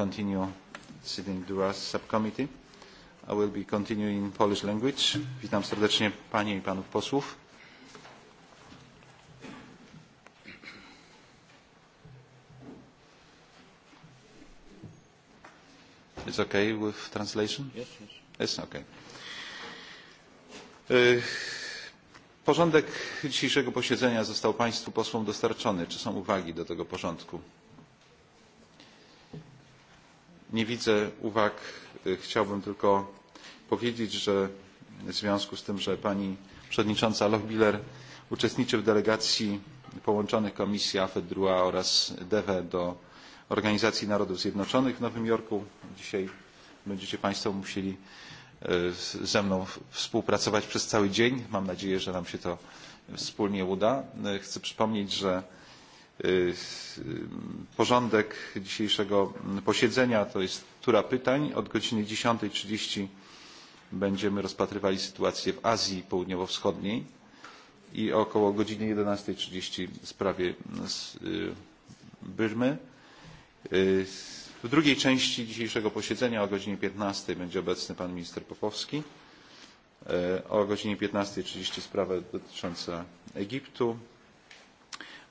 continue sitting the RAS subcommittee. I will be continuing in Polish language. Witam serdecznie Panie i Panów Posłów. It's okay with translation? Yes, yes. It's okay. Porządek dzisiejszego posiedzenia został Państwu posłom dostarczony. Czy są uwagi do tego porządku? nie widzę uwag chciałbym tylko powiedzieć że w związku z tym że pani przewodnicząca lochbihler uczestniczy w delegacji połączonych komisji afet droit oraz deve do organizacji narodów zjednoczonych w nowym jorku dzisiaj będziecie państwo musieli ze mną współpracować przez cały dzień mam nadzieję że nam się to wspólnie uda chcę przypomnieć że porządek dzisiejszego posiedzenia to jest tura pytań od godziny dziesięć trzydzieści będziemy rozpatrywali sytuację w azji południowo wschodniej i około godziny jedenaście trzydzieści w sprawie birmy. w drugiej części dzisiejszego posiedzenia o godzinie piętnaście będzie obecny pan minister popowski o godzinie piętnaście trzydzieści sprawa dotycząca egiptu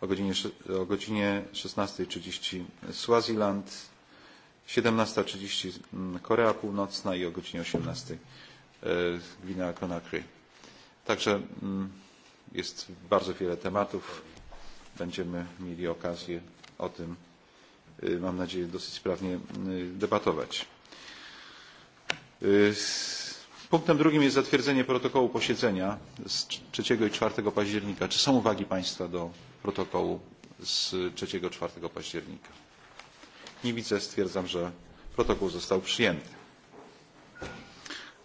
o godzinie, o godzinie 16.30 Swaziland, 17.30 mm, Korea Północna i o godzinie 18.00 e, Gwinea Conakry. Także mm, jest bardzo wiele tematów. Będziemy mieli okazję o tym, e, mam nadzieję, dosyć sprawnie mm, debatować. E, punktem drugim jest zatwierdzenie protokołu posiedzenia z 3 i 4 października. Czy są uwagi Państwa do protokołu z trzy cztery października. Nie widzę, stwierdzam, że protokół został przyjęty.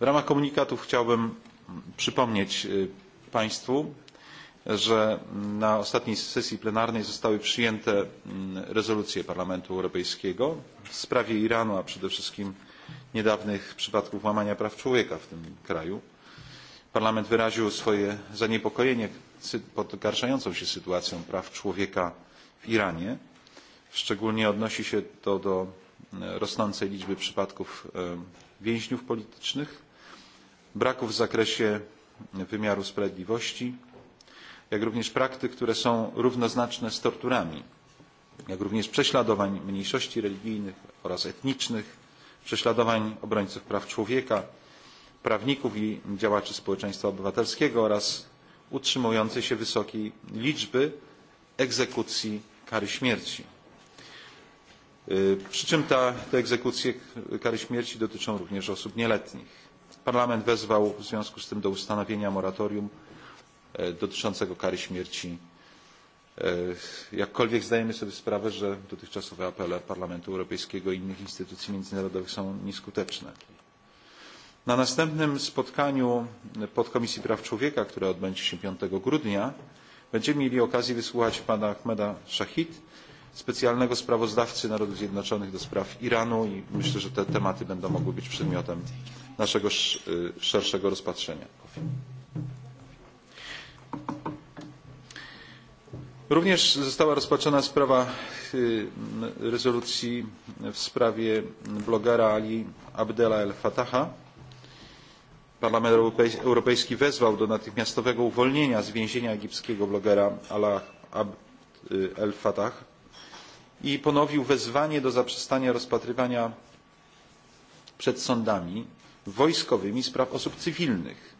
W ramach komunikatów chciałbym przypomnieć Państwu, że na ostatniej sesji plenarnej zostały przyjęte mm, rezolucje Parlamentu Europejskiego w sprawie Iranu, a przede wszystkim niedawnych przypadków łamania praw człowieka w tym kraju. Parlament wyraził swoje zaniepokojenie pogarszającą się sytuacją praw człowieka w iranie szczególnie odnosi się to do e, rosnącej liczby przypadków e, więźniów politycznych braków w zakresie wymiaru sprawiedliwości jak również praktyk które są równoznaczne z torturami jak również prześladowań mniejszości religijnych oraz etnicznych prześladowań obrońców praw człowieka prawników i działaczy społeczeństwa obywatelskiego oraz utrzymującej się wysokiej liczby egzekucji kary śmierci przy czym te egzekucje kary śmierci dotyczą również osób nieletnich. parlament wezwał w związku z tym do ustanowienia moratorium e, dotyczącego kary śmierci e, jakkolwiek zdajemy sobie sprawę że dotychczasowe apele parlamentu europejskiego i innych instytucji międzynarodowych są nieskuteczne. Na następnym spotkaniu Podkomisji Praw Człowieka, które odbędzie się 5 grudnia, będziemy mieli okazję wysłuchać pana Ahmeda Shahid, specjalnego sprawozdawcy Narodów Zjednoczonych do spraw Iranu i myślę, że te tematy będą mogły być przedmiotem naszego szerszego rozpatrzenia. Również została rozpatrzona sprawa rezolucji w sprawie blogera Ali Abdela El Fataha, parlament europejski wezwał do natychmiastowego uwolnienia z więzienia egipskiego blogera alaa abd el fattah i ponowił wezwanie do zaprzestania rozpatrywania przed sądami wojskowymi spraw osób cywilnych.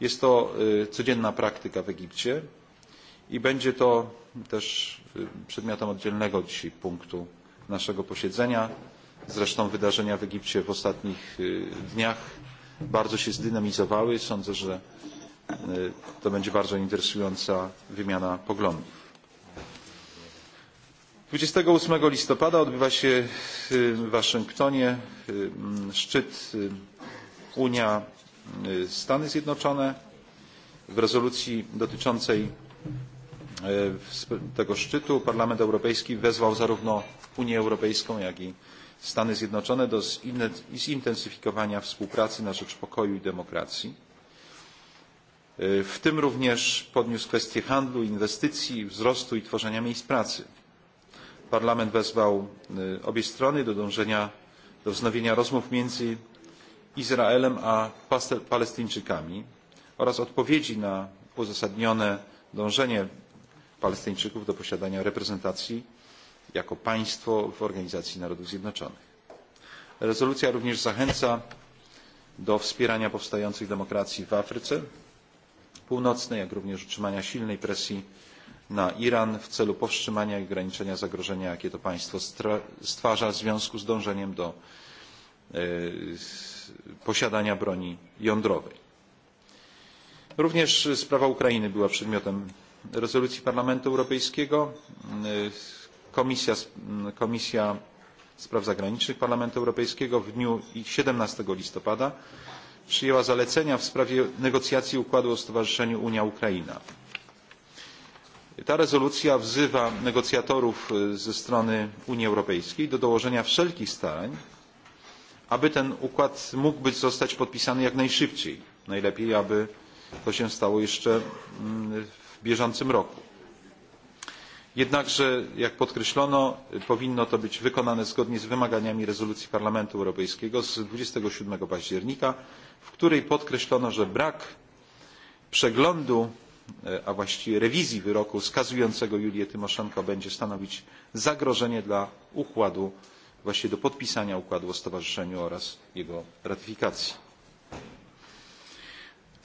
jest to codzienna praktyka w egipcie i będzie to też przedmiotem oddzielnego dzisiaj punktu naszego posiedzenia. zresztą wydarzenia w egipcie w ostatnich dniach bardzo się zdynamizowały. Sądzę, że e, to będzie bardzo interesująca wymiana poglądów. 28 listopada odbywa się w Waszyngtonie e, szczyt e, Unia Stany Zjednoczone. W rezolucji dotyczącej tego szczytu Parlament Europejski wezwał zarówno Unię Europejską, jak i Stany Zjednoczone do zintensyfikowania współpracy na rzecz pokoju i demokracji. W tym również podniósł kwestie handlu, inwestycji, wzrostu i tworzenia miejsc pracy. Parlament wezwał obie strony do dążenia do wznowienia rozmów między Izraelem a Palestyńczykami oraz odpowiedzi na uzasadnione dążenie Palestyńczyków do posiadania reprezentacji jako państwo w Organizacji Narodów Zjednoczonych. Rezolucja również zachęca do wspierania powstających demokracji w Afryce Północnej, jak również utrzymania silnej presji na Iran w celu powstrzymania i ograniczenia zagrożenia, jakie to państwo stwarza w związku z dążeniem do e, posiadania broni jądrowej. Również sprawa Ukrainy była przedmiotem rezolucji Parlamentu Europejskiego, e, komisja spraw zagranicznych parlamentu europejskiego w dniu siedemnaście listopada przyjęła zalecenia w sprawie negocjacji układu o stowarzyszeniu unia ukraina. ta rezolucja wzywa negocjatorów ze strony unii europejskiej do dołożenia wszelkich starań aby ten układ mógł zostać podpisany jak najszybciej najlepiej aby to się stało jeszcze mm, w bieżącym roku jednakże jak podkreślono powinno to być wykonane zgodnie z wymaganiami rezolucji parlamentu europejskiego z dwadzieścia siedem października w której podkreślono że brak przeglądu e, a właściwie rewizji wyroku skazującego julię tymoszenko będzie stanowić zagrożenie dla układu właściwie do podpisania układu o stowarzyszeniu oraz jego ratyfikacji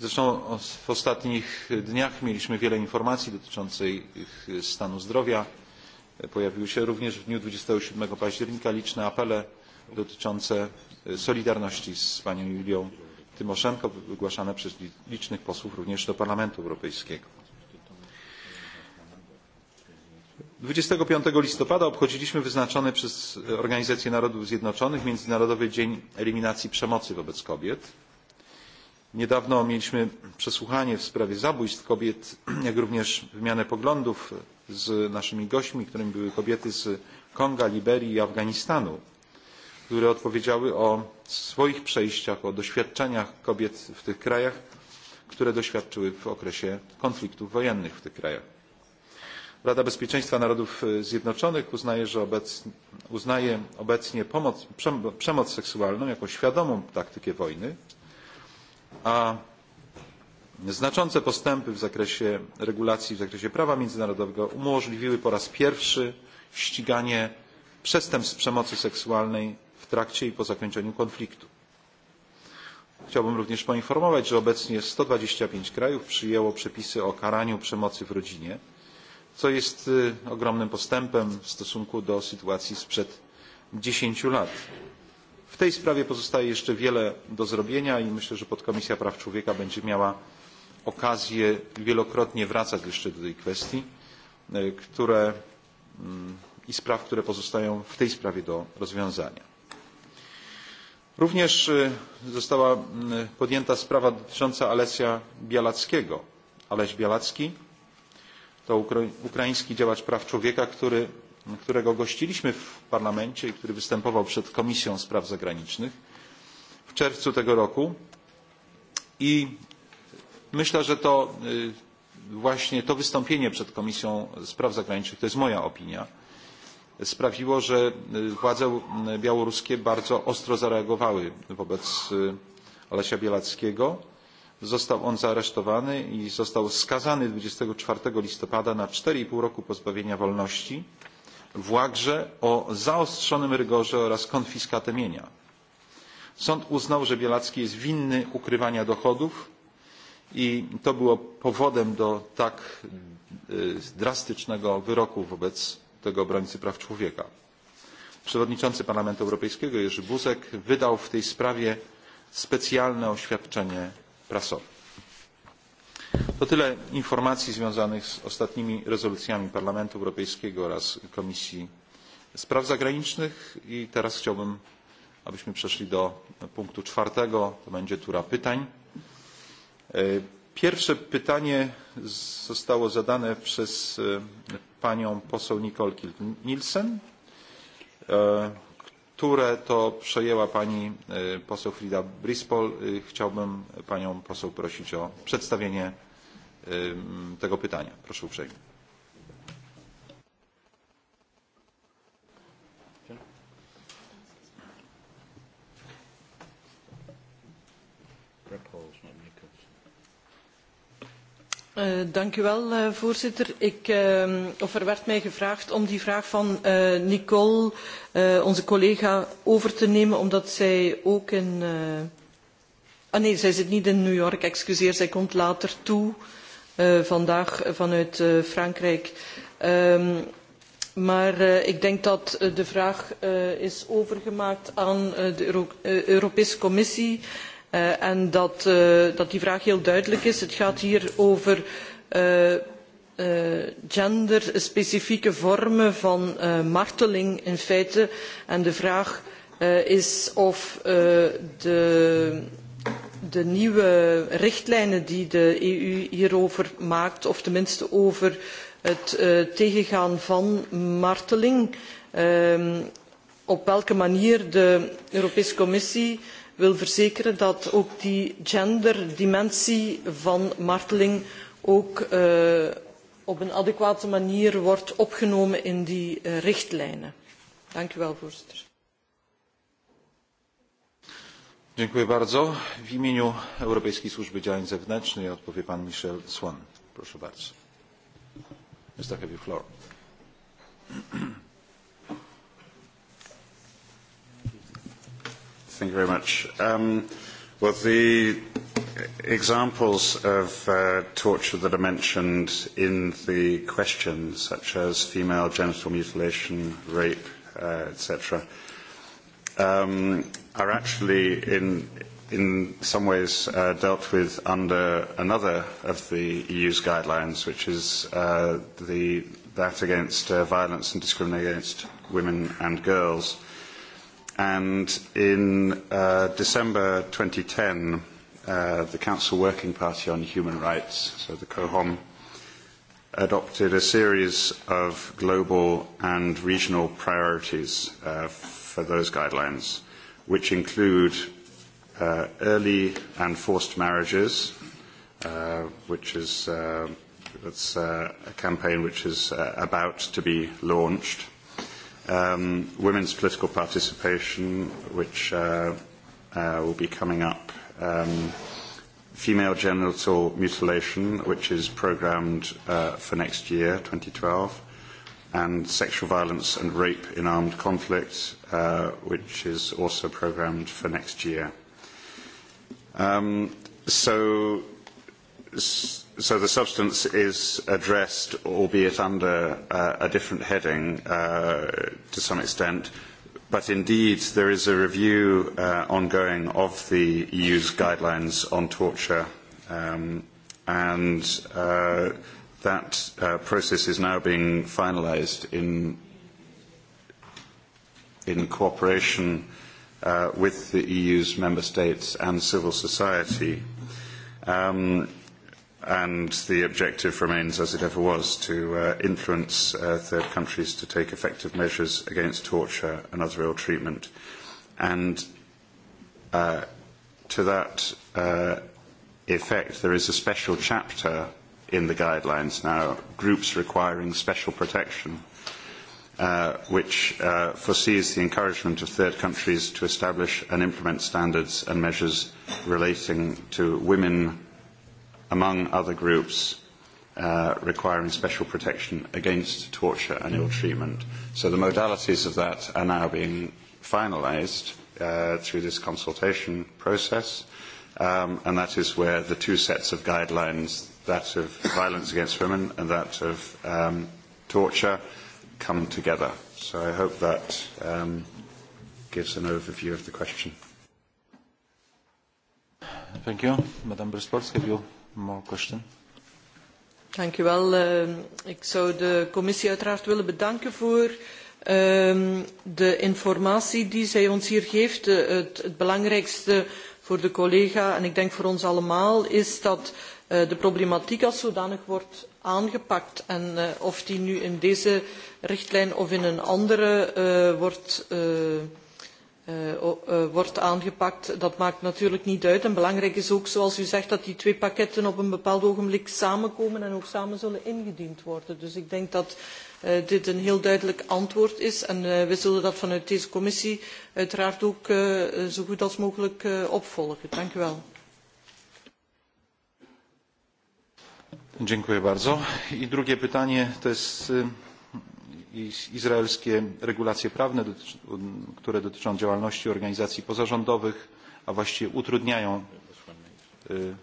zresztą w ostatnich dniach mieliśmy wiele informacji dotyczących stanu zdrowia pojawiły się również w dniu dwadzieścia siedem października liczne apele dotyczące solidarności z panią julią tymoszenko wygłaszane przez licznych posłów również do parlamentu europejskiego. dwadzieścia pięć listopada obchodziliśmy wyznaczony przez organizację narodów zjednoczonych międzynarodowy dzień eliminacji przemocy wobec kobiet niedawno mieliśmy przesłuchanie w sprawie zabójstw kobiet jak również wymianę poglądów z naszymi gośćmi którymi były kobiety z konga liberii i afganistanu które opowiedziały o swoich przejściach o doświadczeniach kobiet w tych krajach które doświadczyły w okresie konfliktów wojennych w tych krajach. rada bezpieczeństwa narodów zjednoczonych uznaje że obecnie, uznaje obecnie pomoc, przemoc seksualną jako świadomą taktykę wojny a znaczące postępy w zakresie regulacji w zakresie prawa międzynarodowego umożliwiły po raz pierwszy ściganie przestępstw przemocy seksualnej w trakcie i po zakończeniu konfliktu. Chciałbym również poinformować, że obecnie 125 krajów przyjęło przepisy o karaniu przemocy w rodzinie, co jest ogromnym postępem w stosunku do sytuacji sprzed 10 lat w tej sprawie pozostaje jeszcze wiele do zrobienia i myślę że podkomisja praw człowieka będzie miała okazję wielokrotnie wracać jeszcze do tej kwestii e, mm, i spraw które pozostają w tej sprawie do rozwiązania. również e, została mm, podjęta sprawa dotycząca alesia białackiego. aleś białacki to ukraiński działacz praw człowieka który No, którego gościliśmy w parlamencie i który występował przed komisją spraw zagranicznych w czerwcu tego roku i myślę że to właśnie to wystąpienie przed komisją spraw zagranicznych to jest moja opinia sprawiło że władze białoruskie bardzo ostro zareagowały wobec Olesia Bielackiego. Został on zaaresztowany i został skazany 24 listopada na 4,5 roku pozbawienia wolności w łagrze o zaostrzonym rygorze oraz konfiskatę mienia. Sąd uznał, że Bielacki jest winny ukrywania dochodów i to było powodem do tak drastycznego wyroku wobec tego obrońcy praw człowieka. Przewodniczący Parlamentu Europejskiego Jerzy Buzek wydał w tej sprawie specjalne oświadczenie prasowe to tyle informacji związanych z ostatnimi rezolucjami parlamentu europejskiego oraz komisji spraw zagranicznych i teraz chciałbym abyśmy przeszli do punktu czwartego to będzie tura pytań. pierwsze pytanie zostało zadane przez e, panią poseł nicole kilton nielsen e, które to przejęła pani e, poseł frida briespol. chciałbym panią poseł prosić o przedstawienie tego pytania. Proszę uprzejmie. Eh, dank u wel, eh, voorzitter. Ik, eh, of er werd mij gevraagd om die vraag van Nicole, onze collega, over te nemen, omdat zij ook in... Ah nee, zij zit niet in New York, excuseer, zij komt later toe. Uh, Eh, vandaag vanuit uh, Frankrijk. Um, maar uh, ik denk dat uh, de vraag uh, is overgemaakt aan uh, de Euro uh, Europese Commissie uh, en dat, uh, dat die vraag heel duidelijk is. Het gaat hier over uh, uh, genderspecifieke vormen van uh, marteling in feite. En de vraag uh, is of uh, de de nieuwe richtlijnen die de eu hierover maakt of tenminste over het eh, tegengaan van marteling ehm, op welke manier de europese commissie wil verzekeren dat ook die genderdimensie van marteling ook eh, op een adequate manier wordt opgenomen in die eh, richtlijnen. dank u wel voorzitter. w imieniu europejskiej służby działań zewnętrznych odpowie pan michel swan. Um, the examples of uh, torture that are mentioned in the question such as female genital mutilation rape uh, etc are actually in, in some ways uh, dealt with under another of the EU's guidelines, which is uh, the, that against uh, violence and discrimination against women and girls. And in uh, December 2010, uh, the Council Working Party on Human Rights, so the COHOM, adopted a series of global and regional priorities uh, for those guidelines. Uh, which include uh, early and forced marriages, uh, which is uh, that's, uh, a campaign which is uh, about to be launched, um, women's political participation, which uh, uh, will be coming up. Um, female genital mutilation, which is programmed uh, for next year, 2012 and sexual violence and rape in armed conflict, uh, which is also programmed for next year. Um, so, so the substance is addressed, albeit under uh, a different heading uh, to some extent, but indeed there is a review uh, ongoing of the EU's guidelines on torture, um, and uh, that uh, process is now being finalised in in cooperation uh, with the EU's member states and civil society. Um, and the objective remains, as it ever was, to uh, influence uh, third countries to take effective measures against torture and other ill treatment. And uh, to that uh, effect, there is a special chapter in the guidelines now groups requiring special protection, uh, which uh, foresees the encouragement of third countries to establish and implement standards and measures relating to women, among other groups, uh, requiring special protection against torture and ill treatment. So the modalities of that are now being finalized uh, through this consultation process. Um, and that is where the two sets of guidelines, that of violence against women and that of um, torture come together. So I hope that um, gives an overview of the question. Thank you. Madam Brisports, have you more questions? Dank u wel. Uh, ik zou de commissie uiteraard willen bedanken voor uh, de informatie die zij ons hier geeft. Uh, het, het belangrijkste voor de collega en ik denk voor ons allemaal is dat uh, Eh, de problematiek als zodanig wordt aangepakt en eh, of die nu in deze richtlijn of in een andere uh, wordt, uh, uh, uh, wordt aangepakt, dat maakt natuurlijk niet uit. En belangrijk is ook, zoals u zegt, dat die twee pakketten op een bepaald ogenblik samenkomen en ook samen zullen ingediend worden. Dus ik denk dat uh, dit een heel duidelijk antwoord is en uh, we zullen dat vanuit deze commissie uiteraard ook uh, zo goed als mogelijk uh, opvolgen. Dank u wel. i drugie pytanie to izraelskie regulacje prawne które dotyczą działalności organizacji pozarządowych a właściwie utrudniają mhm.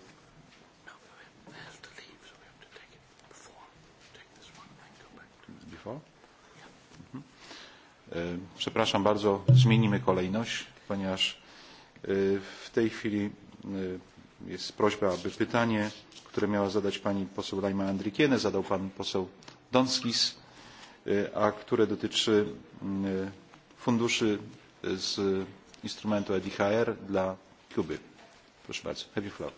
przepraszam bardzo zmienimy kolejność ponieważ w tej chwili jest prośba aby pytanie które miała zadać pani poseł laima andrikien zadał pan poseł donskis a które dotyczy funduszy z instrumentu edhr dla kuby. proszę bardzo. Have you floor.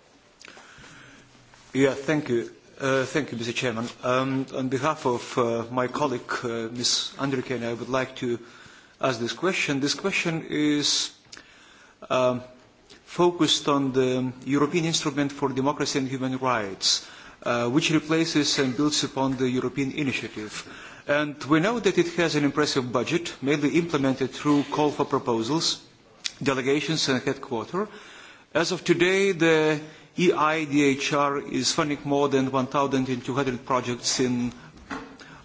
Yeah, thank you. Uh, thank you, Mr. Chairman. Um, on behalf of uh, my colleague, uh, Ms. Andrikin, I would like to ask this question. This question is um, focused on the European Instrument for Democracy and Human Rights, uh, which replaces and builds upon the European Initiative. And we know that it has an impressive budget, mainly implemented through call for proposals, delegations and headquarters. As of today, the EIDHR is funding more than 1,200 projects in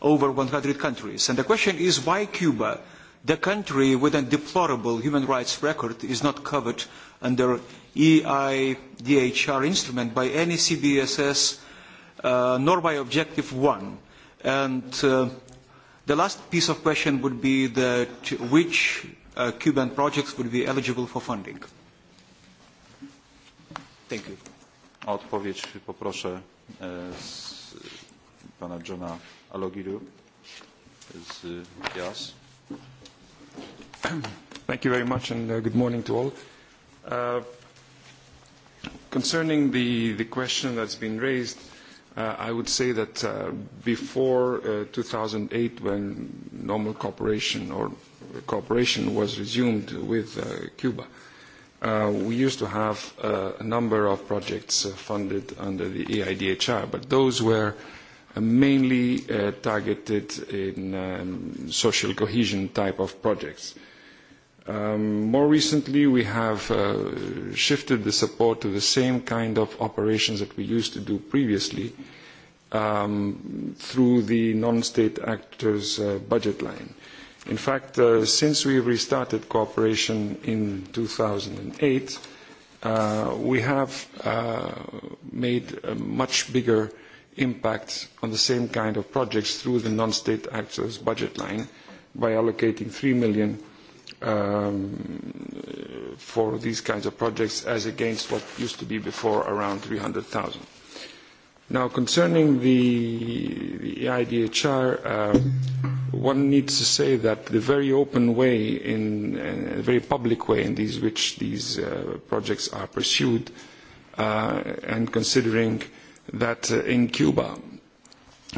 over 100 countries. And the question is, why Cuba? the country with a deplorable human rights record is not covered under EIDHR instrument by any CBSS uh, nor by Objective 1. And uh, the last piece of question would be that which uh, Cuban projects would be eligible for funding? Thank you. Odpowiedź poproszę e, z pana Johna Alogiru z JAS. Yes. Thank you very much, and uh, good morning to all. Uh, concerning the, the question that's been raised, uh, I would say that uh, before uh, 2008, when normal cooperation or cooperation was resumed with uh, Cuba, uh, we used to have uh, a number of projects uh, funded under the EIDHR, but those were uh, mainly uh, targeted in um, social cohesion type of projects. Um, more recently, we have uh, shifted the support to the same kind of operations that we used to do previously um, through the non-state actors' uh, budget line. In fact, uh, since we restarted cooperation in 2008, uh, we have uh, made a much bigger uh, impact on the same kind of projects through the non-state actors budget line by allocating 3 million um, for these kinds of projects as against what used to be before around 300,000. Now, concerning the IDHR, uh, one needs to say that the very open way in a uh, very public way in which these uh, projects are pursued, and considering that uh, in Cuba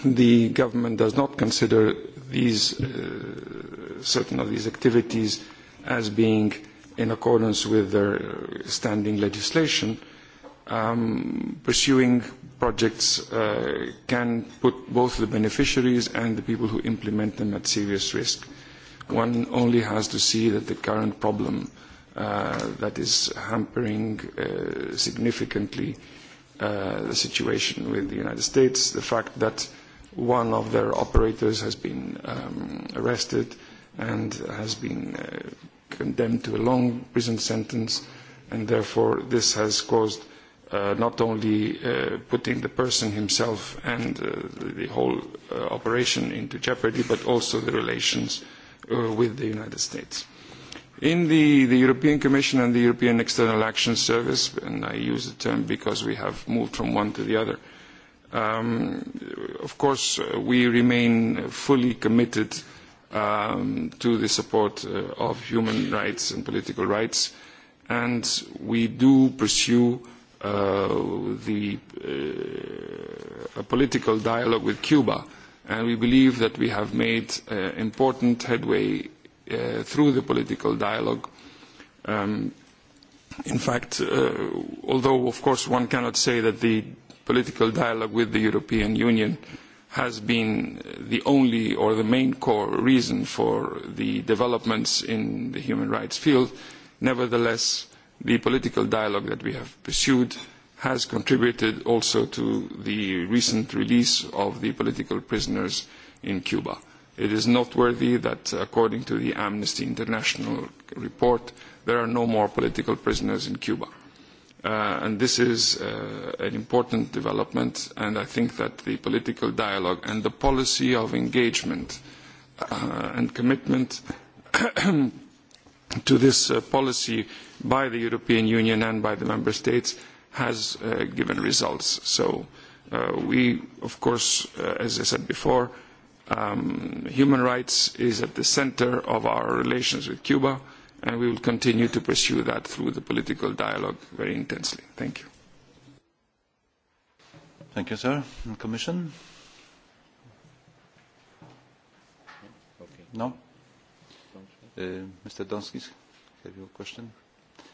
the government does not consider these, uh, certain of these activities as being in accordance with their uh, standing legislation. Um, pursuing projects uh, can put both the beneficiaries and the people who implement them at serious risk. One only has to see that the current problem uh, that is hampering uh, significantly uh, Uh, the situation with the United States, the fact that one of their operators has been um, arrested and has been uh, condemned to a long prison sentence, and therefore this has caused uh, not only uh, putting the person himself and uh, the whole uh, operation into jeopardy, but also the relations uh, with the United States. In the, the European Commission and the European External Action Service, and I use the term because we have moved from one to the other, um, of course, uh, we remain fully committed um, to the support uh, of human rights and political rights, and we do pursue uh, the, uh, a political dialogue with Cuba, and we believe that we have made uh, important headway Uh, through the political dialogue. Um, in fact, uh, although of course one cannot say that the political dialogue with the European Union has been the only or the main core reason for the developments in the human rights field, nevertheless, the political dialogue that we have pursued has contributed also to the recent release of the political prisoners in Cuba. Uh, it is noteworthy that according to the amnesty international report there are no more political prisoners in cuba uh, and this is uh, an important development and i think that the political dialogue and the policy of engagement uh, and commitment to this uh, policy by the european union and by the member states has uh, given results so uh, we of course uh, as i said before uh, um, human rights is at the center of our relations with Cuba, and we will continue to pursue that through the political dialogue very intensely. Thank you. Thank you, sir. Commission? No? Uh, Mr. Donskis, have you a question?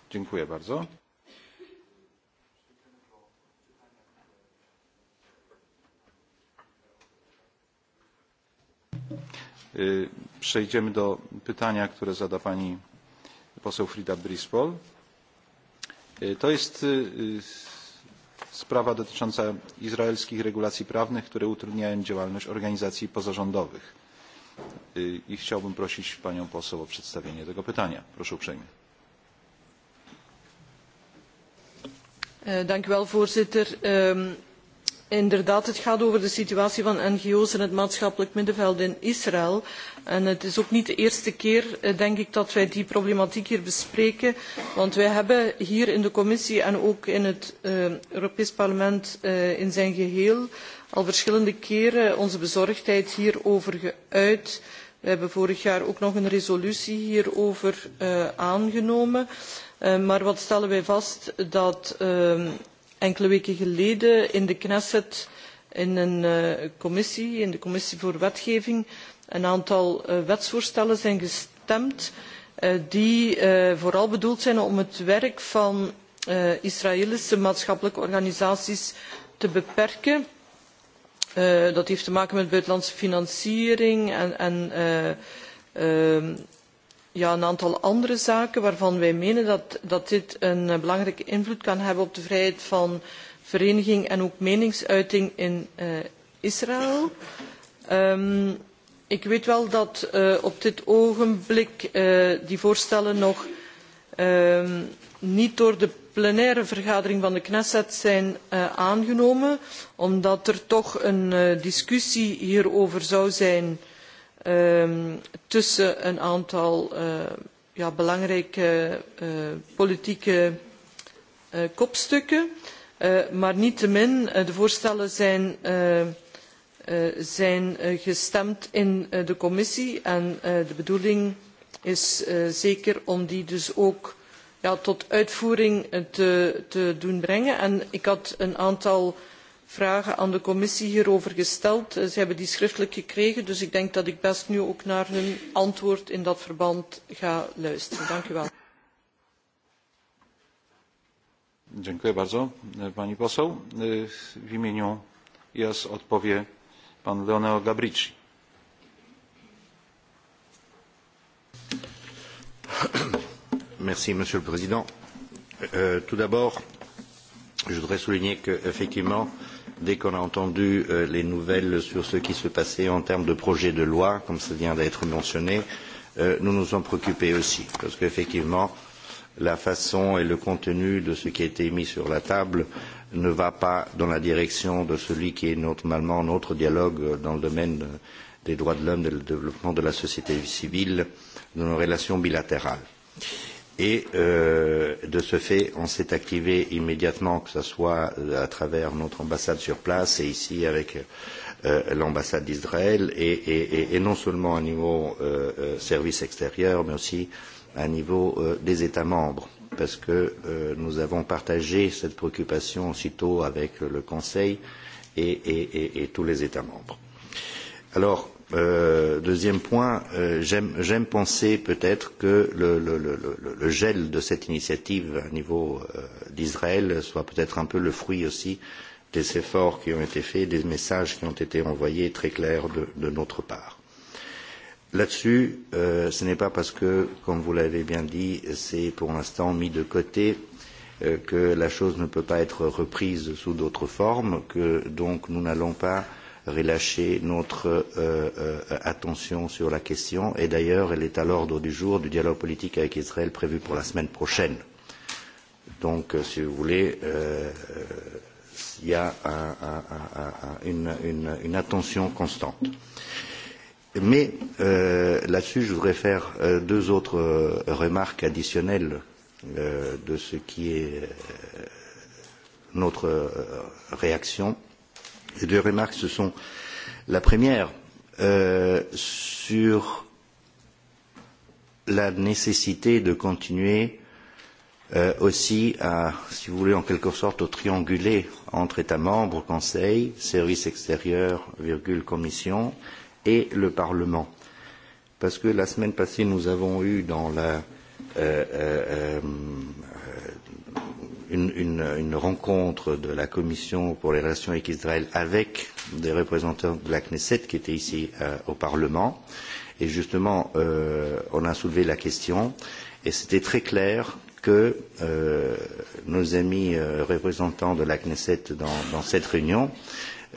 Dziękuję bardzo. przejdziemy do pytania które zada pani poseł frida briespol. to jest sprawa dotycząca izraelskich regulacji prawnych które utrudniają działalność organizacji pozarządowych i chciałbym prosić panią poseł o przedstawienie tego pytania. proszę uprzejmie. E, voorzitter de israëlische wetgeving beperkt de vrijheid van meningsuiting inderdaad het gaat over de situatie van ngo's in het maatschappelijk middenveld in israël en het is ook niet de eerste keer eh, denk ik dat wij die problematiek hier bespreken want wij hebben hier in de commissie en ook in het eh, europees parlement eh, in zijn geheel al verschillende keren onze bezorgdheid hierover geuit. we hebben vorig jaar ook nog een resolutie hierover aangenomen maar wat stellen wij vast dat ehm, enkele weken geleden in de knesset in een eh, commissie in de commissie voor wetgeving een aantal eh, wetsvoorstellen zijn gestemd eh, die vooral bedoeld zijn om het werk van Israëlische maatschappelijke organisaties te beperken. Dat heeft te maken met buitenlandse financiering en, en uh, uh, Ja, een aantal andere zaken waarvan wij menen dat dit een eh, belangrijke invloed kan hebben op de vrijheid van vereniging en ook meningsuiting in eh, israël. Ehm, ik weet wel dat eh, op dit ogenblik die voorstellen nog ehm, niet door de plenaire vergadering van de knesset zijn aangenomen omdat er toch een discussie hierover zou zijn uh, tussen een aantal uh, ja, belangrijke uh, politieke uh, kopstukken. Uh, maar niettemin, uh, de voorstellen zijn, uh, uh, zijn uh, gestemd in uh, de commissie en uh, de bedoeling is uh, zeker om die dus ook ja, tot uitvoering te, te doen brengen. En ik had een aantal uh, vragen aan de commissie hierover gesteld. Eh, zij hebben die schriftelijk gekregen dus ik denk dat ik best nu ook naar hun antwoord in dat verband ga luisteren. dank u wel. Dziękuję bardzo eh, pani poseł. Eh, w imieniu IAS odpowie pan Leonel Gabrici. Merci monsieur le président. Euh, tout d'abord, je voudrais souligner que effectivement euh, dès qu'on a entendu euh, les nouvelles sur ce qui se passait en termes de projet de loi, comme ça vient d'être mentionné, euh, nous nous sommes préoccupés aussi, parce qu'effectivement, la façon et le contenu de ce qui a été mis sur la table ne va pas dans la direction de celui qui est normalement notre dialogue dans le domaine des droits de l'homme, du développement de la société civile, de nos relations bilatérales. Et euh, de ce fait, on s'est activé immédiatement, que ce soit euh, à travers notre ambassade sur place et ici avec euh, l'ambassade d'Israël, et, et, et, et non seulement au niveau euh, euh, service extérieur, mais aussi à niveau euh, des États membres, parce que euh, nous avons partagé cette préoccupation aussitôt avec le Conseil et, et, et, et tous les États membres. Alors, Euh, deuxième point, euh, j'aime, j'aime penser peut-être que le, le, le, le gel de cette initiative à niveau euh, d'Israël soit peut-être un peu le fruit aussi des efforts qui ont été faits, des messages qui ont été envoyés très clairs de, de notre part. Là-dessus, euh, ce n'est pas parce que, comme vous l'avez bien dit, c'est pour l'instant mis de côté euh, que la chose ne peut pas être reprise sous d'autres formes, que donc nous n'allons pas euh, relâcher notre euh, euh, attention sur la question et d'ailleurs elle est à l'ordre du jour du dialogue politique avec Israël prévu pour la semaine prochaine. Donc, euh, si vous voulez, euh, euh, il euh, y a un, un, un, un, une, une, une attention constante. Mais euh, là-dessus, je voudrais faire euh, deux autres euh, remarques additionnelles euh, de ce qui est euh, notre euh, réaction. Euh, Les deux remarques, ce sont la première euh, sur la nécessité de continuer euh, aussi à, si vous voulez, en quelque sorte, au trianguler entre États membres, Conseil, Service extérieur, virgule, Commission et le Parlement. Parce que la semaine passée, nous avons eu dans la euh, euh, euh une, une, une rencontre de la Commission pour les relations avec Israël avec des représentants de la Knesset qui étaient ici euh, au Parlement. Et justement, euh, on a soulevé la question et c'était très clair que euh, nos amis euh, représentants de la Knesset dans, dans cette réunion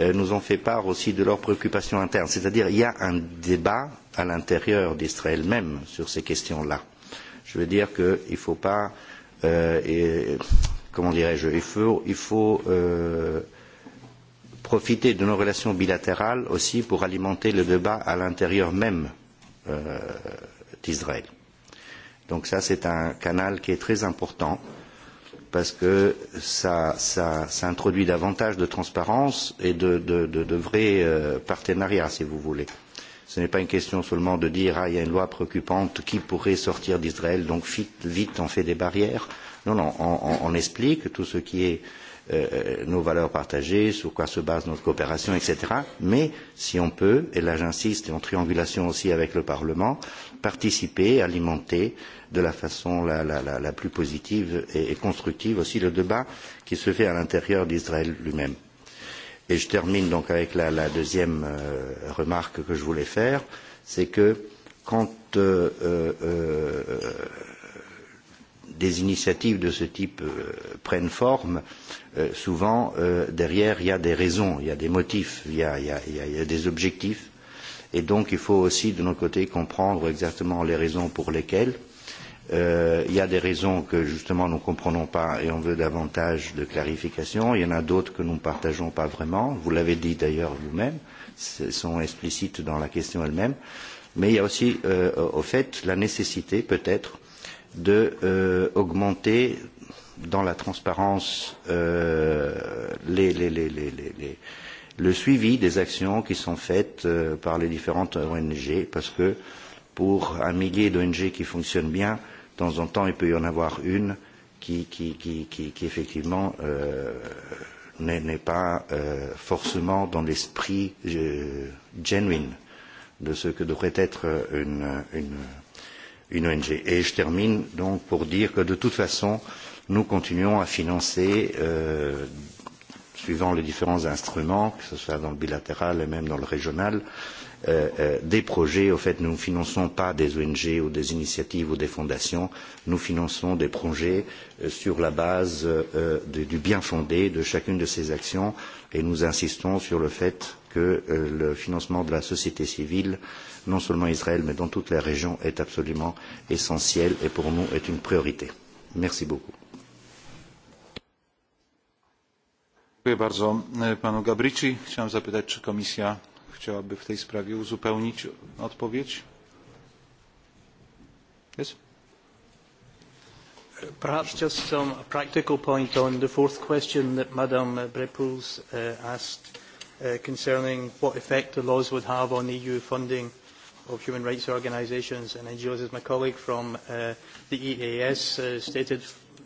euh, nous ont fait part aussi de leurs préoccupations internes. C'est-à-dire qu'il y a un débat à l'intérieur d'Israël même sur ces questions-là. Je veux dire qu'il ne faut pas. Euh, et, comment dirais-je, il faut, il faut euh, profiter de nos relations bilatérales aussi pour alimenter le débat à l'intérieur même euh, d'Israël. Donc ça, c'est un canal qui est très important parce que ça, ça, ça introduit davantage de transparence et de, de, de, de vrais euh, partenariats, si vous voulez. Ce n'est pas une question seulement de dire, ah, il y a une loi préoccupante, qui pourrait sortir d'Israël, donc vite, vite, on fait des barrières. Non, non, on, on, on explique tout ce qui est euh, nos valeurs partagées, sur quoi se base notre coopération, etc. Mais si on peut, et là j'insiste, et en triangulation aussi avec le Parlement, participer, alimenter de la façon la, la, la, la plus positive et, et constructive aussi le débat qui se fait à l'intérieur d'Israël lui-même. Et je termine donc avec la, la deuxième euh, remarque que je voulais faire, c'est que quand euh, euh, euh, des initiatives de ce type euh, prennent forme, euh, souvent euh, derrière il y a des raisons, il y a des motifs, il y a, y, a, y, a, y a des objectifs. Et donc il faut aussi de notre côté comprendre exactement les raisons pour lesquelles euh, il y a des raisons que justement nous ne comprenons pas et on veut davantage de clarification. Il y en a d'autres que nous ne partageons pas vraiment. Vous l'avez dit d'ailleurs vous-même, ce sont explicites dans la question elle-même. Mais il y a aussi, euh, au fait, la nécessité peut-être d'augmenter euh, dans la transparence euh, les, les, les, les, les, les, le suivi des actions qui sont faites euh, par les différentes ONG, parce que pour un millier d'ONG qui fonctionnent bien, euh, de temps en temps, il peut y en avoir une qui, qui, qui, qui, qui effectivement euh, n'est pas euh, forcément dans l'esprit euh, genuine de ce que devrait être euh, une, une, une ONG. Et je termine donc pour dire que de toute façon, nous continuons à financer, euh, suivant les différents instruments, que ce soit dans le bilatéral et même dans le régional, euh, euh, euh, des projets. Au fait, nous ne finançons pas des ONG ou des initiatives ou des fondations. Nous finançons des projets euh, sur la base euh, de, du bien fondé de chacune de ces actions et nous insistons sur le fait que euh, le financement de la société civile, non seulement Israël, mais dans toute la région, est absolument essentiel et pour nous est une priorité. Merci beaucoup. Dziękuję bardzo e, panu Gabrici. Chciałem zapytać, czy komisja chciałaby w tej sprawie uzupełnić odpowiedź? Yes? Perhaps just some practical point on the fourth question that Madam Brepoels uh, asked uh, concerning what effect the laws would have on EU funding of human rights organisations and NGOs, as my colleague from uh, the EAS uh, stated,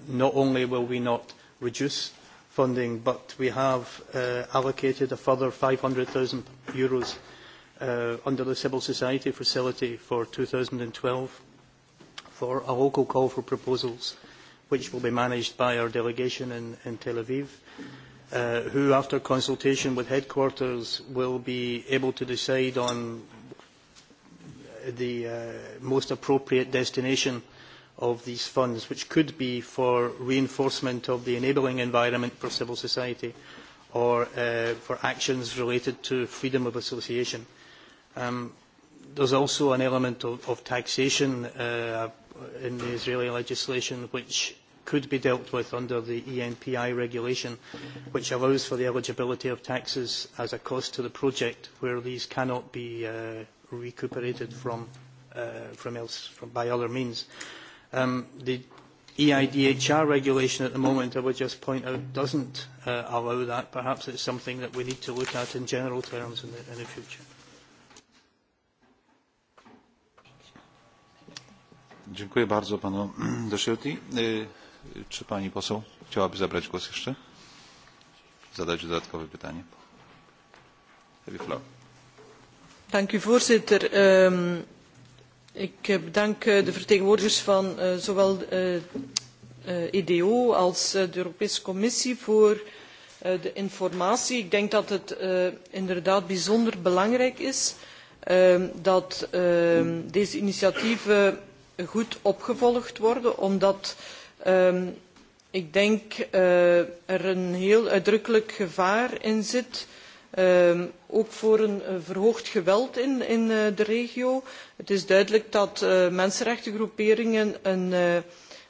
not only will we not reduce funding, but we have uh, allocated a further €500,000 uh, under the Civil Society Facility for 2012 for a local call for proposals, which will be managed by our delegation in, in Tel Aviv, uh, who, after consultation with headquarters, will be able to decide on the uh, most appropriate destination uh, of these funds, which could be for reinforcement of the enabling environment for civil society or uh, for actions related to freedom of association. Um, there's also an element of, of taxation uh, in the Israeli legislation which could be dealt with under the ENPI regulation, which allows for the eligibility of taxes as a cost to the project where these cannot be uh, recuperated from, uh, from else, from, by other means. Uh, Um, the EIDHR regulation at the moment, I would just point out, doesn't uh, allow that. Perhaps it's something that we need to look at in general terms in the, in the future. Dziękuję bardzo panu Doshioti. Czy pani poseł chciałaby zabrać głos jeszcze? Zadać dodatkowe pytanie. Dziękuję, voorzitter. Ehm, Ik eh, bedank eh, de vertegenwoordigers van uh, zowel uh, EDO e als uh, de Europese Commissie voor uh, de informatie. Ik denk dat het uh, inderdaad bijzonder belangrijk is uh, dat uh, deze initiatieven goed opgevolgd worden, omdat uh, ik denk uh, er een heel uitdrukkelijk gevaar in zit... Uh, Ehm, ook voor een eh, verhoogd geweld in eh, de regio. het is duidelijk dat eh, mensenrechtengroeperingen een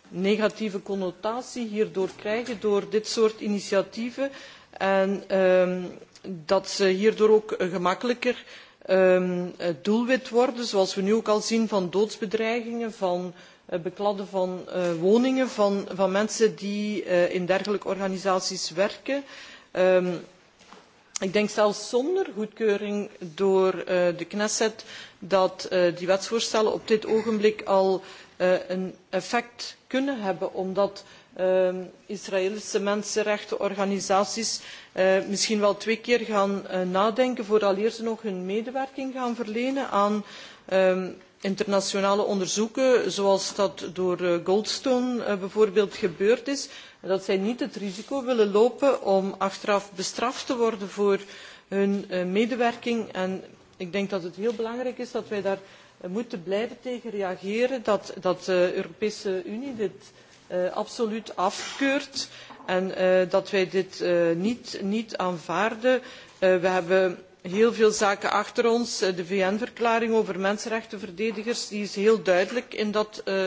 negatieve connotatie hierdoor krijgen door dit soort initiatieven en ehm, dat ze hierdoor ook gemakkelijker het ehm, doelwit worden zoals we nu ook al zien van doodsbedreigingen van het bekladden van woningen van mensen die in dergelijke organisaties werken. Ik denk zelfs zonder goedkeuring door uh, de Knesset dat uh, die wetsvoorstellen op dit ogenblik al uh, een effect kunnen hebben, omdat uh, Israëlische mensenrechtenorganisaties uh, misschien wel twee keer gaan uh, nadenken vooraleer ze nog hun medewerking gaan verlenen aan uh, internationale onderzoeken, zoals dat door uh, Goldstone uh, bijvoorbeeld gebeurd is dat zij niet het risico willen lopen om achteraf bestraft te worden voor hun eh, medewerking. En ik denk dat het heel belangrijk is dat wij daar eh, moeten blijven tegen reageren, dat, dat de Europese Unie dit uh, absoluut afkeurt en uh, dat wij dit uh, niet, niet aanvaarden. Uh, we hebben heel veel zaken achter ons. De VN-verklaring over mensenrechtenverdedigers die is heel duidelijk in dat uh,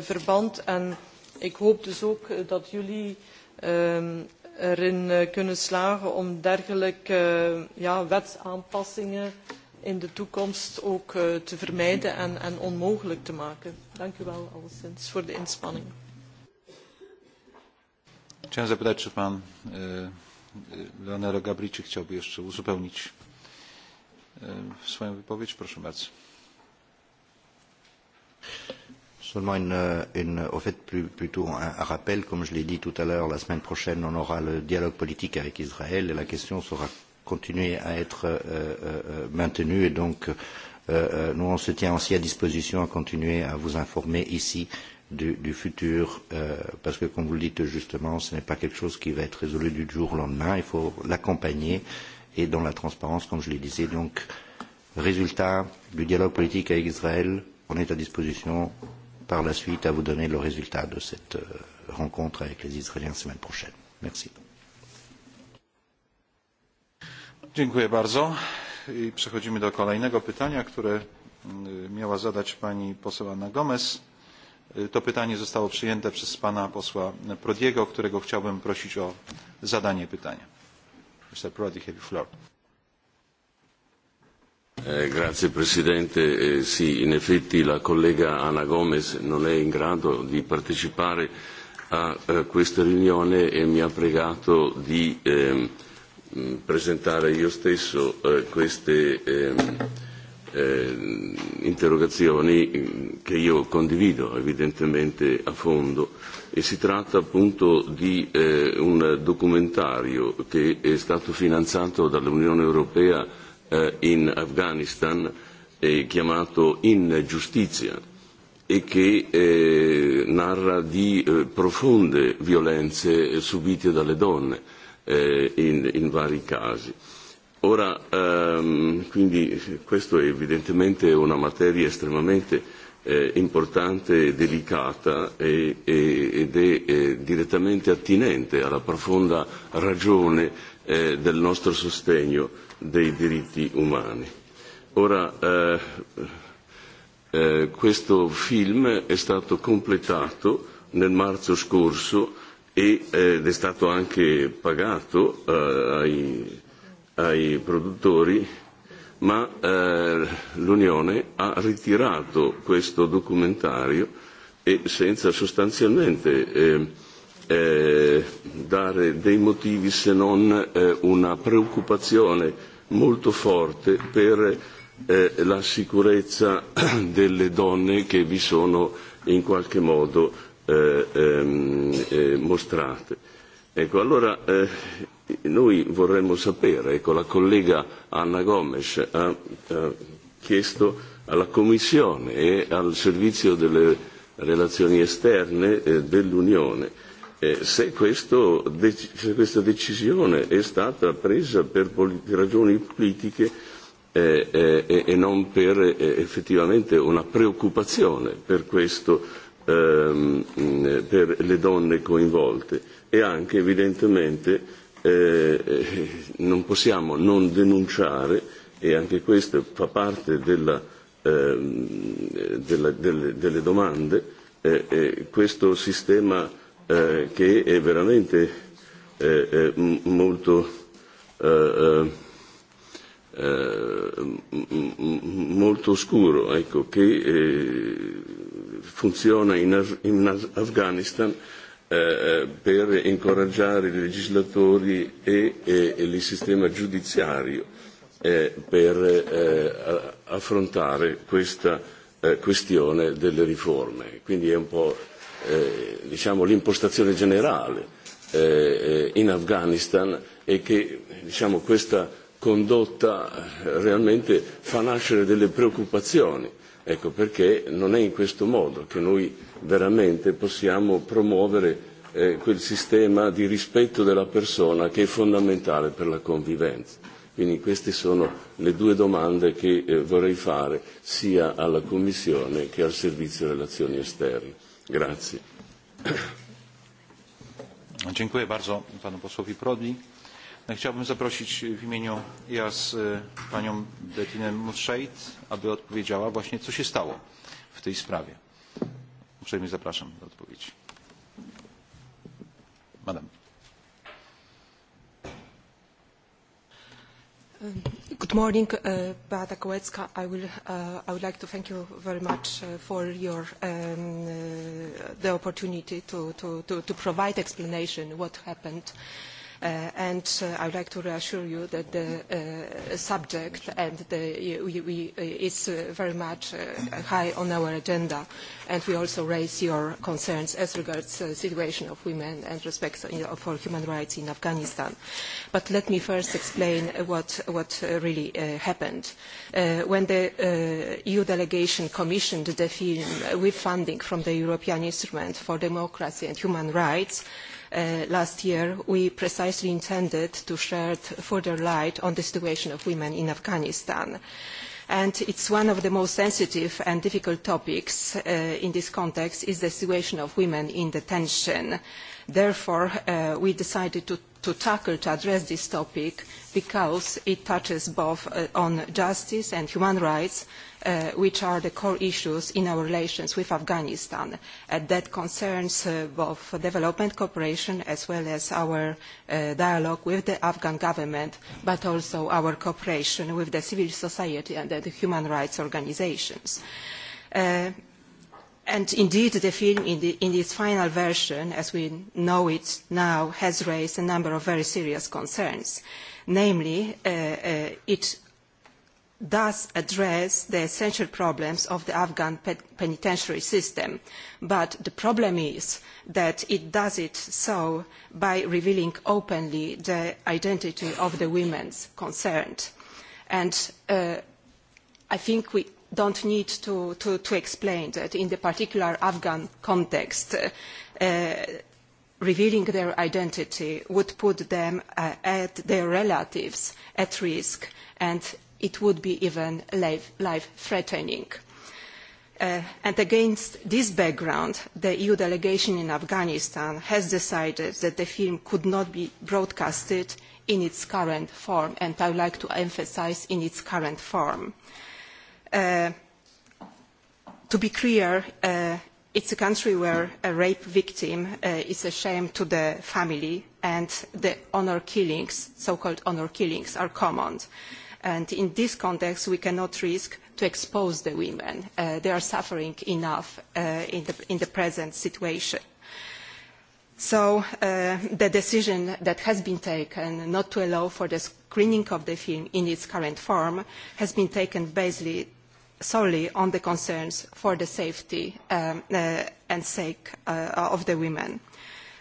verband. En, uh, Ik hoop dus ook eh, dat jullie uh, erin eh, kunnen slagen om dergelijke uh, ja, wetsaanpassingen in de toekomst ook uh, te vermijden en, en onmogelijk te maken. Dank u wel alleszins voor de inspanning. Chciałem zapytać, czy pan e, e Leonero Gabriczy chciałby jeszcze uzupełnić e, swoją wypowiedź? Proszę bardzo. Seulement une, une, au fait plus, plutôt un, un rappel, comme je l'ai dit tout à l'heure, la semaine prochaine on aura le dialogue politique avec Israël et la question sera continuer à être euh, euh, maintenue et donc euh, euh, nous on se tient aussi à disposition à continuer à vous informer ici du, du futur euh, parce que comme vous le dites justement ce n'est pas quelque chose qui va être résolu du jour au lendemain, il faut l'accompagner et dans la transparence comme je le disais donc résultat du dialogue politique avec Israël on est à disposition par la suite à vous donner le résultat de cette euh, rencontre avec les Israéliens la semaine prochaine. Merci. Dziękuję bardzo. I przechodzimy do kolejnego pytania, które miała zadać pani poseł Anna Gomez. To pytanie zostało przyjęte przez pana posła Prodiego, którego chciałbym prosić o zadanie pytania. Mr. Prodi, have you floor. Eh, grazie Presidente, eh, sì, in effetti la collega Ana Gomez non è in grado di partecipare a, a eh, questa riunione e mi ha pregato di eh, presentare io stesso eh, queste eh, eh, interrogazioni mm, che io condivido evidentemente a fondo e si tratta appunto di eh, un documentario che è stato finanziato dall'Unione Europea eh, in Afghanistan eh, chiamato In Giustizia e che eh, narra di eh, profonde violenze eh, subite dalle donne eh, in, in vari casi. Ora, ehm, quindi, questo è evidentemente una materia estremamente eh, importante e delicata e, e, ed è, è eh, direttamente attinente alla profonda ragione eh, del nostro sostegno dei diritti umani. Ora, eh, eh, questo film è stato completato nel marzo scorso e, eh, ed è stato anche pagato eh, ai, ai produttori, ma eh, l'Unione ha ritirato questo documentario e senza sostanzialmente eh, eh, dare dei motivi se non eh, una preoccupazione molto forte per eh, la sicurezza delle donne che vi sono in qualche modo eh, ehm, eh, mostrate. Ecco, allora eh, noi vorremmo sapere, ecco, la collega Anna Gomes ha, ha chiesto alla Commissione e al Servizio delle relazioni esterne eh, dell'Unione eh, Eh, se, questo, se questa decisione è stata presa per polit- ragioni politiche eh, eh, e, e non per eh, effettivamente una preoccupazione per, questo, ehm, eh, per le donne coinvolte e anche evidentemente eh, eh, non possiamo non denunciare e anche questo fa parte della, ehm, della, delle, delle domande eh, eh, questo sistema eh, che è veramente eh, è eh, molto, eh, eh, eh molto scuro, ecco, che eh, funziona in, Af- in Afghanistan eh, eh, per incoraggiare i legislatori e, e, e il sistema giudiziario eh, per eh, affrontare questa eh, questione delle riforme. Quindi è un po' Eh, diciamo, l'impostazione generale eh, eh, in Afghanistan e che diciamo, questa condotta eh, realmente fa nascere delle preoccupazioni. Ecco perché non è in questo modo che noi veramente possiamo promuovere eh, quel sistema di rispetto della persona che è fondamentale per la convivenza. Quindi queste sono le due domande che eh, vorrei fare sia alla Commissione che al Servizio delle Azioni Esterne. dziękuję bardzo panu posłowi prodi. No chciałbym zaprosić w imieniu ja eas panią bettinę muread aby odpowiedziała właśnie co się stało w tej sprawie. uprzejmie zapraszam do odpowiedzi. pani przewodnicząca! Good morning, uh, Beata Kowalska. I, uh, I would like to thank you very much uh, for your, um, uh, the opportunity to, to, to, to provide explanation what happened uh, Uh, and uh, I would like to reassure you that the uh, subject and the, we, we, uh, is uh, very much uh, high on our agenda, and we also raise your concerns as regards the uh, situation of women and respect uh, for human rights in Afghanistan. But let me first explain what, what uh, really uh, happened. Uh, when the uh, EU delegation commissioned the film with funding from the European Instrument for Democracy and Human Rights, uh, Uh, last year, we precisely intended to shed further light on the situation of women in Afghanistan. And it's one of the most sensitive and difficult topics uh, in this context is the situation of women in detention. Therefore, uh, we decided to, to tackle, to address this topic because it touches both uh, on justice and human rights, uh, which are the core issues in our relations with Afghanistan. Uh, that concerns uh, both development cooperation as well as our uh, dialogue with the Afghan government, but also our cooperation with the civil society and the human rights organizations. Uh, and indeed, the film in, the, in its final version, as we know it now, has raised a number of very serious concerns. Namely, uh, uh, it does address the essential problems of the Afghan pe penitentiary system, but the problem is that it does it so by revealing openly the identity of the women concerned. And uh, I think we don't need to, to, to explain that in the particular Afghan context, uh, uh, revealing their identity would put them uh, at their relatives at risk and it would be even life threatening. Uh, and against this background, the EU delegation in Afghanistan has decided that the film could not be broadcasted in its current form, and I would like to emphasize in its current form. Uh, to be clear, uh, it's a country where a rape victim uh, is a shame to the family, and the honor killings, so-called honor killings, are common. Uh, And in this context, we cannot risk to expose the women. Uh, they are suffering enough uh, in, the, in the present situation. So uh, the decision that has been taken not to allow for the screening of the film in its current form has been taken basically solely on the concerns for the safety um, uh, and sake uh, of the women.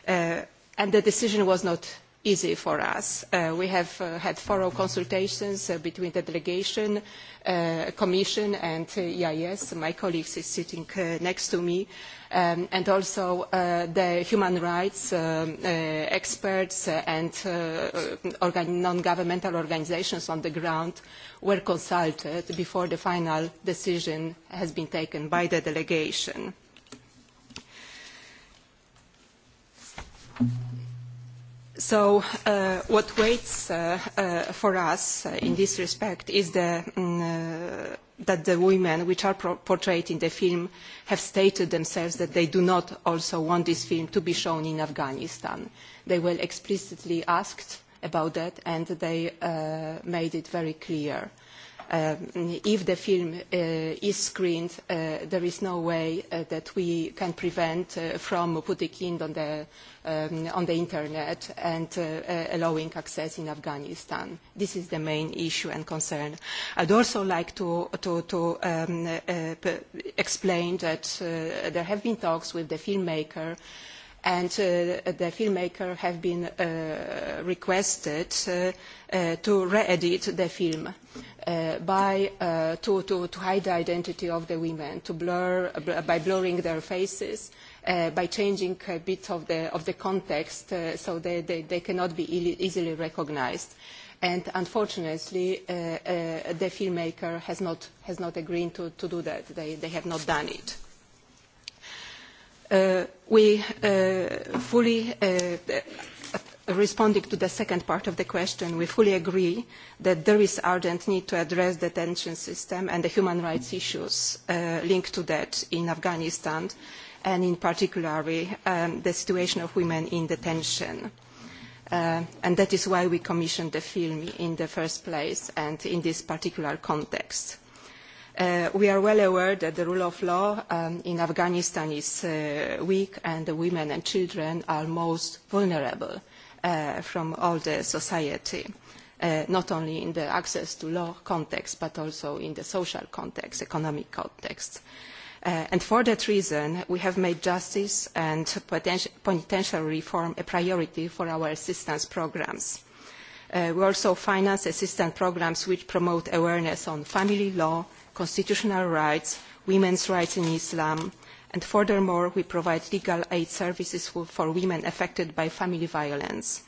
Uh, and the decision was not easy for us. Uh, we have uh, had thorough consultations uh, between the delegation the commission and the eeas my colleague is sitting next to me um, and also the human rights um, experts and non governmental organisations on the ground were consulted before the final decision has been taken by the delegation. So uh, what waits uh, uh, for us uh, in this respect is the, mm, uh, that the women which are pro portrayed in the film have stated themselves that they do not also want this film to be shown in Afghanistan. They were explicitly asked about that and they uh, made it very clear. Uh, uh, if the film uh, is screened, uh, there is no way uh, that we can prevent uh, from putting it on the, um, on the internet and uh, uh, allowing access in Afghanistan. This is the main issue and concern. I'd also like to, to, to um, uh, p- explain that uh, there have been talks with the filmmaker uh, and uh, the filmmaker have been uh, requested uh, uh, to re-edit the film uh, by, uh, to, to, to hide the identity of the women, to blur, uh, by blurring their faces, uh, by changing a bit of the, of the context uh, so they, they, they cannot be easily recognized. And unfortunately, uh, uh, the filmmaker has not, has not agreed to, to do that. They, they have not done it. Uh, we uh, fully uh, responding to the second part of the question, we fully agree that there is urgent need to address the detention system and the human rights issues uh, linked to that in Afghanistan, and in particular um, the situation of women in detention. Uh, and that is why we commissioned the film in the first place and in this particular context. Uh, Uh, we are well aware that the rule of law um, in Afghanistan is uh, weak and the women and children are most vulnerable uh, from all the society, uh, not only in the access to law context, but also in the social context, economic context. Uh, and for that reason, we have made justice and potential reform a priority for our assistance programs. Uh, we also finance assistance programs which promote awareness on family law, constitutional rights, women's rights in Islam, and furthermore, we provide legal aid services for, for women affected by family violence.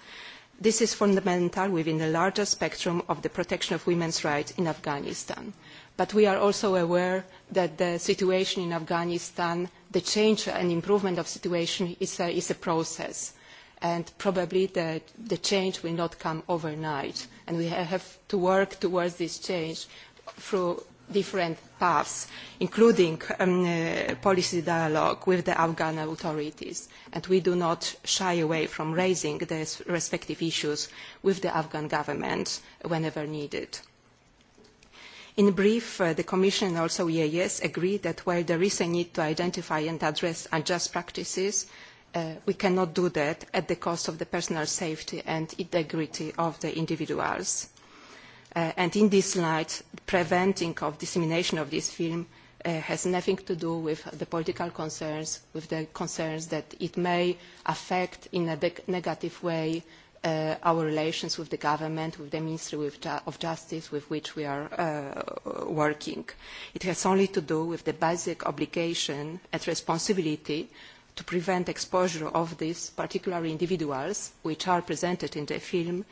This is fundamental within the larger spectrum of the protection of women's rights in Afghanistan. But we are also aware that the situation in Afghanistan, the change and improvement of situation is a, is a process. And probably the, the change will not come overnight. And we have to work towards this change through different paths, including um, uh, policy dialogue with the Afghan authorities. And we do not shy away from raising these respective issues with the Afghan government whenever needed. In brief, uh, the Commission and also EAS agree that while there is a need to identify and address unjust practices, uh, we cannot do that at the cost of the personal safety and integrity of the individuals uh, and in this light, preventing of dissemination of this film uh, has nothing to do with the political concerns, with the concerns that it may affect in a negative way uh, our relations with the government, with the Ministry with ju of Justice with which we are uh, working. It has only to do with the basic obligation and responsibility to prevent exposure of these particular individuals which are presented in the film uh,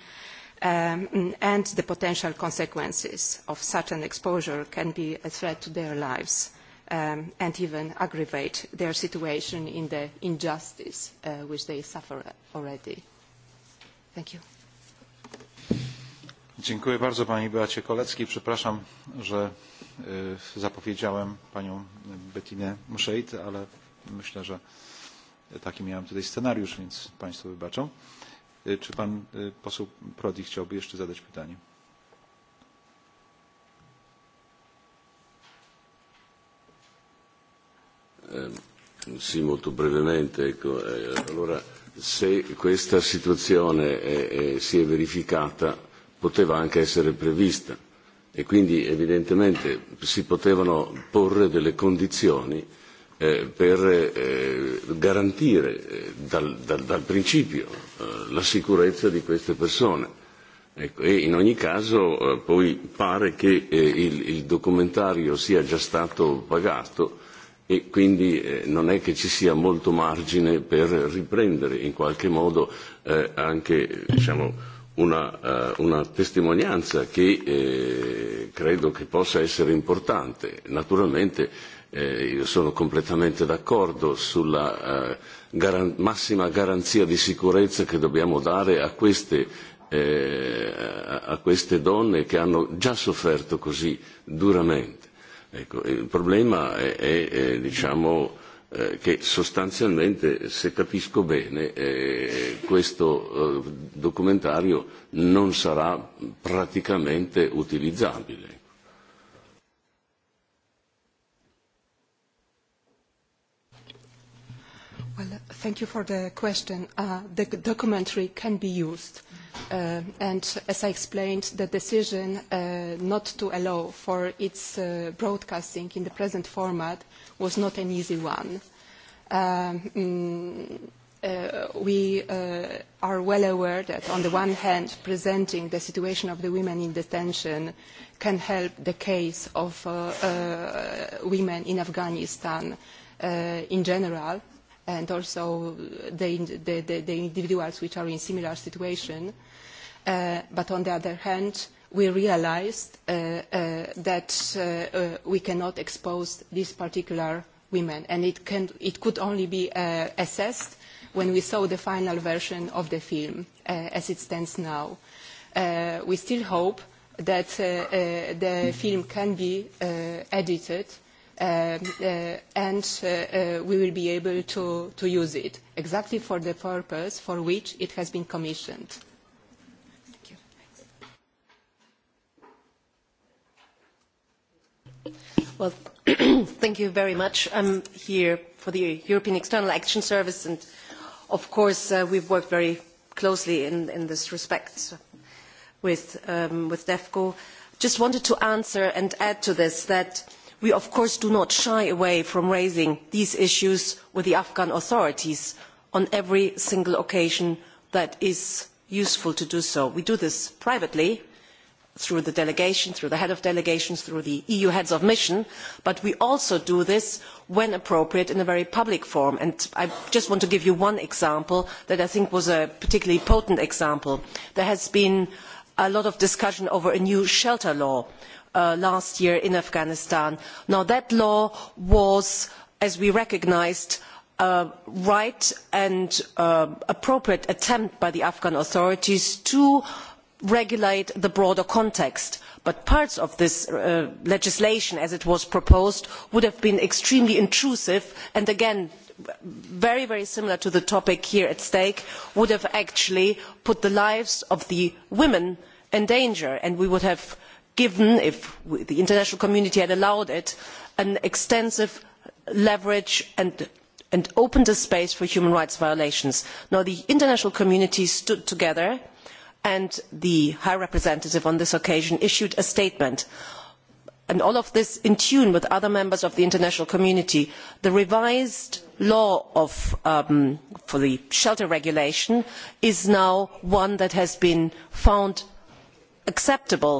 um, and the potential consequences of such an exposure can be a threat to their lives um, and even aggravate their situation in the injustice uh, which they suffer already. Thank you. Dziękuję bardzo Pani Beacie Kolecki. Przepraszam, że zapowiedziałem Panią Bettinę Muszejt, ale myślę, że taki miałem tutaj scenariusz, więc Państwo wybaczą. E, czy pan e, poseł prodi chciałby jeszcze zadać pytanie? Ehm, sì, molto brevemente. Ecco. Eh, allora, se questa situazione è, è, si è verificata, poteva anche essere prevista e quindi evidentemente si potevano porre delle condizioni eh, eh, per eh, garantire eh, dal, dal, dal principio eh, la sicurezza di queste persone. Ecco, e in ogni caso eh, poi pare che eh, il, il documentario sia già stato pagato e quindi eh, non è che ci sia molto margine per riprendere in qualche modo eh, anche diciamo, una, uh, una testimonianza che eh, credo che possa essere importante. Naturalmente eh, io sono completamente d'accordo sulla eh, garan- massima garanzia di sicurezza che dobbiamo dare a queste, eh, a queste donne che hanno già sofferto così duramente. Ecco, il problema è, è, è diciamo, eh, che sostanzialmente, se capisco bene, eh, questo eh, documentario non sarà praticamente utilizzabile. Uh, thank you for the question. Uh, the documentary can be used. Uh, and as I explained, the decision uh, not to allow for its uh, broadcasting in the present format was not an easy one. Um, mm, uh, we uh, are well aware that, on the one hand, presenting the situation of the women in detention can help the case of uh, uh, women in Afghanistan uh, in general, and also the, the, the, the individuals which are in similar situation. Uh, but on the other hand, we realized uh, uh, that uh, uh, we cannot expose these particular women, and it, can, it could only be uh, assessed when we saw the final version of the film uh, as it stands now. Uh, we still hope that uh, uh, the film can be uh, edited uh, Um, uh, and uh, uh, we will be able to, to use it exactly for the purpose for which it has been commissioned. Thank you. Well, thank you very much. I'm here for the European External Action Service, and of course, uh, we've worked very closely in, in this respect with, um, with DEFCO. Just wanted to answer and add to this that we of course do not shy away from raising these issues with the afghan authorities on every single occasion that is useful to do so. we do this privately through the delegation through the head of delegations through the eu heads of mission but we also do this when appropriate in a very public forum and i just want to give you one example that i think was a particularly potent example. there has been a lot of discussion over a new shelter law. Uh, last year in afghanistan. that law was as we recognised a right and uh, appropriate attempt by the afghan authorities to regulate the broader context but parts of this uh, legislation as it was proposed would have been extremely intrusive and again very similar to the topic here at stake would have actually put the lives of the women in danger and we would have given if the international community had allowed it extensive leverage and opened a space for human rights violations. the international community stood together and the high representative on this occasion issued a statement and all of this in tune with other members of the international community. the revised law um, for the shelter regulation is now one that has been found acceptable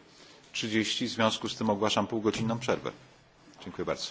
trzydzieści w związku z tym ogłaszam półgodzinną przerwę. dziękuję bardzo.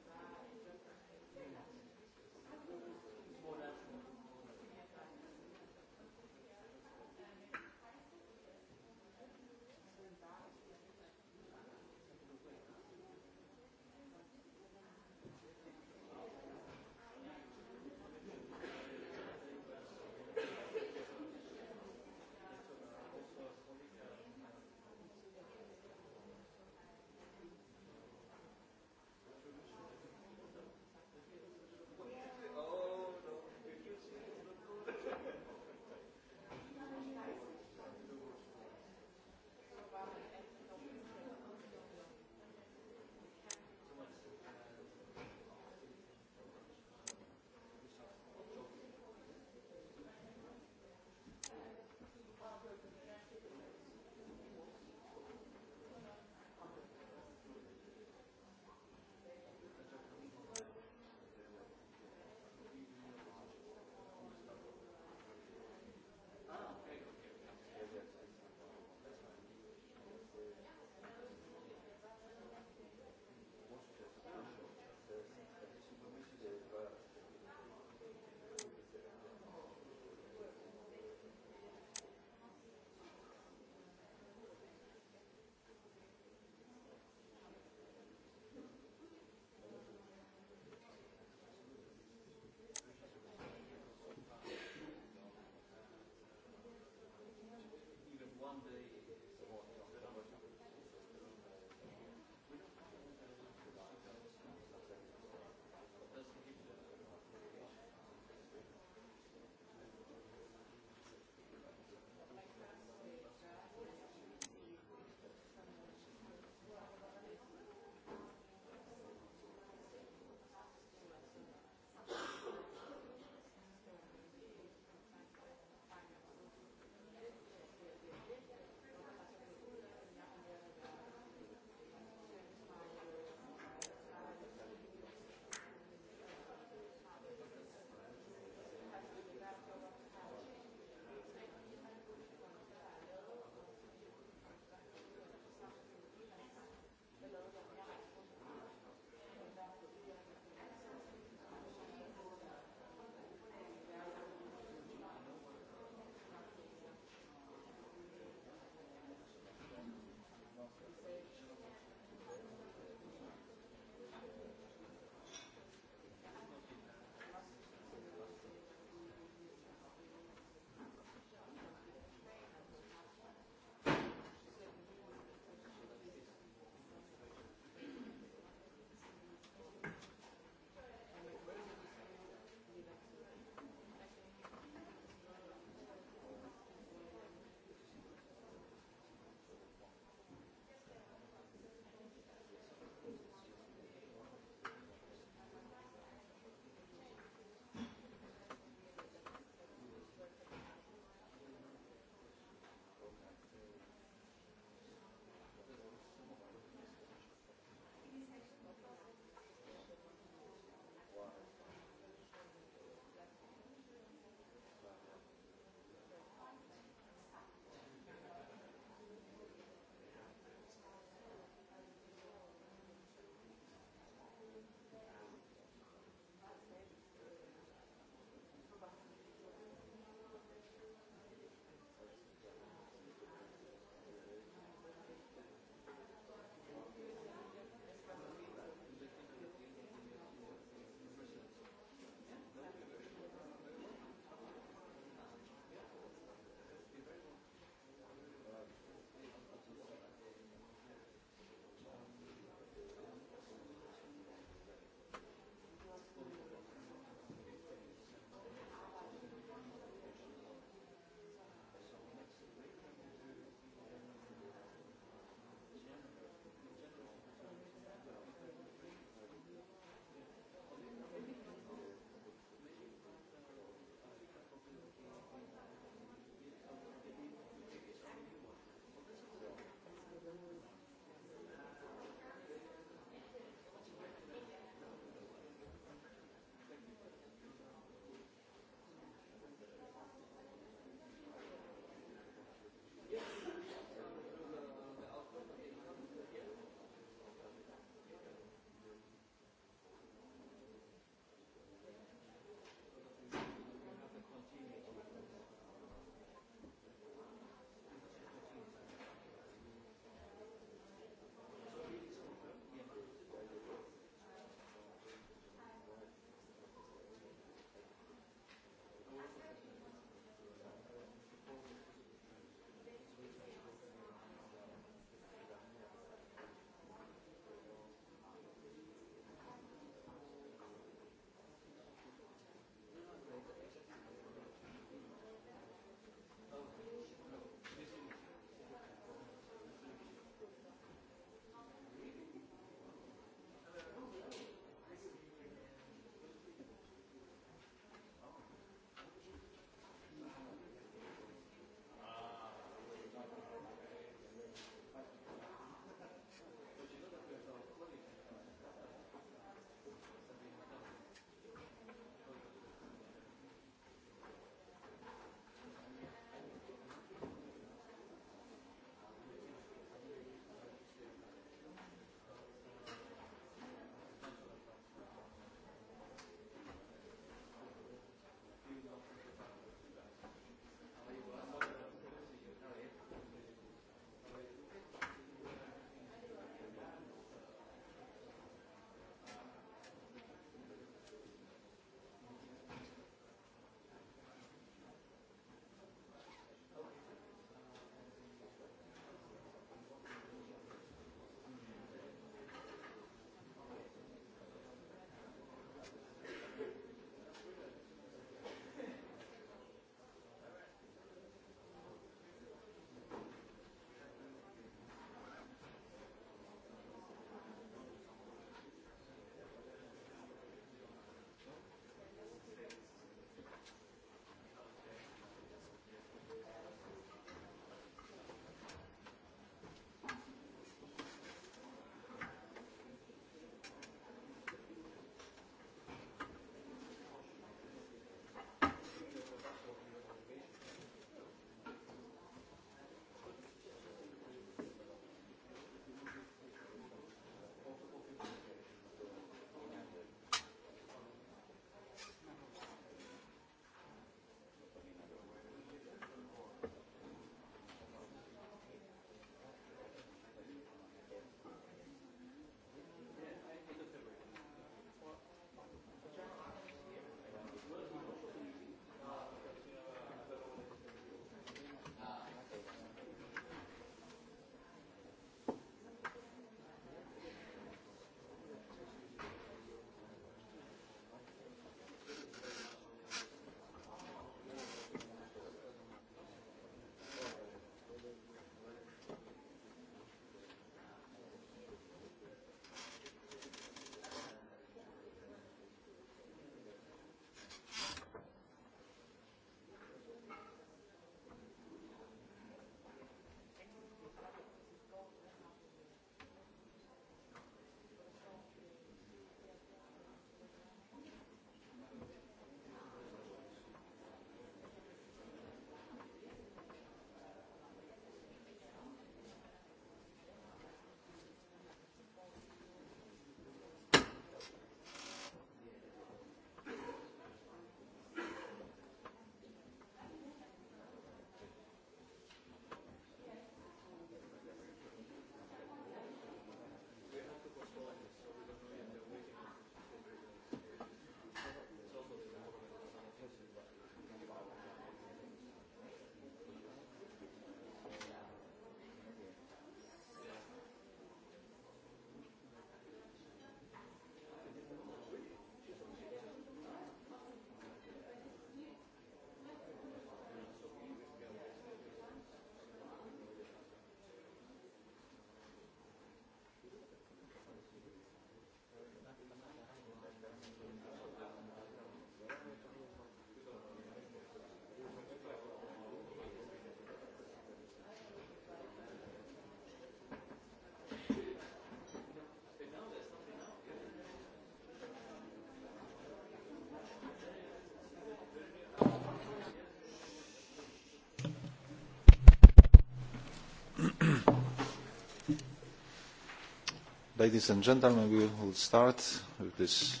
ladies and gentlemen, we will start with this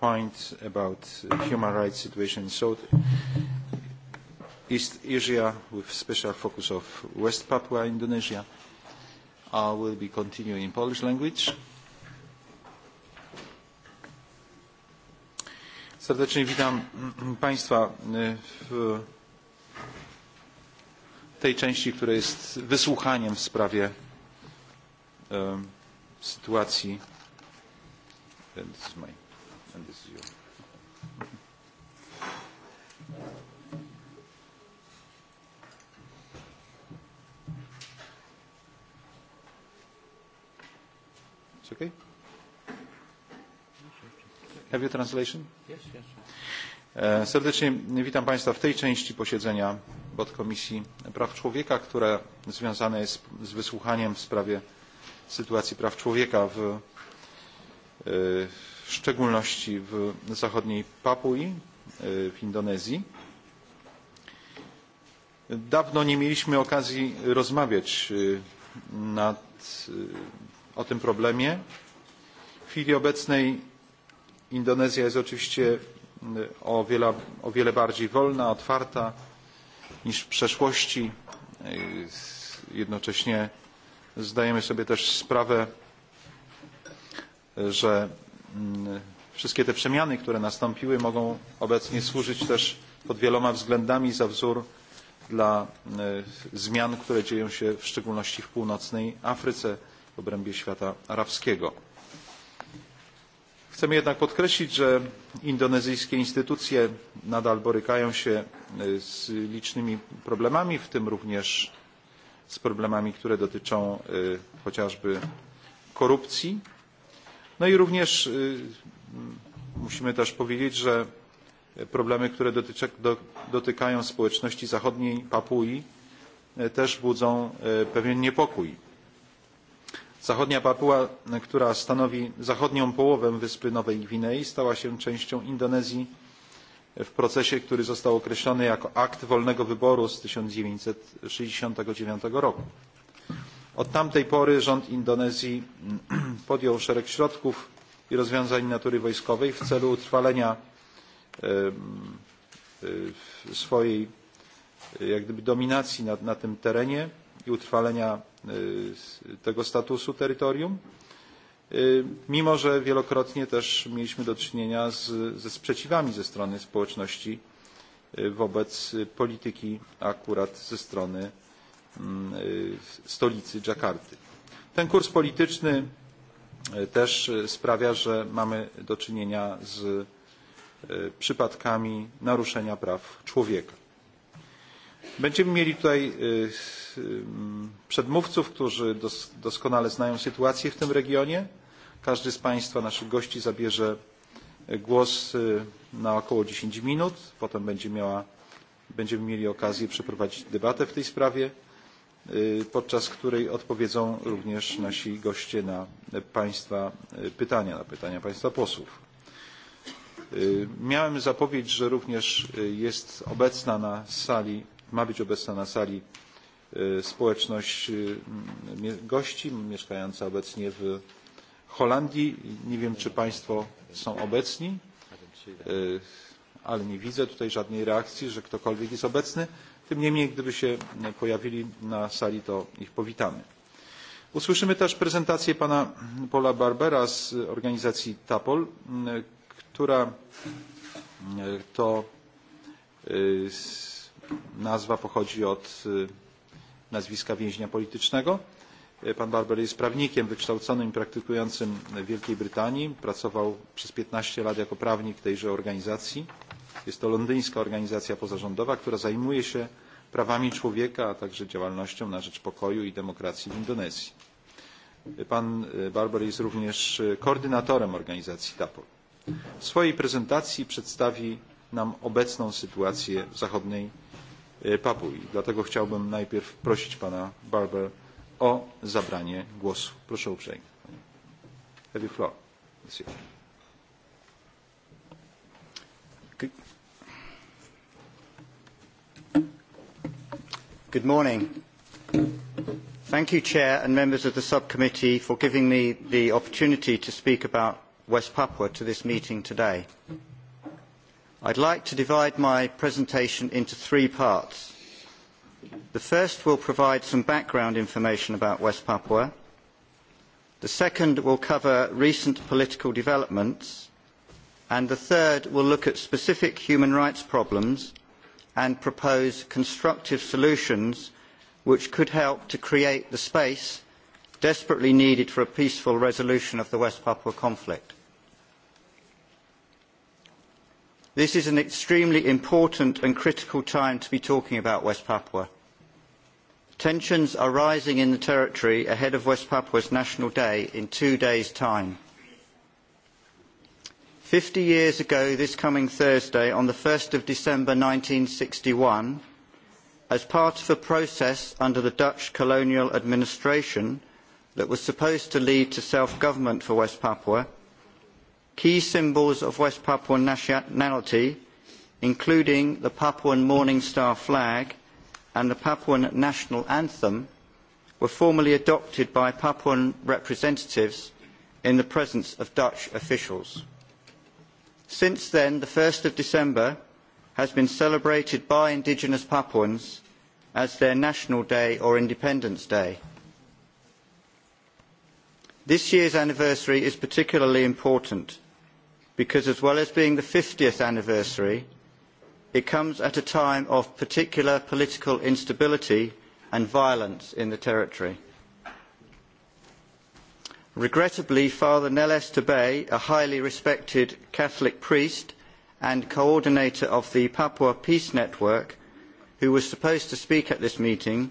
point about human rights situation in South East Asia, with special focus of West Papua Indonesia. I will be continuing in Polish language. Serdecznie witam Państwa w tej części, która jest wysłuchaniem w sprawie um, sytuacji. And this is my, and this is your. It's okay? Have you translation? Yes, yes. E, serdecznie witam Państwa w tej części posiedzenia podkomisji praw człowieka, które związane jest z wysłuchaniem w sprawie sytuacji praw człowieka w, e, w szczególności w zachodniej Papui, e, w Indonezji. Dawno nie mieliśmy okazji rozmawiać e, nad, o tym problemie. W chwili obecnej Indonezja jest oczywiście o wiele, o wiele bardziej wolna, otwarta niż w przeszłości. Jednocześnie zdajemy sobie też sprawę że mm, wszystkie te przemiany które nastąpiły mogą obecnie służyć też pod wieloma względami za wzór dla e, zmian które dzieją się w szczególności w północnej afryce w obrębie świata arabskiego chcemy jednak podkreślić że indonezyjskie instytucje nadal borykają się e, z licznymi problemami w tym również z problemami które dotyczą chociażby korupcji. No i również musimy też powiedzieć że problemy które dotyczą, dotykają społeczności zachodniej Papui też budzą pewien niepokój. Zachodnia Papua, która stanowi zachodnią połowę wyspy Nowej Gwinei, stała się częścią Indonezji w procesie który został określony jako akt wolnego wyboru z tysiąc dziewięćset sześćdziesiąt dziewięć roku. od tamtej pory rząd indonezji podjął szereg środków i rozwiązań natury wojskowej w celu utrwalenia swojej jak gdyby dominacji na tym terenie i utrwalenia e, tego statusu terytorium mimo że wielokrotnie też mieliśmy do czynienia z, ze sprzeciwami ze strony społeczności wobec polityki akurat ze strony mm, stolicy Dżakarty. Ten kurs polityczny też sprawia, że mamy do czynienia z przypadkami naruszenia praw człowieka. Będziemy mieli tutaj przedmówców, którzy doskonale znają sytuację w tym regionie każdy z Państwa, naszych gości, zabierze e, głos e, na około 10 minut. Potem będzie miała, będziemy mieli okazję przeprowadzić debatę w tej sprawie, e, podczas której odpowiedzą również nasi goście na Państwa pytania, na pytania Państwa posłów. Miałem zapowiedź, że również jest obecna na sali, ma być obecna na sali społeczność gości mieszkająca obecnie w Holandii. Nie wiem, czy Państwo są obecni, e, ale nie widzę tutaj żadnej reakcji, że ktokolwiek jest obecny. Tym niemniej, gdyby się pojawili na sali, to ich powitamy. Usłyszymy też prezentację pana Paula Barbera z organizacji TAPOL, która e, to e, nazwa pochodzi od nazwiska więźnia politycznego. E, pan Barber jest prawnikiem wykształconym i praktykującym w Wielkiej Brytanii. Pracował przez 15 lat jako prawnik tejże organizacji. Jest to londyńska organizacja pozarządowa, która zajmuje się prawami człowieka, a także działalnością na rzecz pokoju i demokracji w Indonezji. E, pan e, Barber jest również koordynatorem organizacji TAPO. W swojej prezentacji przedstawi nam obecną sytuację w zachodniej Papui. Dlatego chciałbym najpierw prosić pana Barber o zabranie głosu. Proszę uprzejmie. Have you floor. Good morning. Thank you, Chair, and members of the subcommittee for giving me the opportunity to speak about West Papua to this meeting today. I'd like to divide my presentation into three parts the first will provide some background information about west papua the second will cover recent political developments and the third will look at specific human rights problems and propose constructive solutions which could help to create the space desperately needed for a peaceful resolution of the west papua conflict. this is an extremely important and critical time to be talking about west papua. tensions are rising in the territory ahead of west papua's national day in two days' time. fifty years ago this coming thursday on the 1st of december 1961 as part of a process under the dutch colonial administration that was supposed to lead to self-government for west papua key symbols of west papuan nationality including the papuan morning star flag and the papuan national anthem were formally adopted by papuan representatives in the presence of dutch officials since then the 1st of december has been celebrated by indigenous papuans as their national day or independence day this year's anniversary is particularly important because as well as being the fiftieth anniversary it comes at a time of particular political instability and violence in the territory. regrettably father neles tebe a highly respected catholic priest and coordinator of the papua peace network who was supposed to speak at this meeting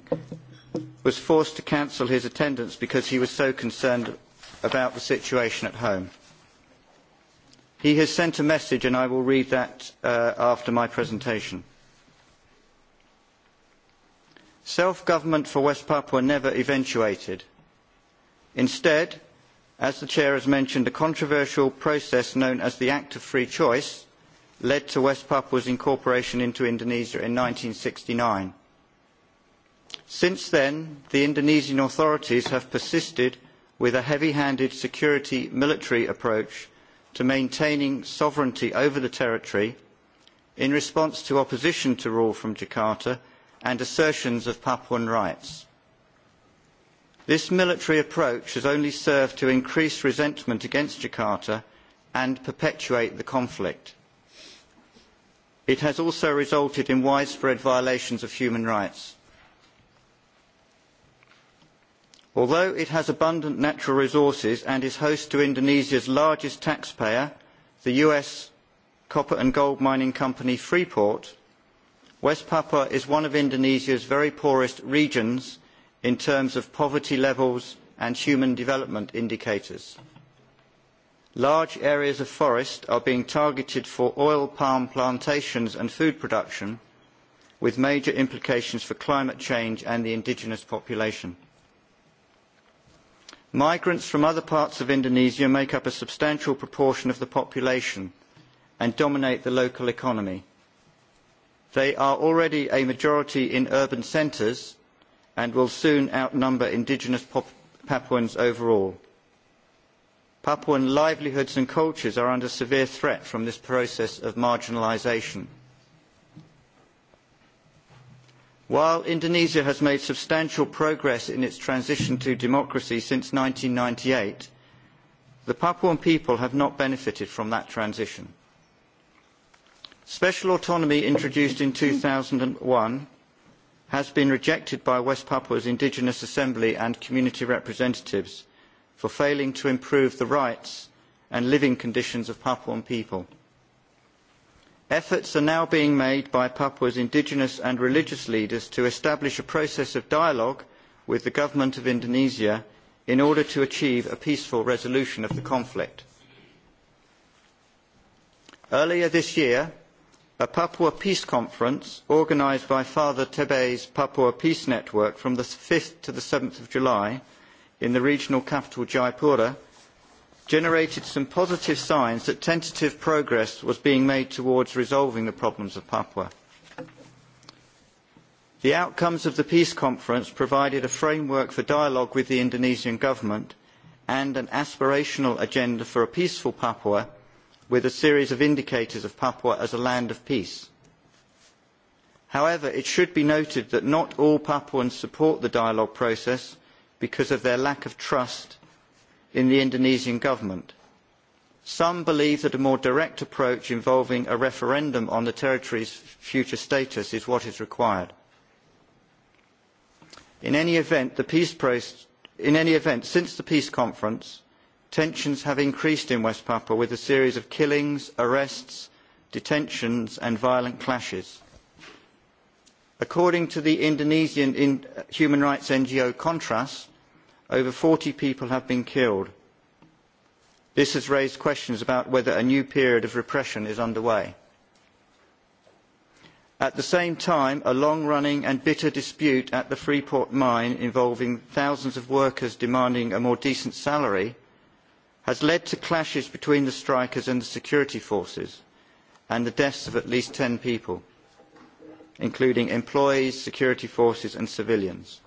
was forced to cancel his attendance because he was so concerned about the situation at home he has sent a message and i will read that uh, after my presentation self government for west papua never eventuated instead as the chair has mentioned a controversial process known as the act of free choice led to west papua's incorporation into indonesia in 1969 since then the indonesian authorities have persisted with a heavy-handed security military approach to maintaining sovereignty over the territory in response to opposition to rule from jakarta and assertions of papuan rights. this military approach has only served to increase resentment against jakarta and perpetuate the conflict. it has also resulted in widespread violations of human rights. although it has abundant natural resources and is host to indonesia's largest taxpayer the us copper and gold mining company freeport west papua is one of indonesia's very poorest regions in terms of poverty levels and human development indicators. large areas of forest are being targeted for oil palm plantations and food production with major implications for climate change and the indigenous population migrants from other parts of indonesia make up a substantial proportion of the population and dominate the local economy. they are already a majority in urban centres and will soon outnumber indigenous papuans overall. papuan livelihoods and cultures are under severe threat from this process of marginalisation. while indonesia has made substantial progress in its transition to democracy since one thousand nine hundred and ninety eight the papuan people have not benefited from that transition. special autonomy introduced in two thousand and one has been rejected by west papua's indigenous assembly and community representatives for failing to improve the rights and living conditions of papuan people efforts are now being made by papua's indigenous and religious leaders to establish a process of dialogue with the government of indonesia in order to achieve a peaceful resolution of the conflict. earlier this year a papua peace conference organised by father tebe's papua peace network from five seven july in the regional capital jayapura generated some positive signs that tentative progress was being made towards resolving the problems of Papua. The outcomes of the peace conference provided a framework for dialogue with the Indonesian government and an aspirational agenda for a peaceful Papua with a series of indicators of Papua as a land of peace. However, it should be noted that not all Papuans support the dialogue process because of their lack of trust in the indonesian government. some believe that a more direct approach involving a referendum on the territory's future status is what is required. in any event since the peace conference tensions have increased in west papua with a series of killings arrests detentions and violent clashes. according to the indonesian human rights ngo contras over forty people have been killed. this has raised questions about whether a new period of repression is under way. at the same time a long running and bitter dispute at the freeport mine involving thousands of workers demanding a more decent salary has led to clashes between the strikers and the security forces and the deaths of at least ten people including employees security forces and civilians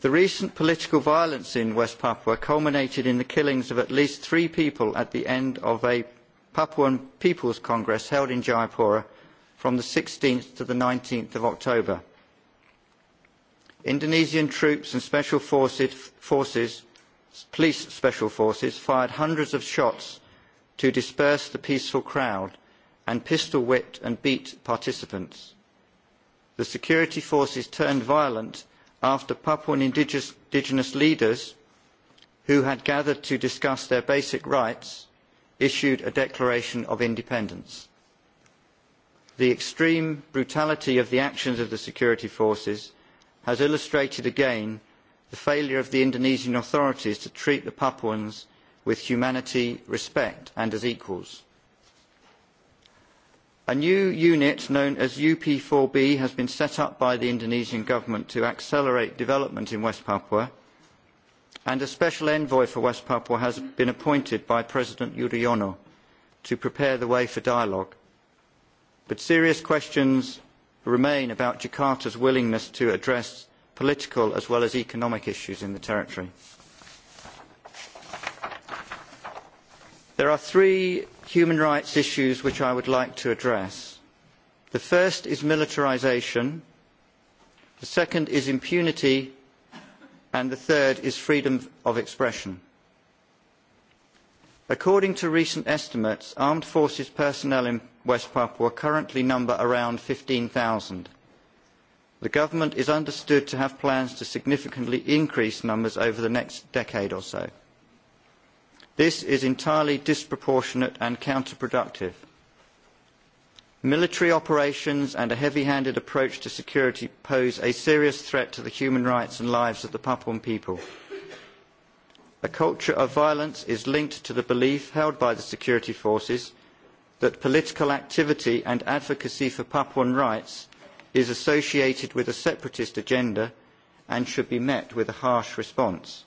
the recent political violence in west papua culminated in the killings of at least three people at the end of a papuan people's congress held in jayapura from sixteen to nineteen october. indonesian troops and special forces, forces, police special forces fired hundreds of shots to disperse the peaceful crowd and pistol whipped and beat participants. the security forces turned violent after papuan indigenous leaders who had gathered to discuss their basic rights issued a declaration of independence. the extreme brutality of the actions of the security forces has illustrated again the failure of the indonesian authorities to treat the papuans with humanity respect and as equals a new unit known as up four b has been set up by the indonesian government to accelerate development in west papua and a special envoy for west papua has been appointed by president yudhoyono to prepare the way for dialogue. but serious questions remain about jakarta's willingness to address political as well as economic issues in the territory. there are three human rights issues which I would like to address. The first is militarisation, the second is impunity, and the third is freedom of expression. According to recent estimates, armed forces personnel in West Papua currently number around 15,000. The government is understood to have plans to significantly increase numbers over the next decade or so this is entirely disproportionate and counterproductive. military operations and a heavy handed approach to security pose a serious threat to the human rights and lives of the papuan people. a culture of violence is linked to the belief held by the security forces that political activity and advocacy for papuan rights is associated with a separatist agenda and should be met with a harsh response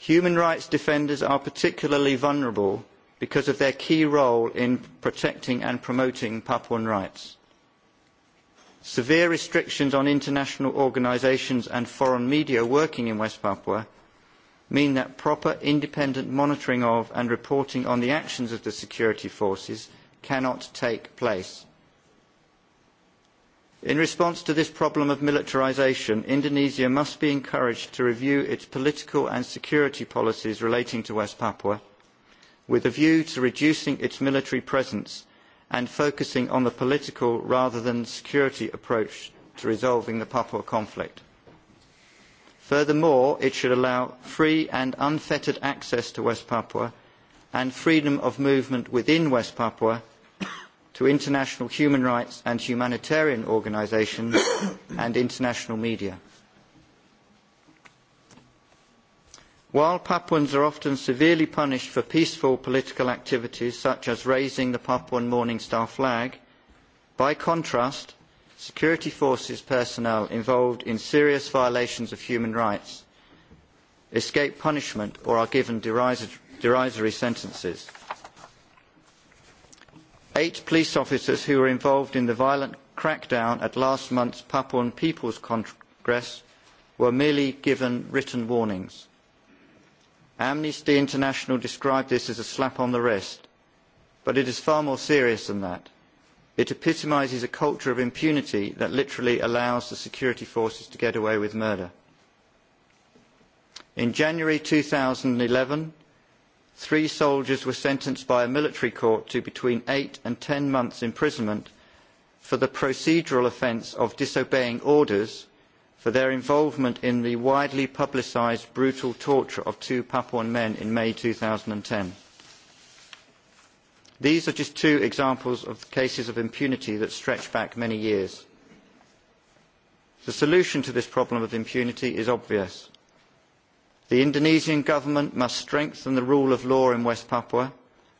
human rights defenders are particularly vulnerable because of their key role in protecting and promoting Papuan rights. Severe restrictions on international organisations and foreign media working in West Papua mean that proper independent monitoring of and reporting on the actions of the security forces cannot take place in response to this problem of militarisation indonesia must be encouraged to review its political and security policies relating to west papua with a view to reducing its military presence and focusing on the political rather than security approach to resolving the papua conflict. furthermore it should allow free and unfettered access to west papua and freedom of movement within west papua to international human rights and humanitarian organisations and international media. While Papuans are often severely punished for peaceful political activities such as raising the Papuan Morning Star flag, by contrast, security forces personnel involved in serious violations of human rights escape punishment or are given derisory sentences eight police officers who were involved in the violent crackdown at last month's papuan people's congress were merely given written warnings. amnesty international described this as a slap on the wrist but it is far more serious than that. it epitomises a culture of impunity that literally allows the security forces to get away with murder. in january two thousand and eleven three soldiers were sentenced by a military court to between eight and ten months' imprisonment for the procedural offence of disobeying orders for their involvement in the widely publicised brutal torture of two papuan men in may. two thousand and ten these are just two examples of cases of impunity that stretch back many years. the solution to this problem of impunity is obvious the indonesian government must strengthen the rule of law in west papua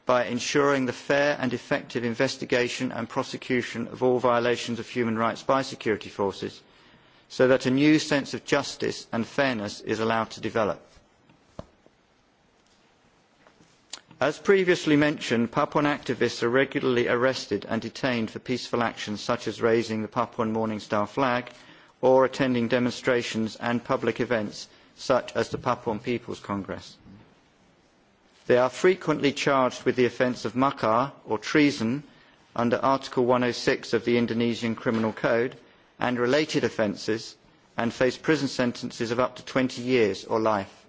by ensuring the fair and effective investigation and prosecution of all violations of human rights by security forces so that a new sense of justice and fairness is allowed to develop. as previously mentioned papuan activists are regularly arrested and detained for peaceful actions such as raising the papuan morning star flag or attending demonstrations and public events such as the Papuan People's Congress. They are frequently charged with the offence of makar, or treason, under Article 106 of the Indonesian Criminal Code and related offences, and face prison sentences of up to 20 years or life.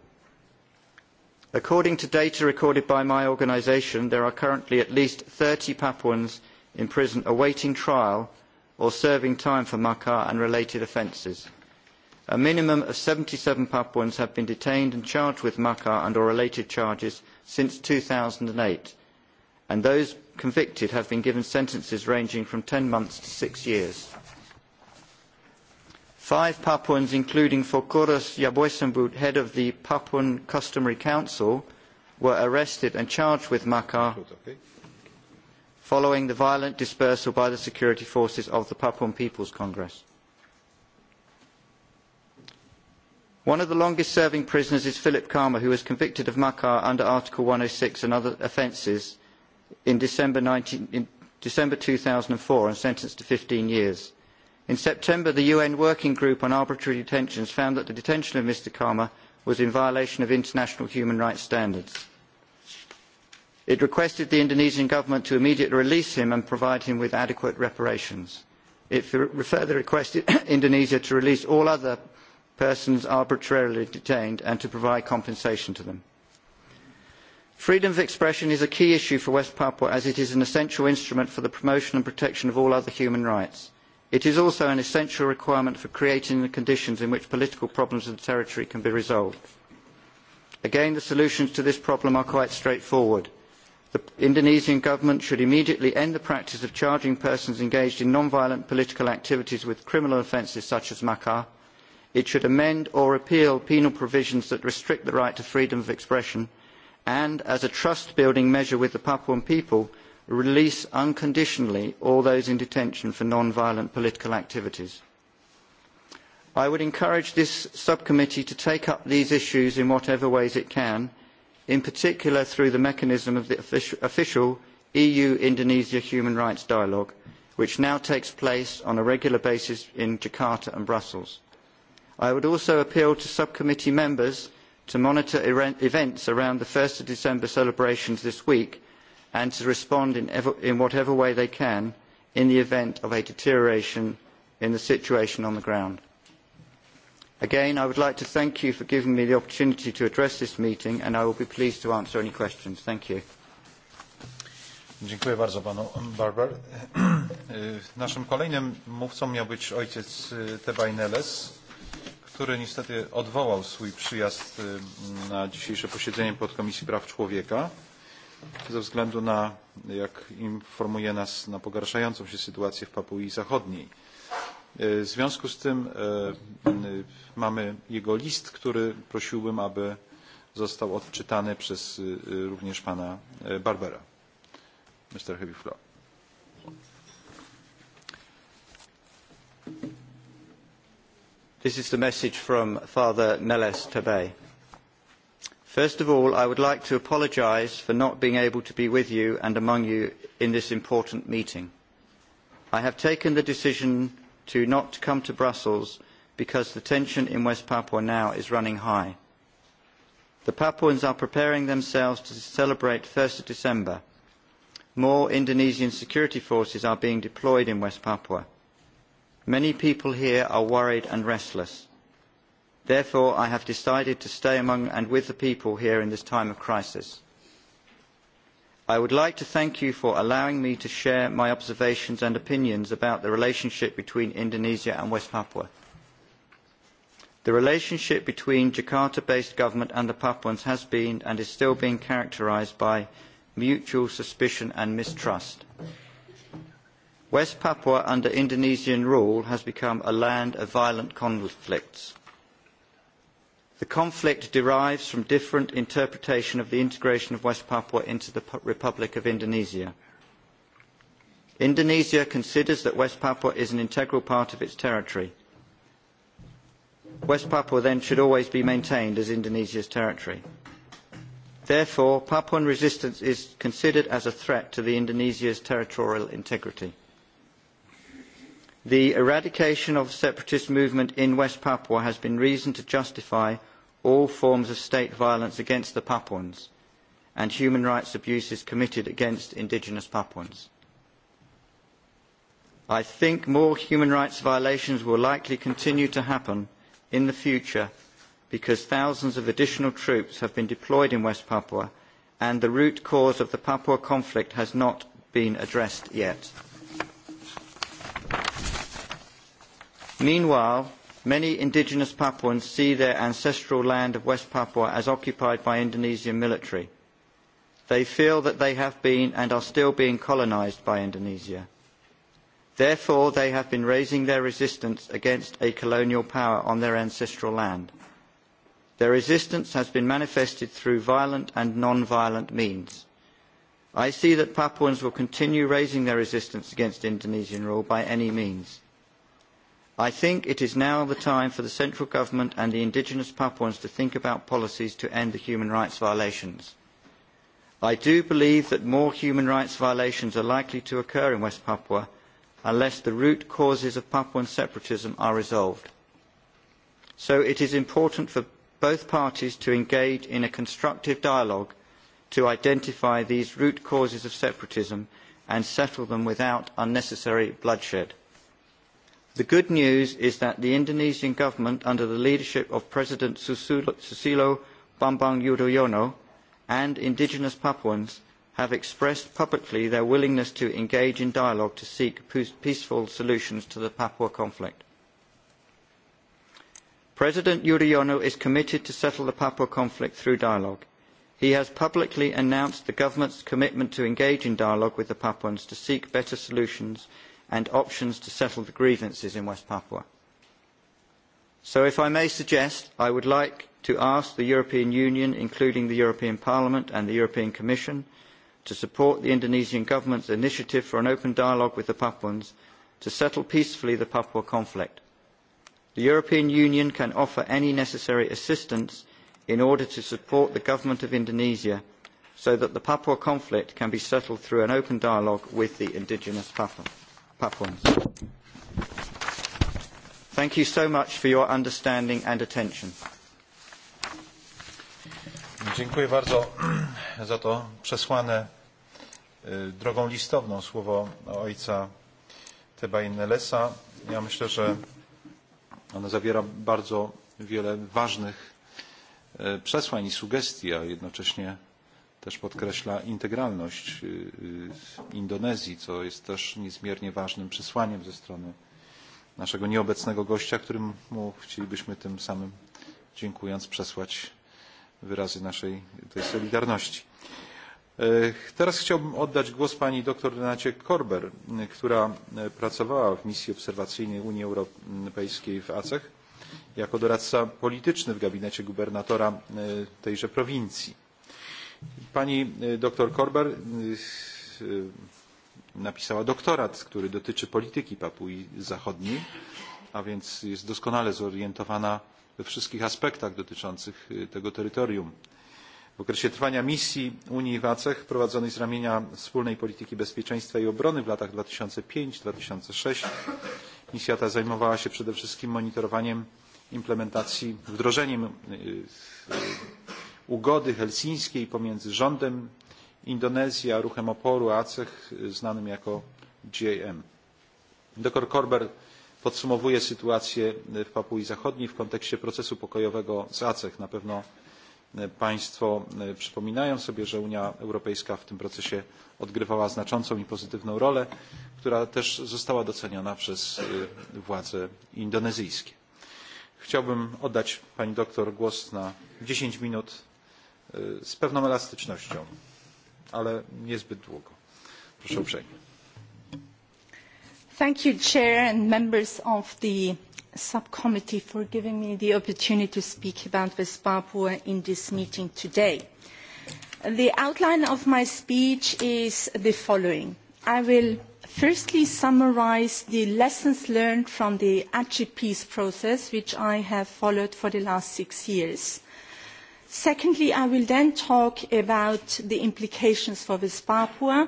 According to data recorded by my organisation, there are currently at least 30 Papuans in prison awaiting trial or serving time for makar and related offences a minimum of seventy seven papuans have been detained and charged with makar and or related charges since two thousand and eight and those convicted have been given sentences ranging from ten months to six years. five papuans including fokoros yabosumbut head of the papuan customary council were arrested and charged with makar following the violent dispersal by the security forces of the papuan people's congress. one of the longest serving prisoners is philip khama who was convicted of makar under article one hundred oh and six and other offences in december two thousand and four and sentenced to fifteen years. in september the un working group on arbitrary detentions found that the detention of mr khama was in violation of international human rights standards. it requested the indonesian government to immediately release him and provide him with adequate reparations. it further requested indonesia to release all other persons arbitrarily detained and to provide compensation to them. Freedom of expression is a key issue for West Papua as it is an essential instrument for the promotion and protection of all other human rights. It is also an essential requirement for creating the conditions in which political problems in the territory can be resolved. Again, the solutions to this problem are quite straightforward. The Indonesian government should immediately end the practice of charging persons engaged in non-violent political activities with criminal offences such as Makar, it should amend or repeal penal provisions that restrict the right to freedom of expression and as a trust building measure with the papuan people release unconditionally all those in detention for non violent political activities. i would encourage this subcommittee to take up these issues in whatever ways it can in particular through the mechanism of the official eu indonesia human rights dialogue which now takes place on a regular basis in jakarta and brussels i would also appeal to subcommittee members to monitor events around the one december celebrations this week and to respond in whatever way they can in the event of a deterioration in the situation on the ground. again i would like to thank you for giving me the opportunity to address this meeting and i will be pleased to answer any questions. thank you. który niestety odwołał swój przyjazd na dzisiejsze posiedzenie podkomisji praw człowieka ze względu na, jak informuje nas, na pogarszającą się sytuację w Papui Zachodniej. W związku z tym mamy jego list, który prosiłbym, aby został odczytany przez również pana Barbera. Mr. Heavy Floor. this is the message from father neles tabe first of all i would like to apologise for not being able to be with you and among you in this important meeting. i have taken the decision to not come to brussels because the tension in west papua now is running high. the papuans are preparing themselves to celebrate 1 december. more indonesian security forces are being deployed in west papua many people here are worried and restless. therefore i have decided to stay among and with the people here in this time of crisis. i would like to thank you for allowing me to share my observations and opinions about the relationship between indonesia and west papua. the relationship between jakarta based government and the papuans has been and is still being characterised by mutual suspicion and mistrust west papua under indonesian rule has become a land of violent conflicts. the conflict derives from different interpretations of the integration of west papua into the republic of indonesia. indonesia considers that west papua is an integral part of its territory. west papua then should always be maintained as indonesia's territory. therefore papuan resistance is considered as a threat to indonesia's territorial integrity the eradication of the separatist movement in west papua has been reason to justify all forms of state violence against the papuans and human rights abuses committed against indigenous papuans. i think more human rights violations will likely continue to happen in the future because thousands of additional troops have been deployed in west papua and the root cause of the papua conflict has not been addressed yet. meanwhile many indigenous papuans see their ancestral land of west papua as occupied by indonesian military they feel that they have been and are still being colonised by indonesia therefore they have been raising their resistance against a colonial power on their ancestral land their resistance has been manifested through violent and non-violent means i see that papuans will continue raising their resistance against indonesian rule by any means i think it is now the time for the central government and the indigenous papuans to think about policies to end the human rights violations. i do believe that more human rights violations are likely to occur in west papua unless the root causes of papuan separatism are resolved. so it is important for both parties to engage in a constructive dialogue to identify these root causes of separatism and settle them without unnecessary bloodshed the good news is that the indonesian government under the leadership of president susilo bambang yudhoyono and indigenous papuans have expressed publicly their willingness to engage in dialogue to seek peaceful solutions to the papua conflict. president yudhoyono is committed to settle the papua conflict through dialogue. he has publicly announced the government's commitment to engage in dialogue with the papuans to seek better solutions and options to settle the grievances in west papua. so if i may suggest i would like to ask the european union including the european parliament and the european commission to support the indonesian government's initiative for an open dialogue with the papuans to settle peacefully the papua conflict. the european union can offer any necessary assistance in order to support the government of indonesia so that the papua conflict can be settled through an open dialogue with the indigenous papuans platforms. Thank you so much for your understanding and attention. Dziękuję bardzo za to przesłane drogą listowną słowo ojca Teba Innelesa. Ja myślę, że ono zawiera bardzo wiele ważnych przesłań i sugestii, a jednocześnie też podkreśla integralność Indonezji, co jest też niezmiernie ważnym przesłaniem ze strony naszego nieobecnego gościa, którym chcielibyśmy tym samym dziękując przesłać wyrazy naszej tej solidarności. E, teraz chciałbym oddać głos pani dr Renacie Korber, która e, pracowała w misji obserwacyjnej Unii Europejskiej w Acech jako doradca polityczny w gabinecie gubernatora e, tejże prowincji pani e, dr corber e, e, napisała doktorat który dotyczy polityki papui zachodniej a więc jest doskonale zorientowana we wszystkich aspektach dotyczących tego terytorium. w okresie trwania misji unii w aceh prowadzonej z ramienia wspólnej polityki bezpieczeństwa i obrony w latach dwa tysiące pięć dwa tysiące sześć misja ta zajmowała się przede wszystkim monitorowaniem implementacji wdrożeniem ugody helsińskiej pomiędzy rządem Indonezji a ruchem oporu ACEH znanym jako GAM. Dr Korber podsumowuje sytuację w Papui Zachodniej w kontekście procesu pokojowego z ACEH. Na pewno Państwo przypominają sobie, że Unia Europejska w tym procesie odgrywała znaczącą i pozytywną rolę, która też została doceniona przez władze indonezyjskie. Chciałbym oddać Pani doktor głos na 10 minut z pewną elastycznością ale niezbyt długo. Proszę uprzejmie. Thank you, Chair and members of the subcommittee for giving me the opportunity to speak about West Papua in this meeting today. The outline of my speech is the following. I will firstly summarize the lessons learned from the Achi peace process, which I have followed for the last six years. Secondly, I will then talk about the implications for West Papua.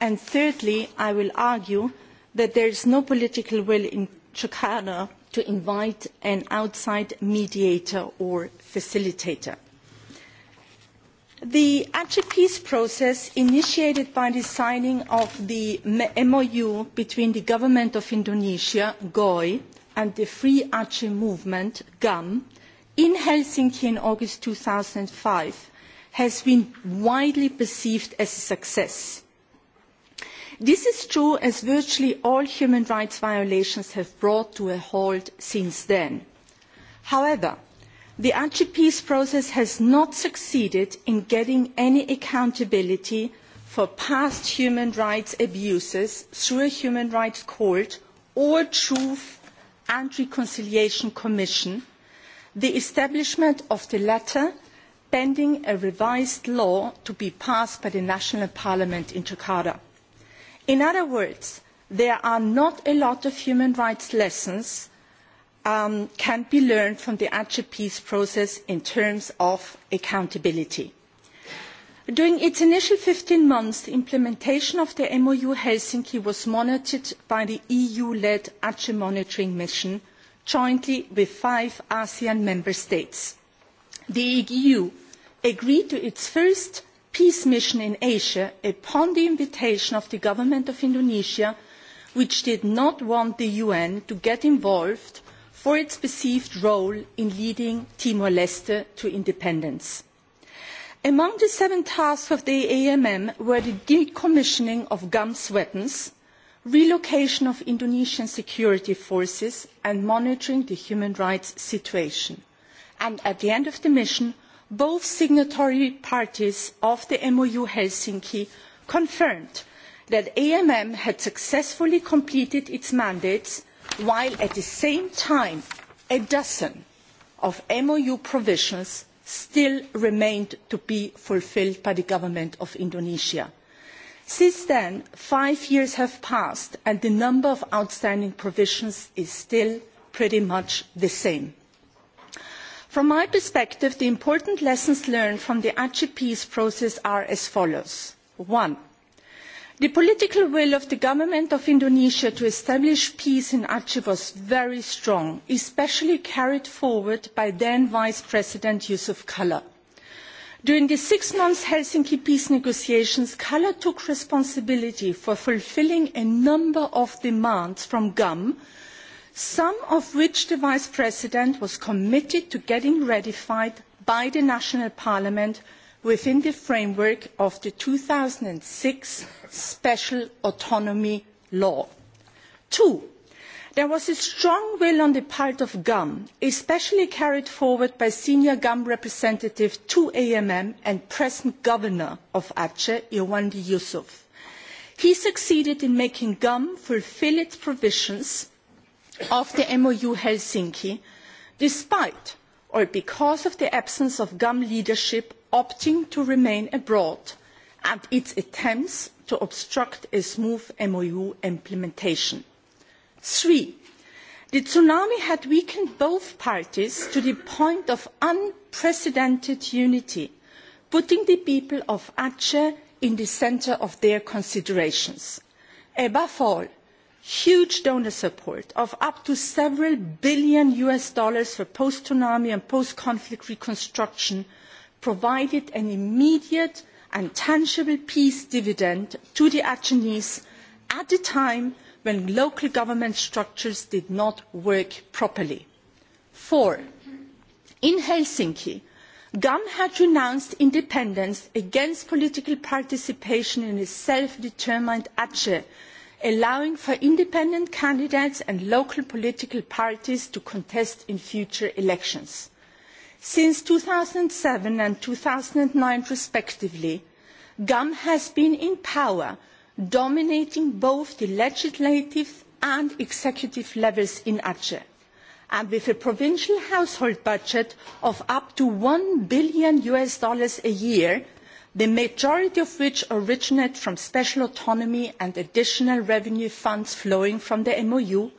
And thirdly, I will argue that there is no political will in Jakarta to invite an outside mediator or facilitator. The Aceh peace process initiated by the signing of the MOU between the Government of Indonesia, GOI, and the Free Aceh Movement, GAM, in Helsinki in August 2005 has been widely perceived as a success. This is true as virtually all human rights violations have brought to a halt since then. However, the IGP's process has not succeeded in getting any accountability for past human rights abuses through a human rights court or truth and reconciliation commission the establishment of the latter pending a revised law to be passed by the national parliament in Jakarta. In other words, there are not a lot of human rights lessons um, can be learned from the Aceh peace process in terms of accountability. During its initial 15 months, the implementation of the MOU Helsinki was monitored by the EU-led Aceh e Monitoring Mission, jointly with five ASEAN member states. The EU agreed to its first peace mission in Asia upon the invitation of the government of Indonesia, which did not want the UN to get involved for its perceived role in leading Timor-Leste to independence. Among the seven tasks of the AMM were the decommissioning of GAMS weapons, relocation of Indonesian security forces and monitoring the human rights situation. And at the end of the mission, both signatory parties of the MOU Helsinki confirmed that AMM had successfully completed its mandates, while at the same time a dozen of MOU provisions still remained to be fulfilled by the government of Indonesia. Since then, five years have passed, and the number of outstanding provisions is still pretty much the same. From my perspective, the important lessons learned from the IGP's process are as follows. One, the political will of the government of Indonesia to establish peace in Aceh was very strong, especially carried forward by then Vice President Yusuf Kala. During the six months Helsinki peace negotiations, Kala took responsibility for fulfilling a number of demands from GUM, some of which the Vice President was committed to getting ratified by the National Parliament within the framework of the 2006 Special Autonomy Law. Two, There was a strong will on the part of GUM, especially carried forward by senior GUM representative to AMM and present governor of Aceh, Irwandi Yusuf. He succeeded in making GUM fulfill its provisions of the MOU Helsinki, despite or because of the absence of GUM leadership opting to remain abroad and its attempts to obstruct a smooth MOU implementation. Three, the tsunami had weakened both parties to the point of unprecedented unity, putting the people of Aceh in the center of their considerations. Above all, huge donor support of up to several billion US dollars for post-tsunami and post-conflict reconstruction provided an immediate and tangible peace dividend to the Achenese at the time when local government structures did not work properly. Four, in Helsinki, GAM had renounced independence against political participation in a self-determined Aceh, allowing for independent candidates and local political parties to contest in future elections. Since 2007 and 2009, respectively, GAM has been in power dominating both the legislative and executive levels in Aceh. And with a provincial household budget of up to 1 billion US dollars a year, the majority of which originate from special autonomy and additional revenue funds flowing from the MOU,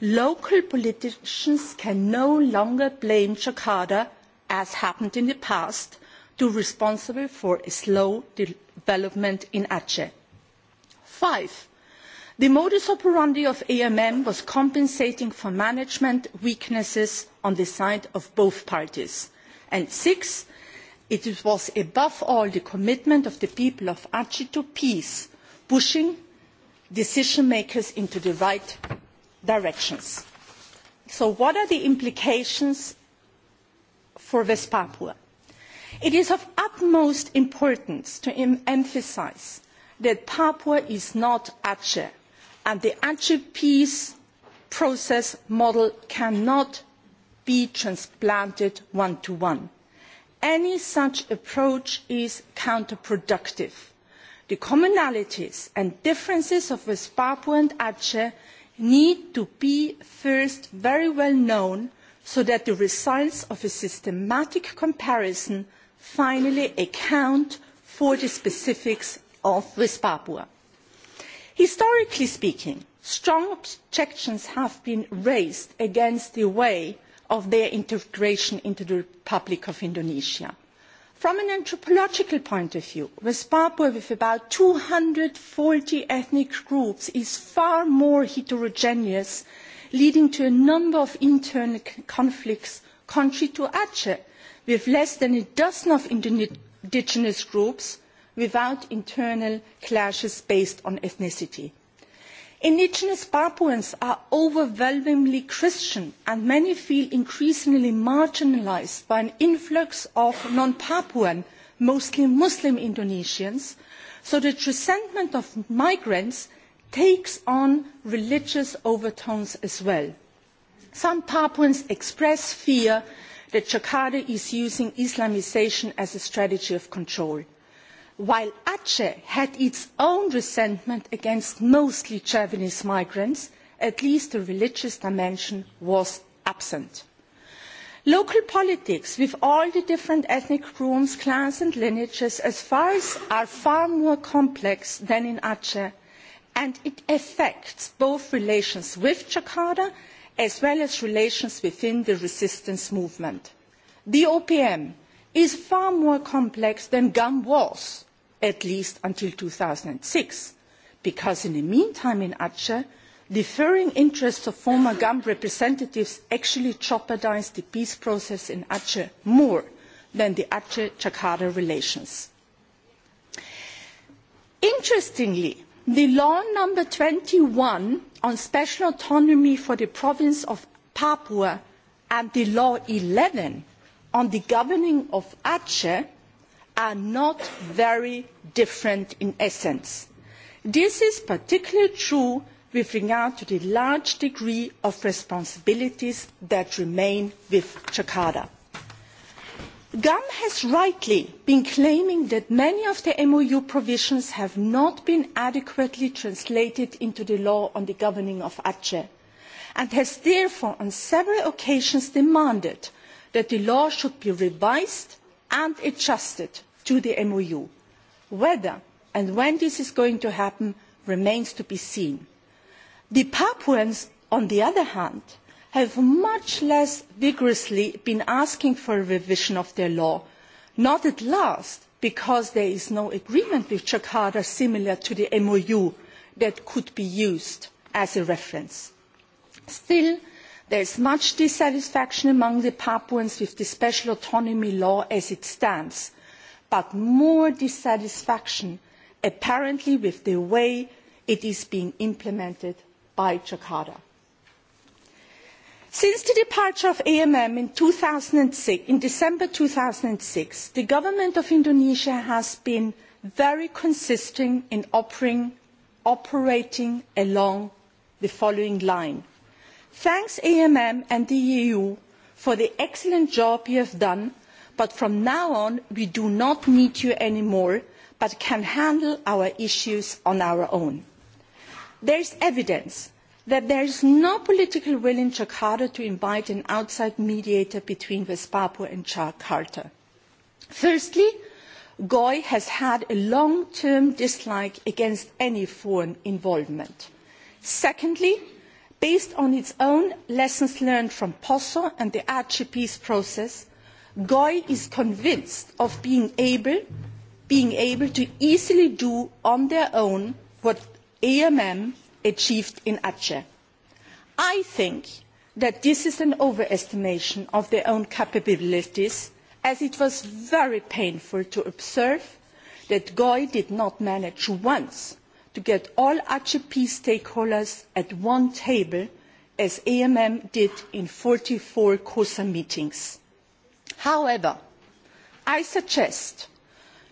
local politicians can no longer blame Jakarta, as happened in the past, to responsible for a slow development in Aceh five the modus operandi of amm was compensating for management weaknesses on the side of both parties and six it was above all the commitment of the people of aceh to peace pushing decision makers into the right directions. so what are the implications for west papua? it is of utmost importance to emphasise that Papua is not Aceh, and the Aceh peace process model cannot be transplanted one to one. Any such approach is counterproductive. The commonalities and differences of West Papua and Aceh need to be first very well known so that the results of a systematic comparison finally account for the specifics of west papua. historically speaking, strong objections have been raised against the way of their integration into the republic of indonesia. from an anthropological point of view, west papua, with about 240 ethnic groups, is far more heterogeneous, leading to a number of internal conflicts, contrary to aceh, with less than a dozen of indigenous groups, without internal clashes based on ethnicity. Indigenous Papuans are overwhelmingly Christian and many feel increasingly marginalized by an influx of non Papuan, mostly Muslim Indonesians, so the resentment of migrants takes on religious overtones as well. Some Papuans express fear that Jakarta is using Islamization as a strategy of control while Aceh had its own resentment against mostly Javanese migrants, at least the religious dimension was absent. Local politics with all the different ethnic groups, clans and lineages as far as are far more complex than in Aceh and it affects both relations with Jakarta as well as relations within the resistance movement. The OPM is far more complex than GUM was at least until 2006, because in the meantime in Aceh, deferring interests of former GAM representatives actually jeopardized the peace process in Aceh more than the Aceh-Jakarta relations. Interestingly, the law number 21 on special autonomy for the province of Papua and the law 11 on the governing of Aceh are not very different in essence. This is particularly true with regard to the large degree of responsibilities that remain with Jakarta. GUM has rightly been claiming that many of the MOU provisions have not been adequately translated into the law on the governing of Aceh and has therefore on several occasions demanded that the law should be revised and adjusted to the MOU. Whether and when this is going to happen remains to be seen. The Papuans, on the other hand, have much less vigorously been asking for a revision of their law, not at last because there is no agreement with Jakarta similar to the MOU that could be used as a reference. Still, there is much dissatisfaction among the Papuans with the special autonomy law as it stands but more dissatisfaction apparently with the way it is being implemented by Jakarta. Since the departure of AMM in, 2006, in December 2006, the government of Indonesia has been very consistent in offering, operating along the following line. Thanks AMM and the EU for the excellent job you have done but from now on we do not need you anymore but can handle our issues on our own. There is evidence that there is no political will in Jakarta to invite an outside mediator between Vespapo and Jakarta. Firstly, Goy has had a long-term dislike against any foreign involvement. Secondly, based on its own lessons learned from POSO and the RGP's process, Goy is convinced of being able, being able to easily do on their own what AMM achieved in Aceh. I think that this is an overestimation of their own capabilities, as it was very painful to observe that Goy did not manage once to get all HP stakeholders at one table, as AMM did in 44 COSA meetings however i suggest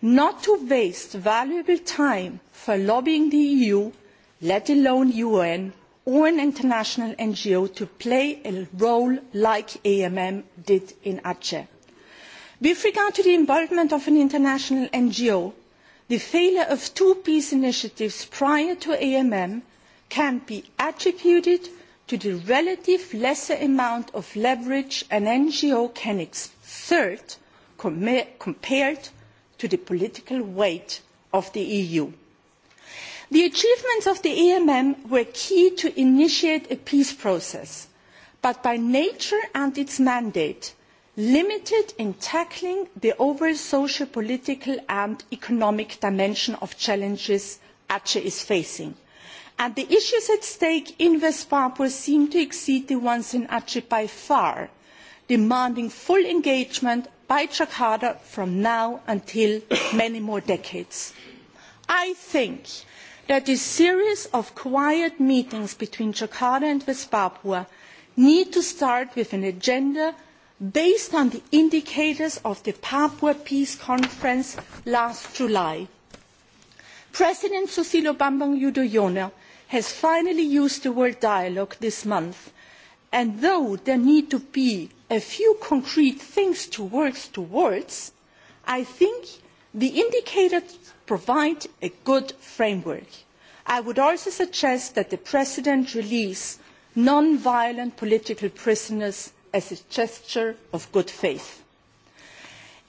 not to waste valuable time for lobbying the eu let alone un or an international ngo to play a role like amm did in aceh. with regard to the involvement of an international ngo the failure of two peace initiatives prior to amm can be attributed to the relative lesser amount of leverage an ngo can third compared to the political weight of the EU. The achievements of the EMM were key to initiate a peace process, but by nature and its mandate, limited in tackling the overall social, political and economic dimension of challenges ACE is facing. And the issues at stake in West Papua seem to exceed the ones in ACE by far demanding full engagement by jakarta from now until many more decades. i think that this series of quiet meetings between jakarta and west papua need to start with an agenda based on the indicators of the papua peace conference last july. president susilo bambang yudhoyono has finally used the word dialogue this month and though there need to be a few concrete things to work towards, I think the indicators provide a good framework. I would also suggest that the President release non-violent political prisoners as a gesture of good faith.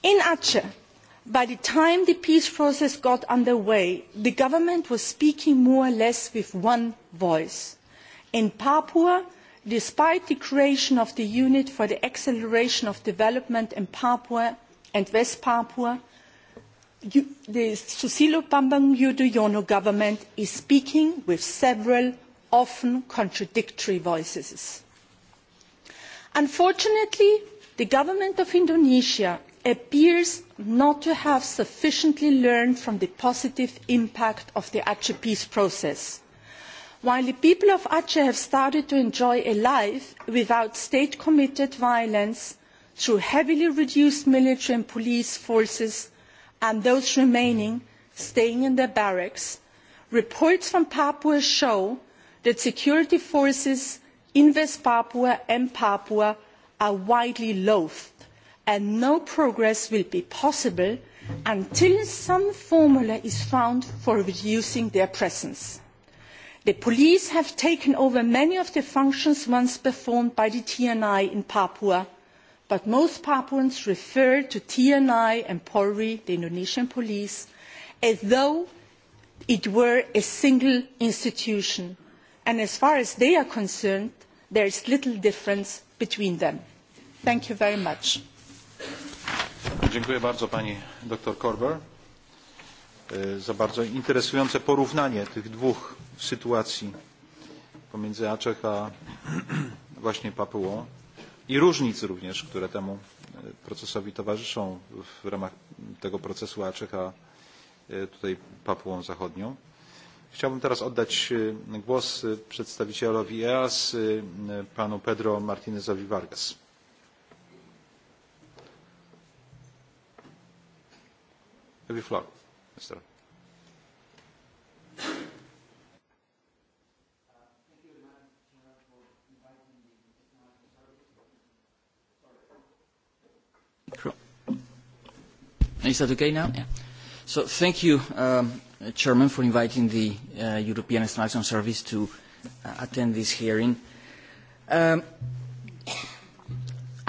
In Aceh, by the time the peace process got underway, the government was speaking more or less with one voice. In Papua, despite the creation of the unit for the acceleration of development in papua and west papua the susilo bambang yudhoyono government is speaking with several often contradictory voices. unfortunately the government of indonesia appears not to have sufficiently learned from the positive impact of the aceh peace process while the people of aceh have started to enjoy a life without state committed violence through heavily reduced military and police forces and those remaining staying in their barracks reports from papua show that security forces in west papua and papua are widely loathed and no progress will be possible until some formula is found for reducing their presence. The police have taken over many of the functions once performed by the TNI in Papua, but most Papuans refer to TNI and Polri, the Indonesian police, as though it were a single institution. And as far as they are concerned, there is little difference between them. Thank you very much. Dziękuję bardzo pani dr Korber. E, za bardzo interesujące porównanie tych dwóch sytuacji pomiędzy aceh a właśnie papuą i różnic również które temu e, procesowi towarzyszą w ramach tego procesu aceh a e, tutaj papuą zachodnią. chciałbym teraz oddać głos przedstawicielowi eas panu pedro martinezowi vargas minister. Is that okay now? Yeah. So thank you, um, Chairman, for inviting the uh, European Extension Service to uh, attend this hearing. Um,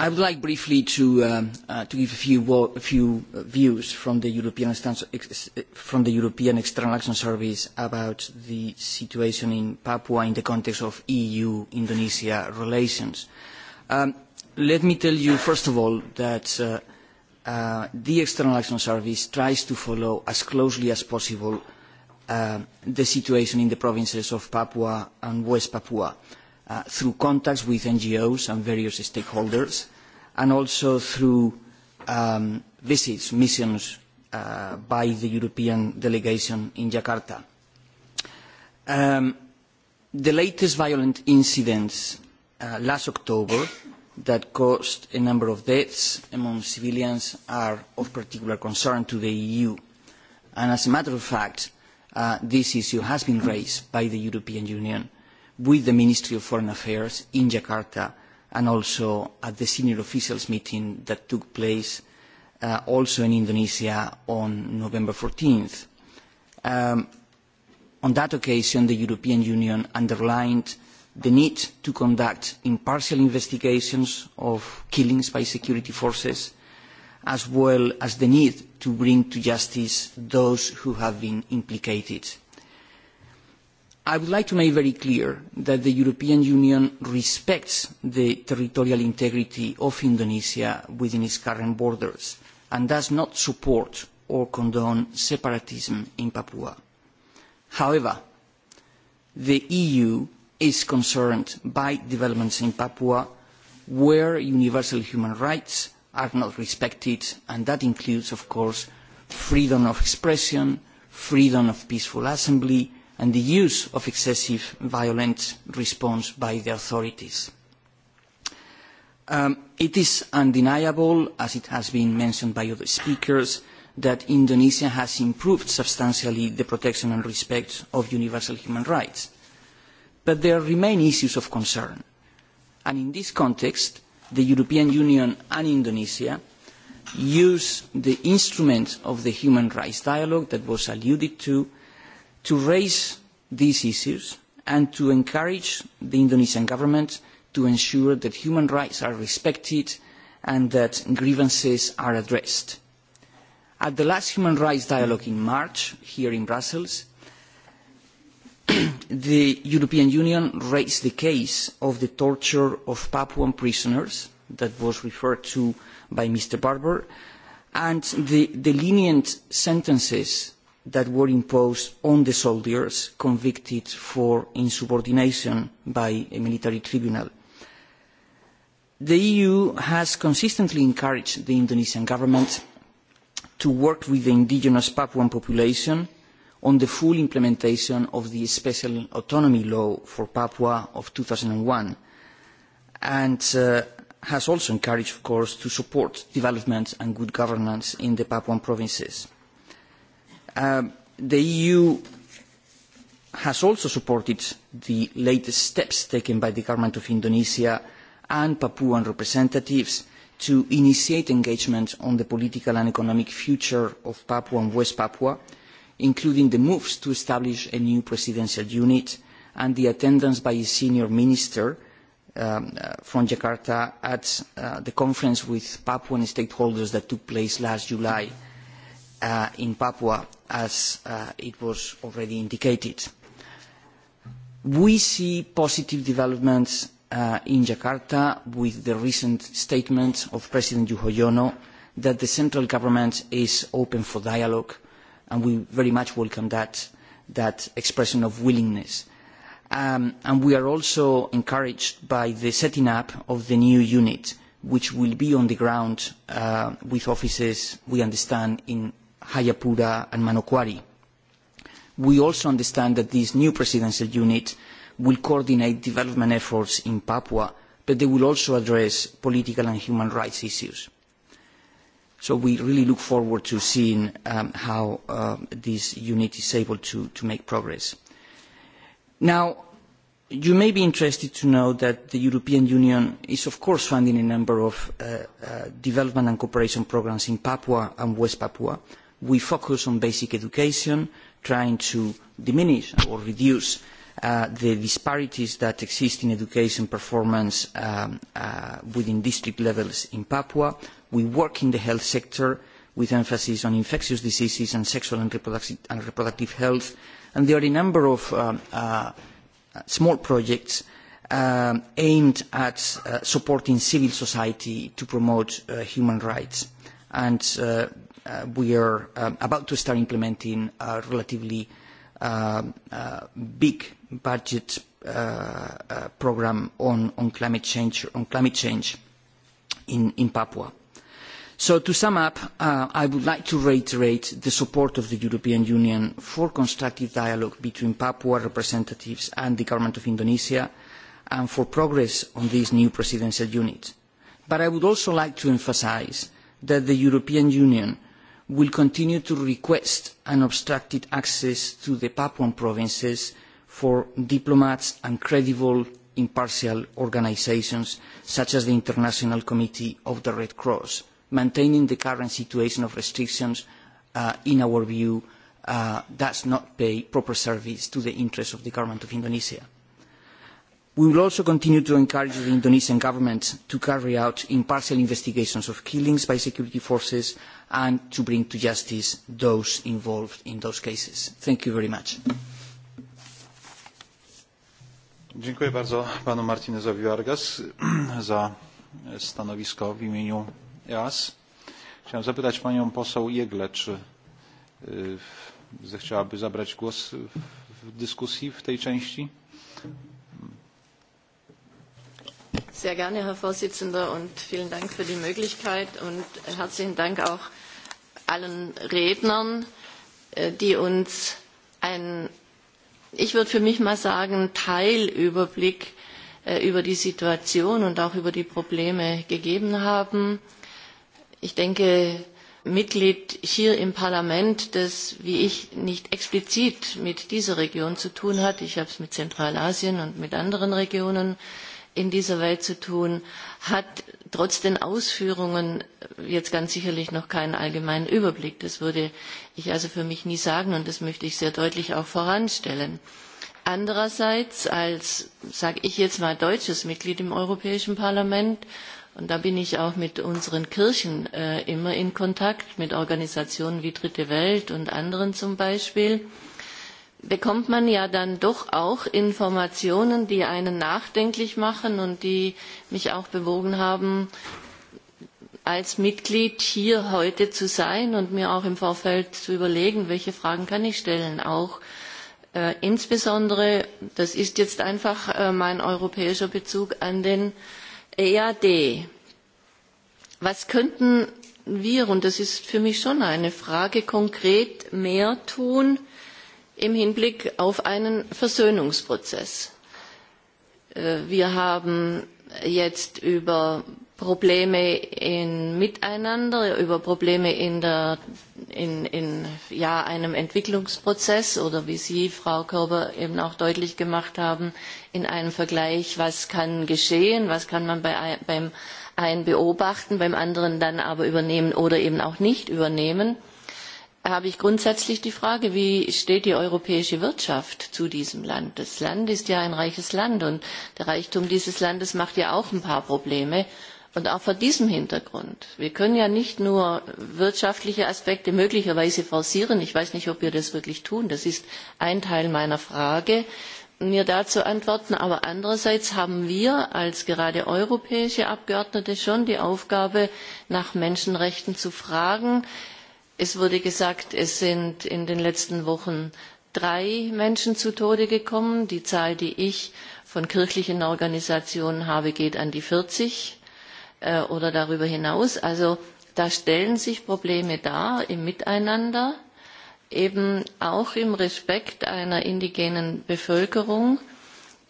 I would like briefly to, um, uh, to give a few, a few uh, views from the, European eh, from the European External Action Service about the situation in Papua in the context of EU-Indonesia relations. Um, let me tell you, first of all, that uh, uh, the External Action Service tries to follow as closely as possible uh, the situation in the provinces of Papua and West Papua. Uh, through contacts with NGOs and various stakeholders, and also through um, visits, missions uh, by the European delegation in Jakarta. Um, the latest violent incidents uh, last October that caused a number of deaths among civilians are of particular concern to the EU. And as a matter of fact, uh, this issue has been raised by the European Union with the Ministry of Foreign Affairs in Jakarta and also at the senior officials meeting that took place uh, also in Indonesia on November 14th. Um, on that occasion, the European Union underlined the need to conduct impartial investigations of killings by security forces, as well as the need to bring to justice those who have been implicated I would like to make very clear that the European Union respects the territorial integrity of Indonesia within its current borders and does not support or condone separatism in Papua. However, the EU is concerned by developments in Papua where universal human rights are not respected and that includes, of course, freedom of expression, freedom of peaceful assembly, and the use of excessive violent response by the authorities. Um, it is undeniable, as it has been mentioned by other speakers, that Indonesia has improved substantially the protection and respect of universal human rights. But there remain issues of concern. And in this context, the European Union and Indonesia use the instrument of the human rights dialogue that was alluded to to raise these issues and to encourage the Indonesian government to ensure that human rights are respected and that grievances are addressed. At the last human rights dialogue in March, here in Brussels, the European Union raised the case of the torture of Papuan prisoners that was referred to by Mr Barber and the, the lenient sentences that were imposed on the soldiers convicted for insubordination by a military tribunal. The EU has consistently encouraged the Indonesian government to work with the indigenous Papuan population on the full implementation of the Special Autonomy Law for Papua of 2001 and uh, has also encouraged, of course, to support development and good governance in the Papuan provinces. Um, the eu has also supported the latest steps taken by the government of indonesia and papuan representatives to initiate engagement on the political and economic future of papua and west papua including the moves to establish a new presidential unit and the attendance by a senior minister um, uh, from jakarta at uh, the conference with papuan stakeholders that took place last july. Uh, in Papua, as uh, it was already indicated. We see positive developments uh, in Jakarta with the recent statement of President Yuhoyono that the central government is open for dialogue, and we very much welcome that, that expression of willingness. Um, and we are also encouraged by the setting up of the new unit, which will be on the ground uh, with offices, we understand, in Hayapura and Manokwari. We also understand that this new presidential unit will coordinate development efforts in Papua, but they will also address political and human rights issues. So we really look forward to seeing um, how uh, this unit is able to, to make progress. Now, you may be interested to know that the European Union is, of course, funding a number of uh, uh, development and cooperation programs in Papua and West Papua, we focus on basic education, trying to diminish or reduce uh, the disparities that exist in education performance um, uh, within district levels in Papua. We work in the health sector with emphasis on infectious diseases and sexual and, reproducti and reproductive health. And there are a number of um, uh, small projects um, aimed at uh, supporting civil society to promote uh, human rights. And uh, uh, we are um, about to start implementing a relatively uh, uh, big budget uh, uh, program on, on climate change on climate change in, in Papua. So to sum up, uh, I would like to reiterate the support of the European Union for constructive dialogue between Papua representatives and the government of Indonesia and for progress on this new presidential unit. But I would also like to emphasize that the European Union will continue to request unobstructed access to the Papuan provinces for diplomats and credible impartial organizations such as the International Committee of the Red Cross, maintaining the current situation of restrictions, uh, in our view, uh, does not pay proper service to the interests of the government of Indonesia we will also continue to encourage the indonesian government to carry out impartial investigations of killings by security forces and to bring to justice those involved in those cases. thank you very much. Dziękuję bardzo panu Martinezowi Argas za stanowisko w imieniu EAS. Chciałem zapytać panią poseł Jegle, czy zechciałaby zabrać głos w dyskusji w tej części? Sehr gerne, Herr Vorsitzender, und vielen Dank für die Möglichkeit und herzlichen Dank auch allen Rednern, äh, die uns einen, ich würde für mich mal sagen, Teilüberblick äh, über die Situation und auch über die Probleme gegeben haben. Ich denke, Mitglied hier im Parlament, das, wie ich, nicht explizit mit dieser Region zu tun hat, ich habe es mit Zentralasien und mit anderen Regionen, äh, in dieser Welt zu tun, hat trotz den Ausführungen jetzt ganz sicherlich noch keinen allgemeinen Überblick. Das würde ich also für mich nie sagen und das möchte ich sehr deutlich auch voranstellen. Andererseits als, sage ich jetzt mal, deutsches Mitglied im Europäischen Parlament, und da bin ich auch mit unseren Kirchen äh, immer in Kontakt, mit Organisationen wie Dritte Welt und anderen zum Beispiel, äh, bekommt man ja dann doch auch Informationen, die einen nachdenklich machen und die mich auch bewogen haben, als Mitglied hier heute zu sein und mir auch im Vorfeld zu überlegen, welche Fragen kann ich stellen. Auch äh, insbesondere, das ist jetzt einfach äh, mein europäischer Bezug an den EAD. Was könnten wir, und das ist für mich schon eine Frage, konkret mehr tun, im hinblick auf einen versöhnungsprozess. Äh, wir haben jetzt über probleme im miteinander über probleme in, der, in, in ja, einem entwicklungsprozess oder wie sie frau körber eben auch deutlich gemacht haben in einem vergleich was kann geschehen was kann man bei, beim einen beobachten beim anderen dann aber übernehmen oder eben auch nicht übernehmen habe ich grundsätzlich die Frage, wie steht die europäische Wirtschaft zu diesem Land? Das Land ist ja ein reiches Land und der Reichtum dieses Landes macht ja auch ein paar Probleme. Und auch vor diesem Hintergrund. Wir können ja nicht nur wirtschaftliche Aspekte möglicherweise forcieren. Ich weiß nicht, ob wir das wirklich tun. Das ist ein Teil meiner Frage, mir dazu antworten. Aber andererseits haben wir als gerade europäische Abgeordnete schon die Aufgabe, nach Menschenrechten zu fragen. Es wurde gesagt, es sind in den letzten Wochen drei Menschen zu Tode gekommen. Die Zahl, die ich von kirchlichen Organisationen habe, geht an die 40 äh, oder darüber hinaus. Also da stellen sich Probleme dar im Miteinander, eben auch im Respekt einer indigenen Bevölkerung,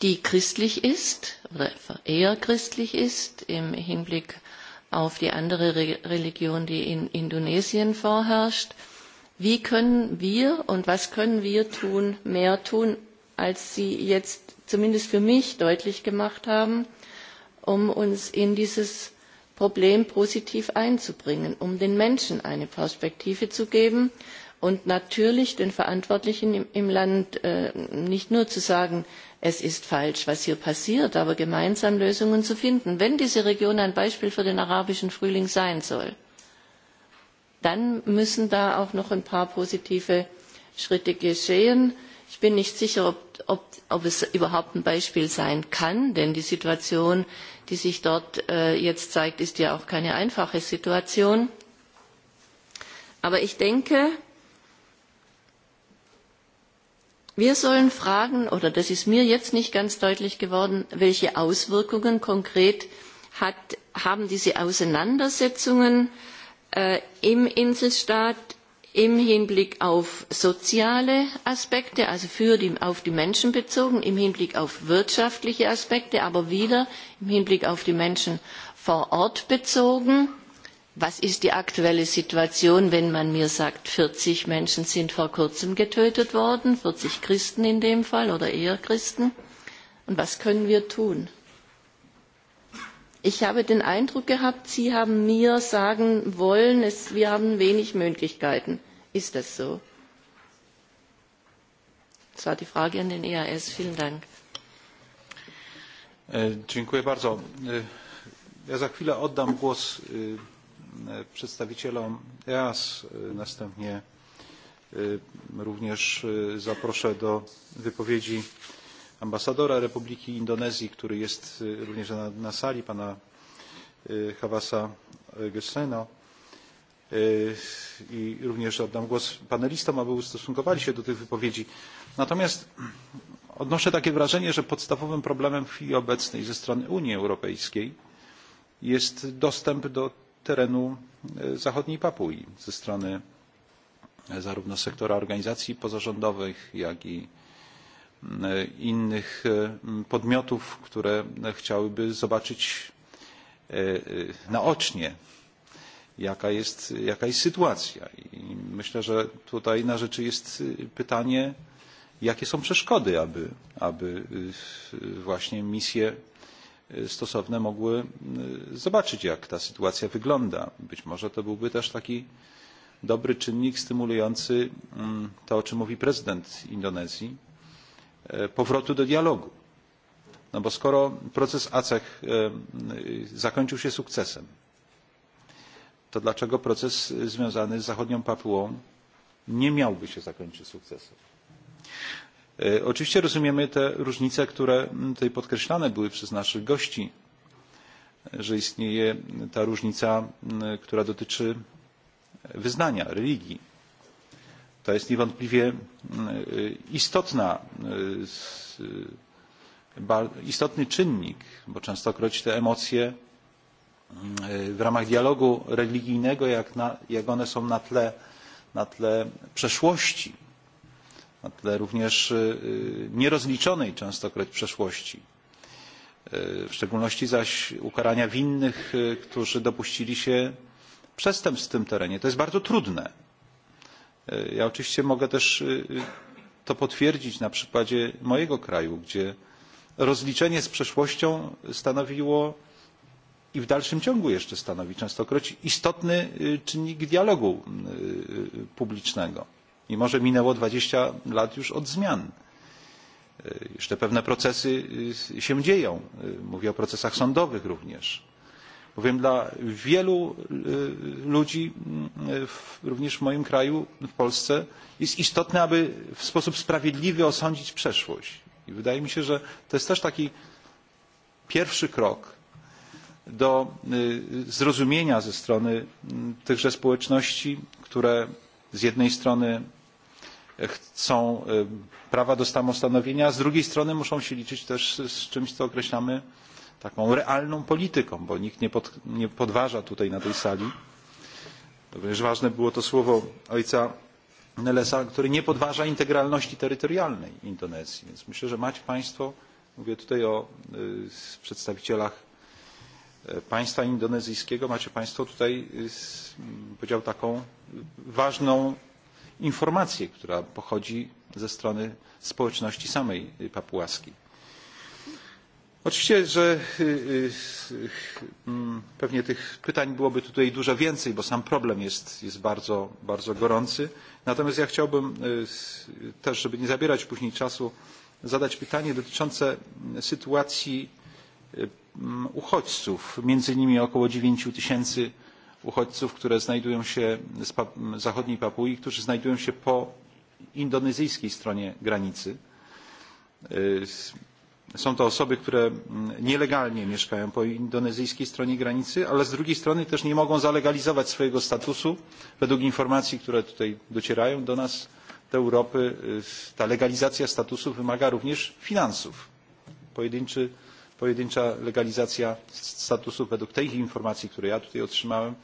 die christlich ist oder eher christlich ist im Hinblick auf auf die andere Re Religion, die in Indonesien vorherrscht. Wie können wir und was können wir tun, mehr tun, als Sie jetzt zumindest für mich deutlich gemacht haben, um uns in dieses Problem positiv einzubringen, um den Menschen eine Perspektive zu geben, und natürlich den verantwortlichen im land äh, nicht nur zu sagen es ist falsch was hier passiert aber gemeinsam lösungen zu finden. wenn diese region ein beispiel für den arabischen frühling sein soll dann müssen da auch noch ein paar positive schritte geschehen. ich bin nicht sicher ob es überhaupt ein beispiel sein kann denn die situation die sich dort äh, jetzt zeigt ist ja auch keine einfache situation. aber ich denke Wir sollen fragen, oder das ist mir jetzt nicht ganz deutlich geworden, welche Auswirkungen konkret hat, haben diese Auseinandersetzungen äh, im Inselstaat im Hinblick auf soziale Aspekte, also für die, auf die Menschen bezogen, im Hinblick auf wirtschaftliche Aspekte, aber wieder im Hinblick auf die Menschen vor Ort bezogen was ist die aktuelle Situation, wenn man mir sagt, 40 Menschen sind vor kurzem getötet worden, 40 Christen in dem Fall oder eher Christen? Und was können wir tun? Ich habe den Eindruck gehabt, Sie haben mir sagen wollen, es, wir haben wenig Möglichkeiten. Ist das so? Das war die Frage an den EAS. Vielen Dank. Äh, dziękuję bardzo. Äh, ja za chwilę oddam głos. Äh, przedstawicielom EAS. Następnie również zaproszę do wypowiedzi ambasadora Republiki Indonezji, który jest również na, na sali, pana Hawasa Gesseno. I również oddam głos panelistom, aby ustosunkowali się do tych wypowiedzi. Natomiast odnoszę takie wrażenie, że podstawowym problemem w chwili obecnej ze strony Unii Europejskiej jest dostęp do terenu e, zachodniej Papui ze strony e, zarówno sektora organizacji pozarządowych, jak i e, innych podmiotów, które chciałyby zobaczyć naocznie, jaka jest, jaka jest sytuacja. I myślę, że tutaj na rzeczy jest pytanie, jakie są przeszkody, aby, aby właśnie misje stosowne mogły zobaczyć jak ta sytuacja wygląda. być może to byłby też taki dobry czynnik stymulujący mm, to o czym mówi prezydent indonezji powrotu do dialogu. no bo skoro proces aceh zakończył się sukcesem to dlaczego proces związany z zachodnią papułą nie miałby się zakończyć sukcesem? E, oczywiście rozumiemy te różnice które mm, tutaj podkreślane były przez naszych gości że istnieje ta różnica mm, która dotyczy wyznania religii. to jest niewątpliwie mm, e, e, istotny czynnik bo częstokroć te emocje w ramach dialogu religijnego jak one są na tle przeszłości na tle również nierozliczonej częstokroć przeszłości w szczególności zaś ukarania winnych którzy dopuścili się przestępstw w tym terenie to jest bardzo trudne ja oczywiście mogę też to potwierdzić na przykładzie mojego kraju gdzie rozliczenie z przeszłością stanowiło i w dalszym ciągu jeszcze stanowi częstokroć istotny czynnik dialogu publicznego mimo że minęło dwadzieścia lat już od zmian. E, jeszcze pewne procesy e, się dzieją e, mówię o procesach sądowych również bowiem dla wielu ludzi mm, również w moim kraju w polsce jest istotne aby w sposób sprawiedliwy osądzić przeszłość i wydaje mi się że to jest też taki pierwszy krok do zrozumienia ze strony tychże społeczności które z jednej strony chcą e, prawa do samostanowienia a z drugiej strony muszą się liczyć też z czymś co określamy taką realną polityką bo nikt nie podważa tutaj na tej sali również ważne było to słowo ojca nellesa który nie podważa integralności terytorialnej indonezji więc myślę że macie państwo mówię tutaj o e, przedstawicielach e, państwa indonezyjskiego macie państwo tutaj powiedziałbym taką ważną informację która pochodzi ze strony społeczności samej papułaskiej. oczywiście że mm, pewnie tych pytań byłoby tutaj dużo więcej bo sam problem jest, jest bardzo, bardzo gorący natomiast ja chciałbym też żeby nie zabierać później czasu zadać pytanie dotyczące sytuacji mm, uchodźców między innymi około dziewięć tysięcy uchodźców które znajdują się z zachodniej papui którzy znajdują się po indonezyjskiej stronie granicy. są to osoby które nielegalnie mieszkają po indonezyjskiej stronie granicy ale z drugiej strony też nie mogą zalegalizować swojego statusu. według informacji które tutaj docierają do nas do europy ta legalizacja statusu wymaga również finansów. pojedynczy pojedyncza legalizacja statusu według tej informacji którą ja tutaj otrzymałem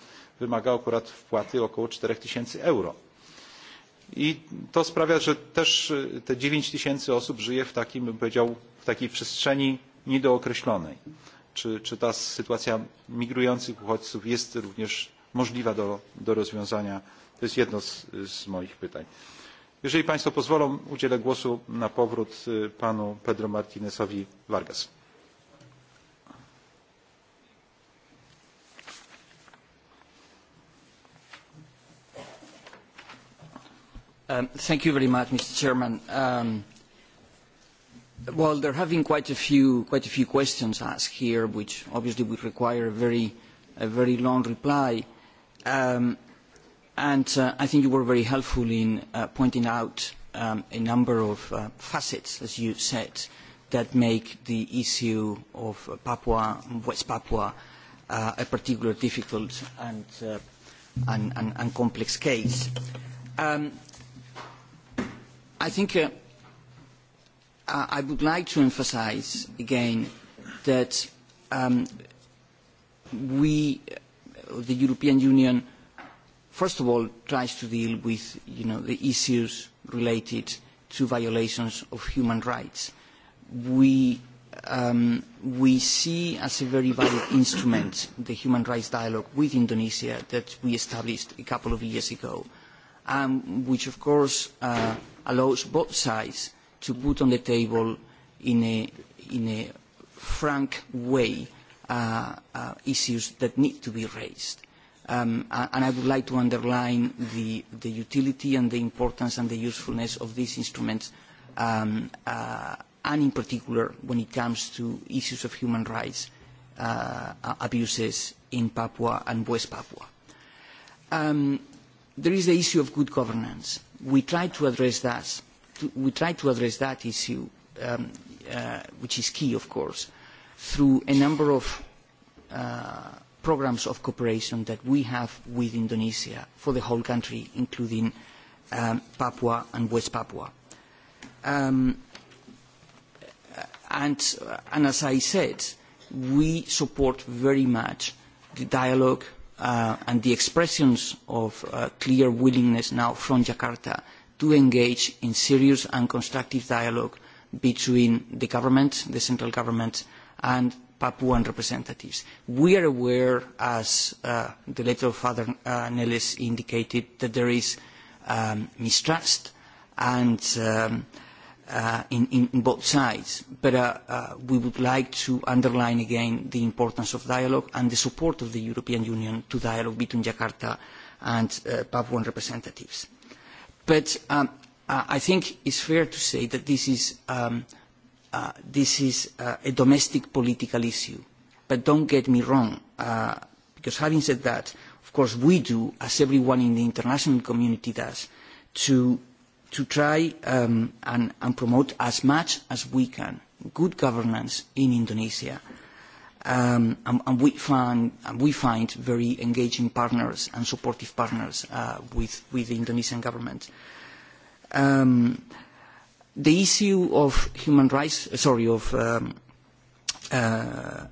wymaga akurat wpłaty około cztery tysięcy euro i to sprawia że też te dziewięć tysięcy osób żyje w takim bym powiedział w takiej przestrzeni niedookreślonej czy czy ta sytuacja migrujących uchodźców jest również możliwa do do rozwiązania to jest jedno z z moich pytań jeżeli państwo pozwolą udzielę głosu na powrót panu pedro martinezowi vargasowi Um, thank you very much, Mr. Chairman. Um, well, there have been quite a few, quite a few questions asked here, which obviously would require a very, a very long reply. Um, and uh, I think you were very helpful in uh, pointing out um, a number of uh, facets, as you said, that make the issue of Papua, West Papua, uh, a particularly difficult and, uh, and, and, and complex case. Um, I think uh, I would like to emphasize again that um, we, uh, the European Union, first of all, tries to deal with you know, the issues related to violations of human rights. We, um, we see as a very valid instrument the human rights dialogue with Indonesia that we established a couple of years ago, um, which of course uh, allows both sides to put on the table in a, in a frank way uh, uh, issues that need to be raised. Um, and I would like to underline the, the utility and the importance and the usefulness of these instruments, um, uh, and in particular when it comes to issues of human rights uh, abuses in Papua and West Papua. Um, there is the issue of good governance we try to address that. To, we try to address that issue, um, uh, which is key, of course, through a number of uh, programs of cooperation that we have with Indonesia for the whole country, including um, Papua and West Papua. Um, uh, and, uh, and as I said, we support very much the dialogue uh, and the expressions of uh, clear willingness now from Jakarta to engage in serious and constructive dialogue between the government, the central government, and Papuan representatives. We are aware, as uh, the letter of Father uh, Nellis indicated, that there is um, mistrust and um, uh, in, in both sides. But uh, uh, we would like to underline again the importance of dialogue and the support of the European Union to dialogue between Jakarta and uh, Papuan representatives. But um, uh, I think it's fair to say that this is, um, uh, this is uh, a domestic political issue. But don't get me wrong, uh, because having said that, of course we do, as everyone in the international community does, to to try um, and, and promote as much as we can good governance in Indonesia. Um, and, and, we find, and we find very engaging partners and supportive partners uh, with, with the Indonesian government. Um, the issue of human rights, uh, sorry, of um, uh, uh,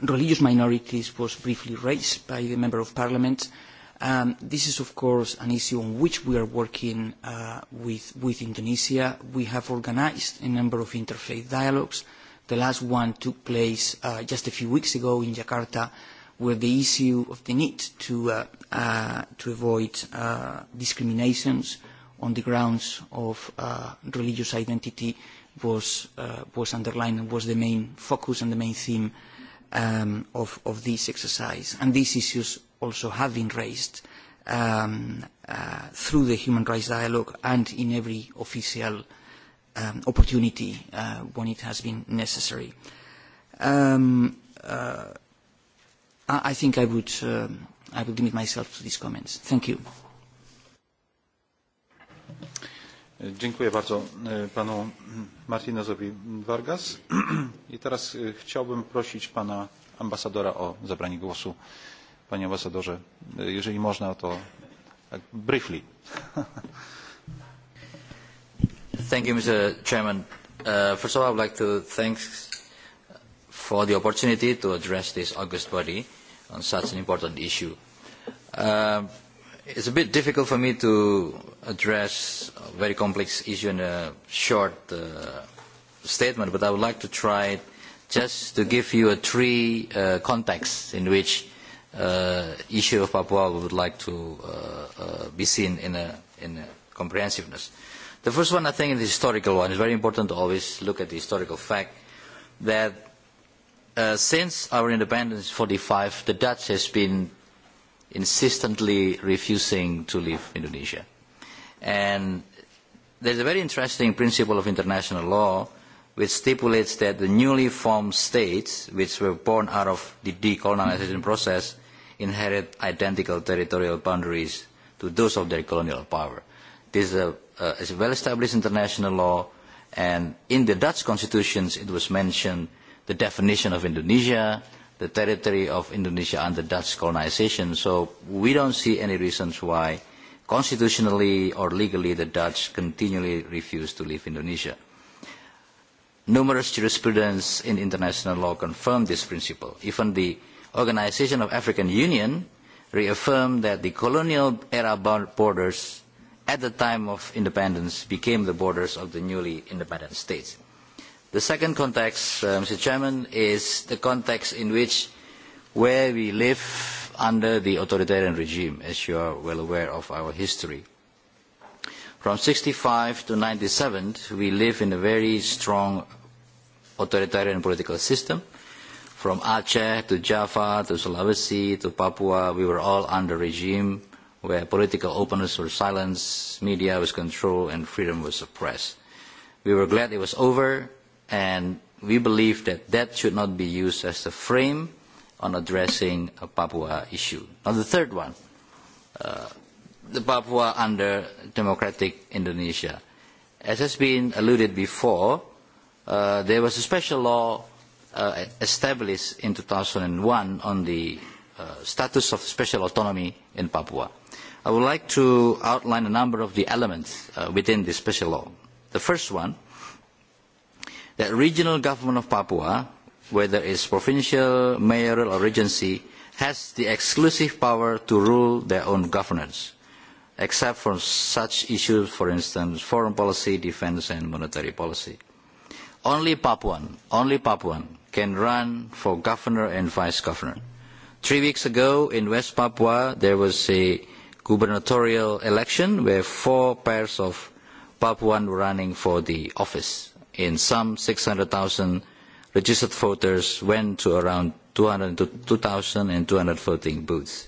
religious minorities was briefly raised by the Member of Parliament. Uh, Um, this is, of course, an issue on which we are working uh, with, with Indonesia. We have organized a number of interfaith dialogues. The last one took place uh, just a few weeks ago in Jakarta, where the issue of the need to, uh, uh, to avoid uh, discriminations on the grounds of uh, religious identity was, uh, was underlined and was the main focus and the main theme um, of, of this exercise. And these issues also have been raised um, uh, through the human rights dialogue and in every official um, opportunity uh, when it has been necessary. Um, uh, I, I think I would, uh, I would limit myself to these comments. Thank you. Dziękuję bardzo e, panu Martinozowi Vargas. I teraz e, chciałbym prosić pana ambasadora o zabranie głosu panie ambasadorze jeżeli można to briefly. mr president uh, first of all i would like to thank for the opportunity to address this august body on such an important issue. Uh, it is a bit difficult for me to address a very complex issue in a short uh, statement but i would like to try just to give you three contexts in which uh, issue of Papua we would like to uh, uh, be seen in a, in a comprehensiveness. The first one, I think, is the historical one. It's very important to always look at the historical fact that uh, since our independence in 45, the Dutch has been insistently refusing to leave Indonesia. And there's a very interesting principle of international law which stipulates that the newly formed states, which were born out of the decolonization process, inherit identical territorial boundaries to those of their colonial power. This is uh, a, uh, is a well-established international law, and in the Dutch constitutions it was mentioned the definition of Indonesia, the territory of Indonesia under Dutch colonization. So we don't see any reasons why constitutionally or legally the Dutch continually refuse to leave Indonesia. Numerous jurisprudence in international law confirm this principle. Even the Organization of African Union reaffirmed that the colonial era borders at the time of independence became the borders of the newly independent states. The second context, uh, Mr. Chairman, is the context in which where we live under the authoritarian regime, as you are well aware of our history. From 65 to 97, we live in a very strong authoritarian political system, from Aceh to Java to Sulawesi to Papua, we were all under regime where political openness was silenced, media was controlled, and freedom was suppressed. We were glad it was over, and we believe that that should not be used as a frame on addressing a Papua issue. Now, the third one, uh, the Papua under democratic Indonesia. As has been alluded before, uh, there was a special law uh, established in 2001 on the uh, status of special autonomy in Papua. I would like to outline a number of the elements uh, within this special law. The first one, that regional government of Papua, whether it's provincial, mayoral, or regency, has the exclusive power to rule their own governance, except for such issues, for instance, foreign policy, defense, and monetary policy. Only Papuan, only Papuan, can run for governor and vice governor. Three weeks ago in West Papua, there was a gubernatorial election where four pairs of Papuan were running for the office. In some 600,000 registered voters went to around 2,200 voting booths.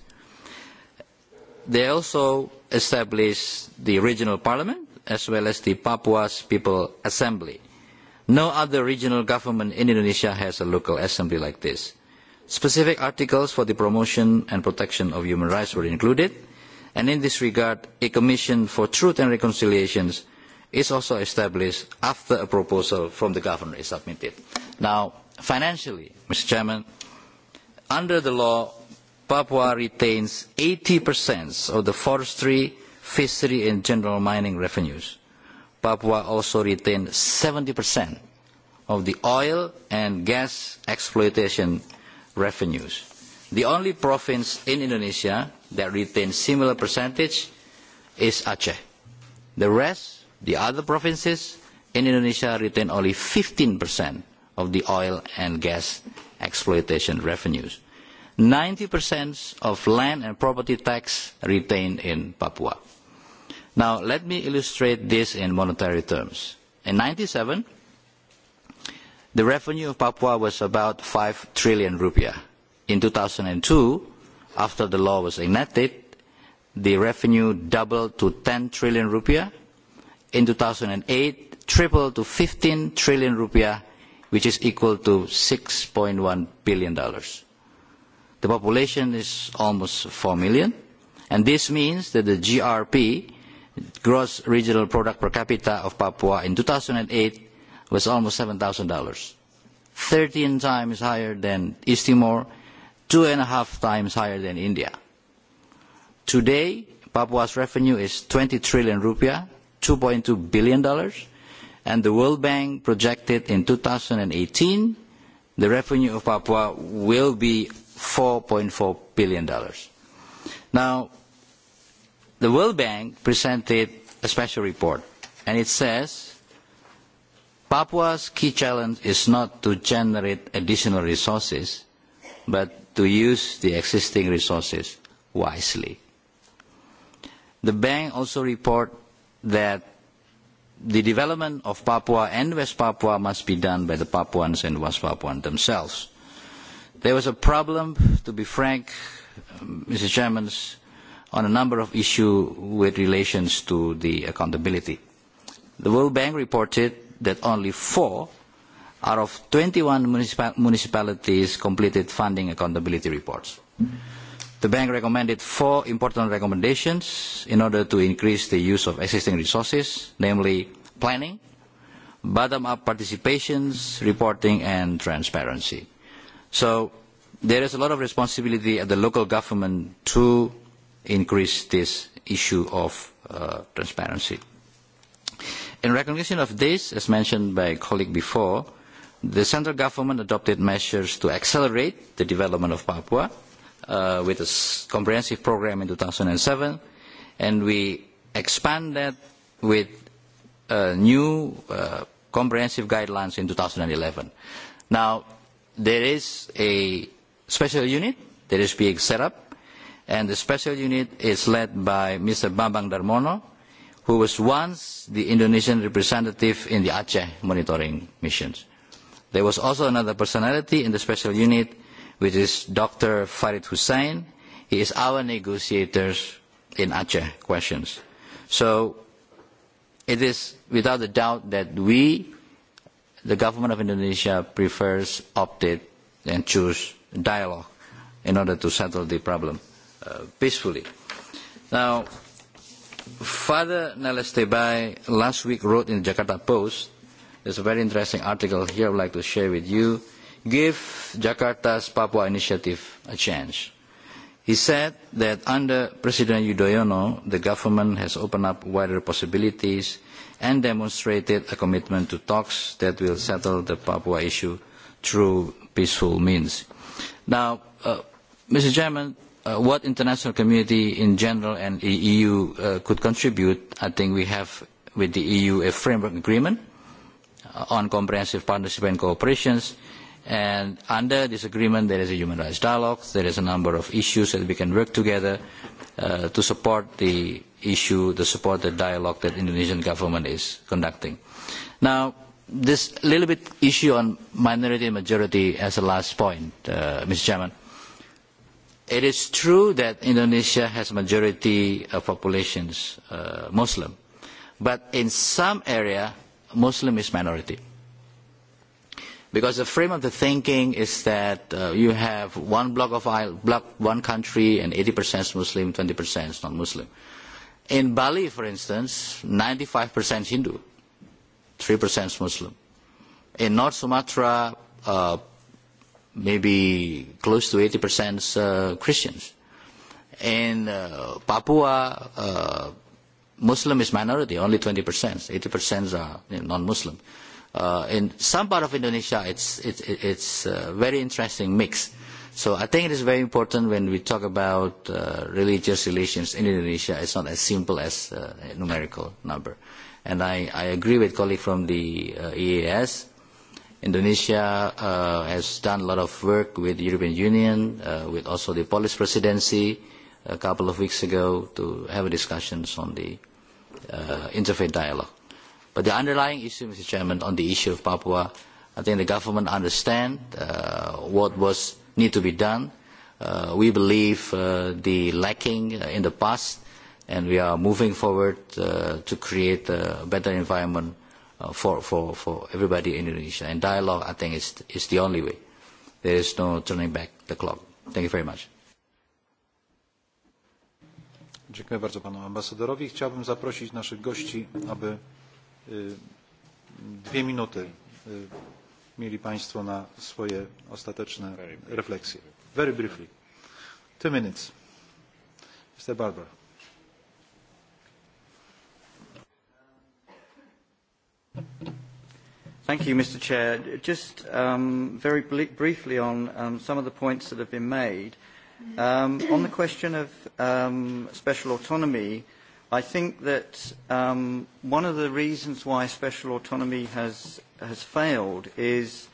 They also established the regional parliament as well as the Papua's People Assembly. No other regional government in Indonesia has a local assembly like this. Specific articles for the promotion and protection of human rights were included, and in this regard, a commission for truth and reconciliation is also established after a proposal from the governor is submitted. Now, financially, Mr. Chairman, under the law, Papua retains 80% of the forestry, fishery and general mining revenues. Papua also retained 70% of the oil and gas exploitation revenues. The only province in Indonesia that retains similar percentage is Aceh. The rest, the other provinces in Indonesia retain only 15% of the oil and gas exploitation revenues. 90% of land and property tax retained in Papua. Now, let me illustrate this in monetary terms. In 97, the revenue of Papua was about 5 trillion rupiah. In 2002, after the law was enacted, the revenue doubled to 10 trillion rupiah. In 2008, tripled to 15 trillion rupiah, which is equal to 6.1 billion dollars. The population is almost 4 million, and this means that the GRP gross regional product per capita of Papua in 2008 was almost $7,000, 13 times higher than East Timor, two and a half times higher than India. Today, Papua's revenue is 20 trillion rupiah, $2.2 billion, and the World Bank projected in 2018 the revenue of Papua will be $4.4 billion. Now, the World Bank presented a special report, and it says Papua's key challenge is not to generate additional resources, but to use the existing resources wisely. The bank also reports that the development of Papua and West Papua must be done by the Papuans and West Papuans themselves. There was a problem, to be frank, Mr. Um, Chairman's on a number of issues with relations to the accountability. The World Bank reported that only four out of 21 municipal municipalities completed funding accountability reports. The bank recommended four important recommendations in order to increase the use of existing resources, namely planning, bottom-up participations, reporting, and transparency. So there is a lot of responsibility at the local government to increase this issue of uh, transparency. In recognition of this, as mentioned by a colleague before, the central government adopted measures to accelerate the development of Papua uh, with a comprehensive program in 2007, and we expand that with uh, new uh, comprehensive guidelines in 2011. Now, there is a special unit that is being set up and the special unit is led by mr bambang darmono who was once the indonesian representative in the aceh monitoring mission. there was also another personality in the special unit which is dr farid hussein he is our negotiator in aceh questions. so it is without a doubt that we the government of indonesia prefers opted and choose dialogue in order to settle the problem. Uh, peacefully. Now, Father Nalestebai last week wrote in the Jakarta Post, there's a very interesting article here I'd like to share with you, give Jakarta's Papua initiative a chance. He said that under President Yudhoyono, the government has opened up wider possibilities and demonstrated a commitment to talks that will settle the Papua issue through peaceful means. Now, uh, Mr. Chairman, uh, what international community in general and the EU uh, could contribute, I think we have with the EU a framework agreement uh, on comprehensive partnership and cooperation. And under this agreement, there is a human rights dialogue. There is a number of issues that we can work together uh, to support the issue, to support the dialogue that the Indonesian government is conducting. Now, this little bit issue on minority and majority as a last point, uh, Mr. Chairman it is true that indonesia has a majority of populations uh, muslim but in some area muslim is minority because the frame of the thinking is that uh, you have one block of isle, block, one country and 80% is muslim 20% is non muslim in bali for instance 95% is hindu 3% is muslim in north sumatra uh, maybe close to 80% uh, Christians. In uh, Papua, uh, Muslim is minority, only 20%. 80% are non-Muslim. Uh, in some part of Indonesia, it's, it, it, it's a very interesting mix. So I think it is very important when we talk about uh, religious relations in Indonesia, it's not as simple as uh, a numerical number. And I, I agree with colleague from the uh, EAS, uh, Indonesia uh, has done a lot of work with the European Union, uh, with also the Polish presidency a couple of weeks ago to have a discussions on the uh, interfaith dialogue. But the underlying issue, Mr. Chairman, on the issue of Papua, I think the government understands uh, what was need to be done. Uh, we believe uh, the lacking in the past, and we are moving forward uh, to create a better environment uh, Uh, for, for, for everybody in Indonesia. And dialogue, I think, is, is the only way. There is no turning back the clock. Thank you very much. Dziękuję bardzo panu ambasadorowi. Chciałbym zaprosić naszych gości, aby dwie minuty mieli państwo na swoje ostateczne refleksje. Very briefly. Two minutes. Mr. Barber. Thank you, Mr. Chair. Just um, very briefly on um, some of the points that have been made. Um, on the question of um, special autonomy, I think that um, one of the reasons why special autonomy has, has failed is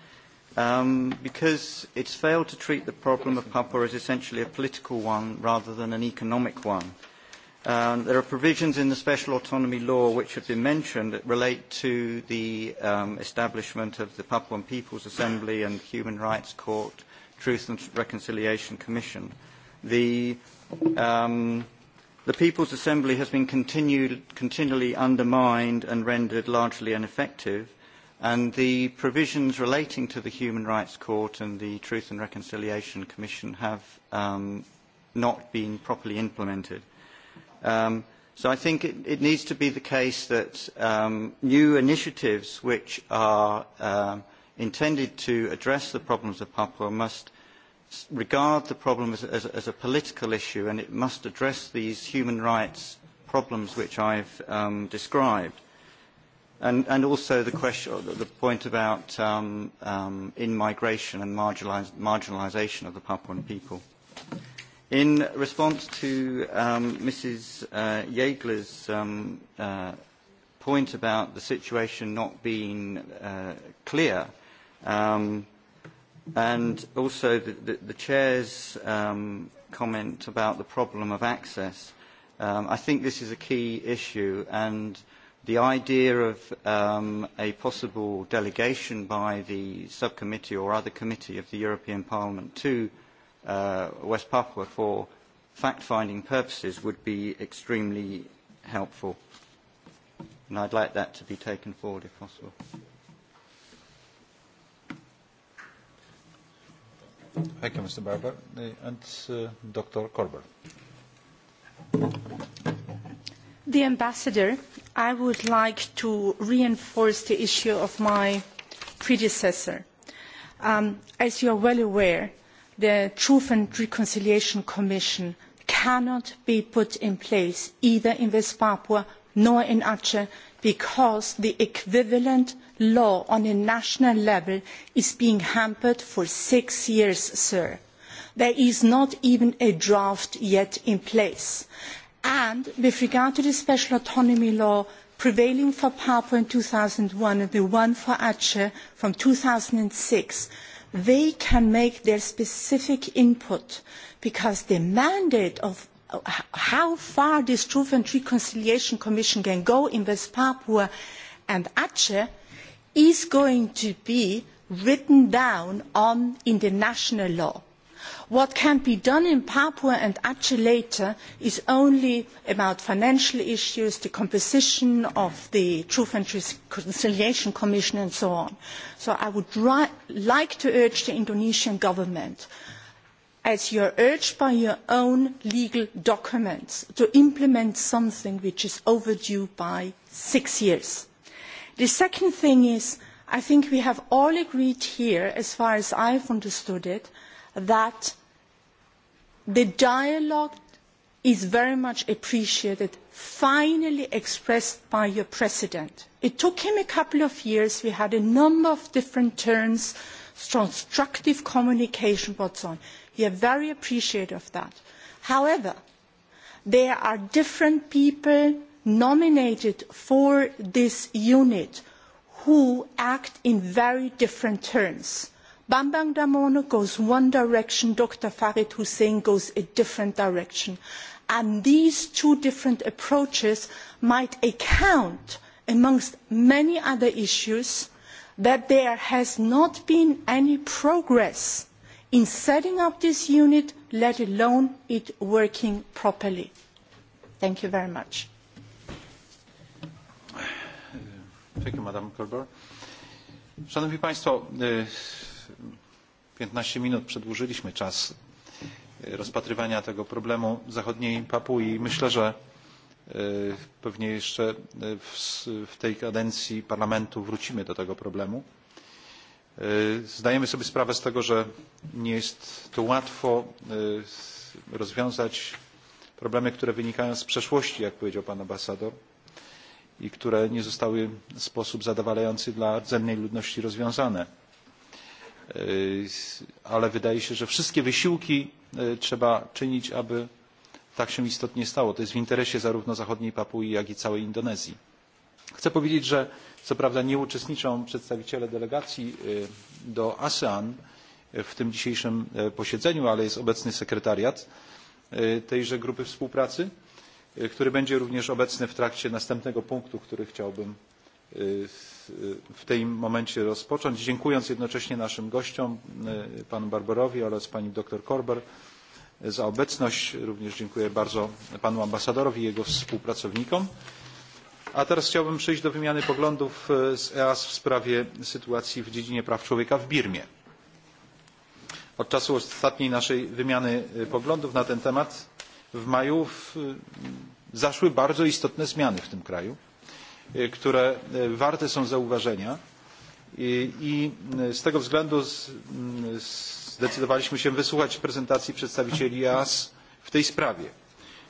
um, because it's failed to treat the problem of Papua as essentially a political one rather than an economic one. Um, there are provisions in the special autonomy law which have been mentioned that relate to the um, establishment of the Papuan People's Assembly and Human Rights Court, Truth and Reconciliation Commission. The, um, the People's Assembly has been continued, continually undermined and rendered largely ineffective, and the provisions relating to the Human Rights Court and the Truth and Reconciliation Commission have um, not been properly implemented. Um, so I think it, it needs to be the case that um, new initiatives which are um, intended to address the problems of Papua must regard the problem as, as, as a political issue and it must address these human rights problems which I've um, described. And, and also the, question, the point about um, um, in-migration and marginalisation of the Papuan people. In response to um, Mrs. Uh, Yeagler's um, uh, point about the situation not being uh, clear, um, and also the, the, the Chair's um, comment about the problem of access, um, I think this is a key issue, and the idea of um, a possible delegation by the subcommittee or other committee of the European Parliament to uh, uh, West Papua for fact-finding purposes would be extremely helpful. And I'd like that to be taken forward if possible. Thank you, Mr. Barber. And uh, Dr. Korber. The ambassador, I would like to reinforce the issue of my predecessor. Um, as you are well aware, the truth and reconciliation commission cannot be put in place either in west papua nor in aceh because the equivalent law on a national level is being hampered for six years sir there is not even a draft yet in place and with regard to the special autonomy law prevailing for papua in two thousand and one and the one for aceh from two thousand and six they can make their specific input because the mandate of uh, how far this truth and reconciliation commission can go in West Papua and Aceh is going to be written down on in the national law what can be done in papua and actually later is only about financial issues the composition of the truth and reconciliation commission and so on. so i would like to urge the indonesian government as you are urged by your own legal documents to implement something which is overdue by six years. the second thing is i think we have all agreed here as far as i have understood it that the dialogue is very much appreciated, finally expressed by your president. It took him a couple of years. We had a number of different turns, constructive communication, what's on. We are very appreciative of that. However, there are different people nominated for this unit who act in very different terms. Bambang Damon goes one direction, Dr. Farid Hussein goes a different direction. And these two different approaches might account, amongst many other issues, that there has not been any progress in setting up this unit, let alone it working properly. Thank you very much. Thank you, Madam Kerber. Szanowni Państwo, 15 minut przedłużyliśmy czas e, rozpatrywania tego problemu zachodniej Papui. Myślę, że e, pewnie jeszcze e, w tej kadencji parlamentu wrócimy do tego problemu. Zdajemy sobie sprawę z tego, że nie jest to łatwo rozwiązać problemy, które wynikają z przeszłości, jak powiedział pan ambasador, i które nie zostały w sposób zadowalający dla rdzennej ludności rozwiązane. E, ale wydaje się że wszystkie wysiłki e, trzeba czynić aby tak się istotnie stało. to jest w interesie zarówno zachodniej papui jak i całej indonezji. chcę powiedzieć że co prawda nie uczestniczą przedstawiciele delegacji e, do asean w tym dzisiejszym posiedzeniu ale jest obecny sekretariat tejże grupy współpracy który będzie również obecny w trakcie następnego punktu który chciałbym w tym momencie rozpocząć dziękując jednocześnie naszym gościom e, panu barberowi oraz pani dr corber e, za obecność również dziękuję bardzo panu ambasadorowi i jego współpracownikom a teraz chciałbym przejść do wymiany poglądów e, z EAS w sprawie sytuacji w dziedzinie praw człowieka w Birmie. Od czasu ostatniej naszej wymiany poglądów na ten temat w maju zaszły bardzo istotne zmiany w tym kraju które warte są zauważenia i z tego względu zdecydowaliśmy się wysłuchać prezentacji przedstawicieli eas w tej sprawie.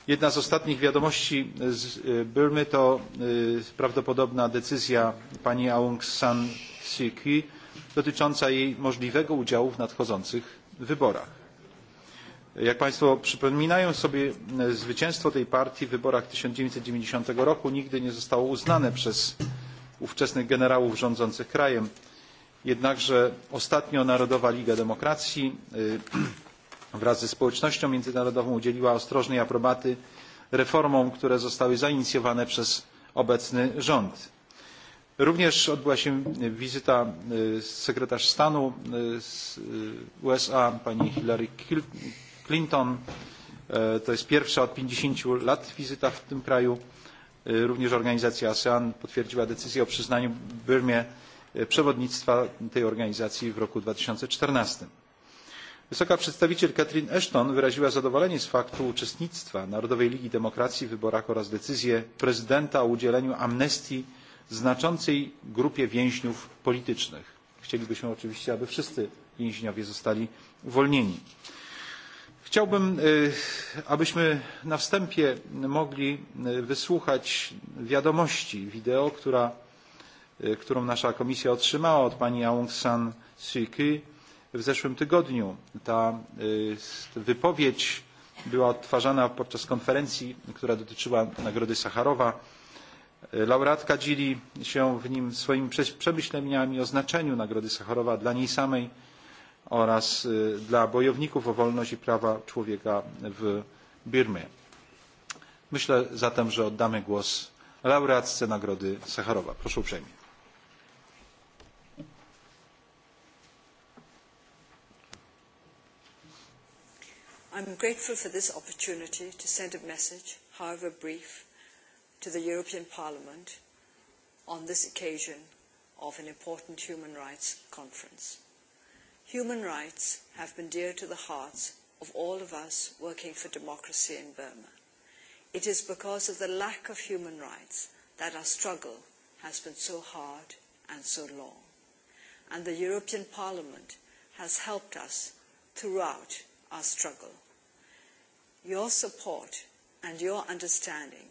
jedna z ostatnich wiadomości z birmy to prawdopodobna decyzja pani aung san suu kyi dotycząca jej możliwego udziału w nadchodzących wyborach jak państwo przypominają sobie zwycięstwo tej partii w wyborach tysiąc dziewięćset dziewięćdzisiąt roku nigdy nie zostało uznane przez ówczesnych generałów rządzących krajem jednakże ostatnio narodowa liga demokracji wraz ze społecznością międzynarodową udzieliła ostrożnej aprobaty reformom które zostały zainicjowane przez obecny rząd. również odbyła się wizyta sekretarz stanu usa pani hillary clinton e, to jest pierwsza od pięćdziesięciu lat wizyta w tym kraju e, również organizacja asean potwierdziła decyzję o przyznaniu birmie e, przewodnictwa tej organizacji w roku. dwa tysiące czternaście wysoka przedstawiciel catherine ashton wyraziła zadowolenie z faktu uczestnictwa narodowej ligi demokracji w wyborach oraz decyzję prezydenta o udzieleniu amnestii znaczącej grupie więźniów politycznych. chcielibyśmy oczywiście aby wszyscy więźniowie zostali uwolnieni. Chciałbym, abyśmy na wstępie mogli wysłuchać wiadomości wideo, która, którą nasza komisja otrzymała od pani Aung San Suu Kyi w zeszłym tygodniu. Ta wypowiedź była odtwarzana podczas konferencji, która dotyczyła Nagrody Sacharowa. Laureatka dzieli się w nim swoimi przemyśleniami o znaczeniu Nagrody Sacharowa dla niej samej oraz dla bojowników o wolność i prawa człowieka w Birmie. Myślę zatem, że oddamy głos laureatce Nagrody Sacharowa. Proszę uprzejmie. I'm grateful for this opportunity to send a message, however brief, to the European Parliament on this occasion of an important human rights conference human rights have been dear to the hearts of all of us working for democracy in Burma. It is because of the lack of human rights that our struggle has been so hard and so long. And the European Parliament has helped us throughout our struggle. Your support and your understanding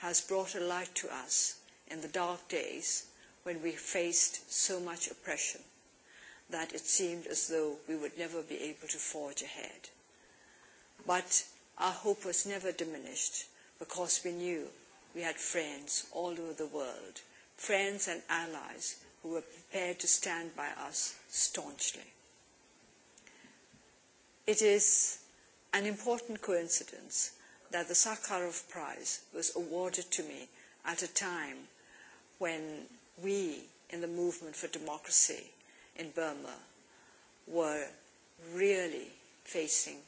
has brought a light to us in the dark days when we faced so much oppression that it seemed as though we would never be able to forge ahead. But our hope was never diminished because we knew we had friends all over the world, friends and allies who were prepared to stand by us staunchly. It is an important coincidence that the Sakharov Prize was awarded to me at a time when we in the movement for democracy in Burma were really facing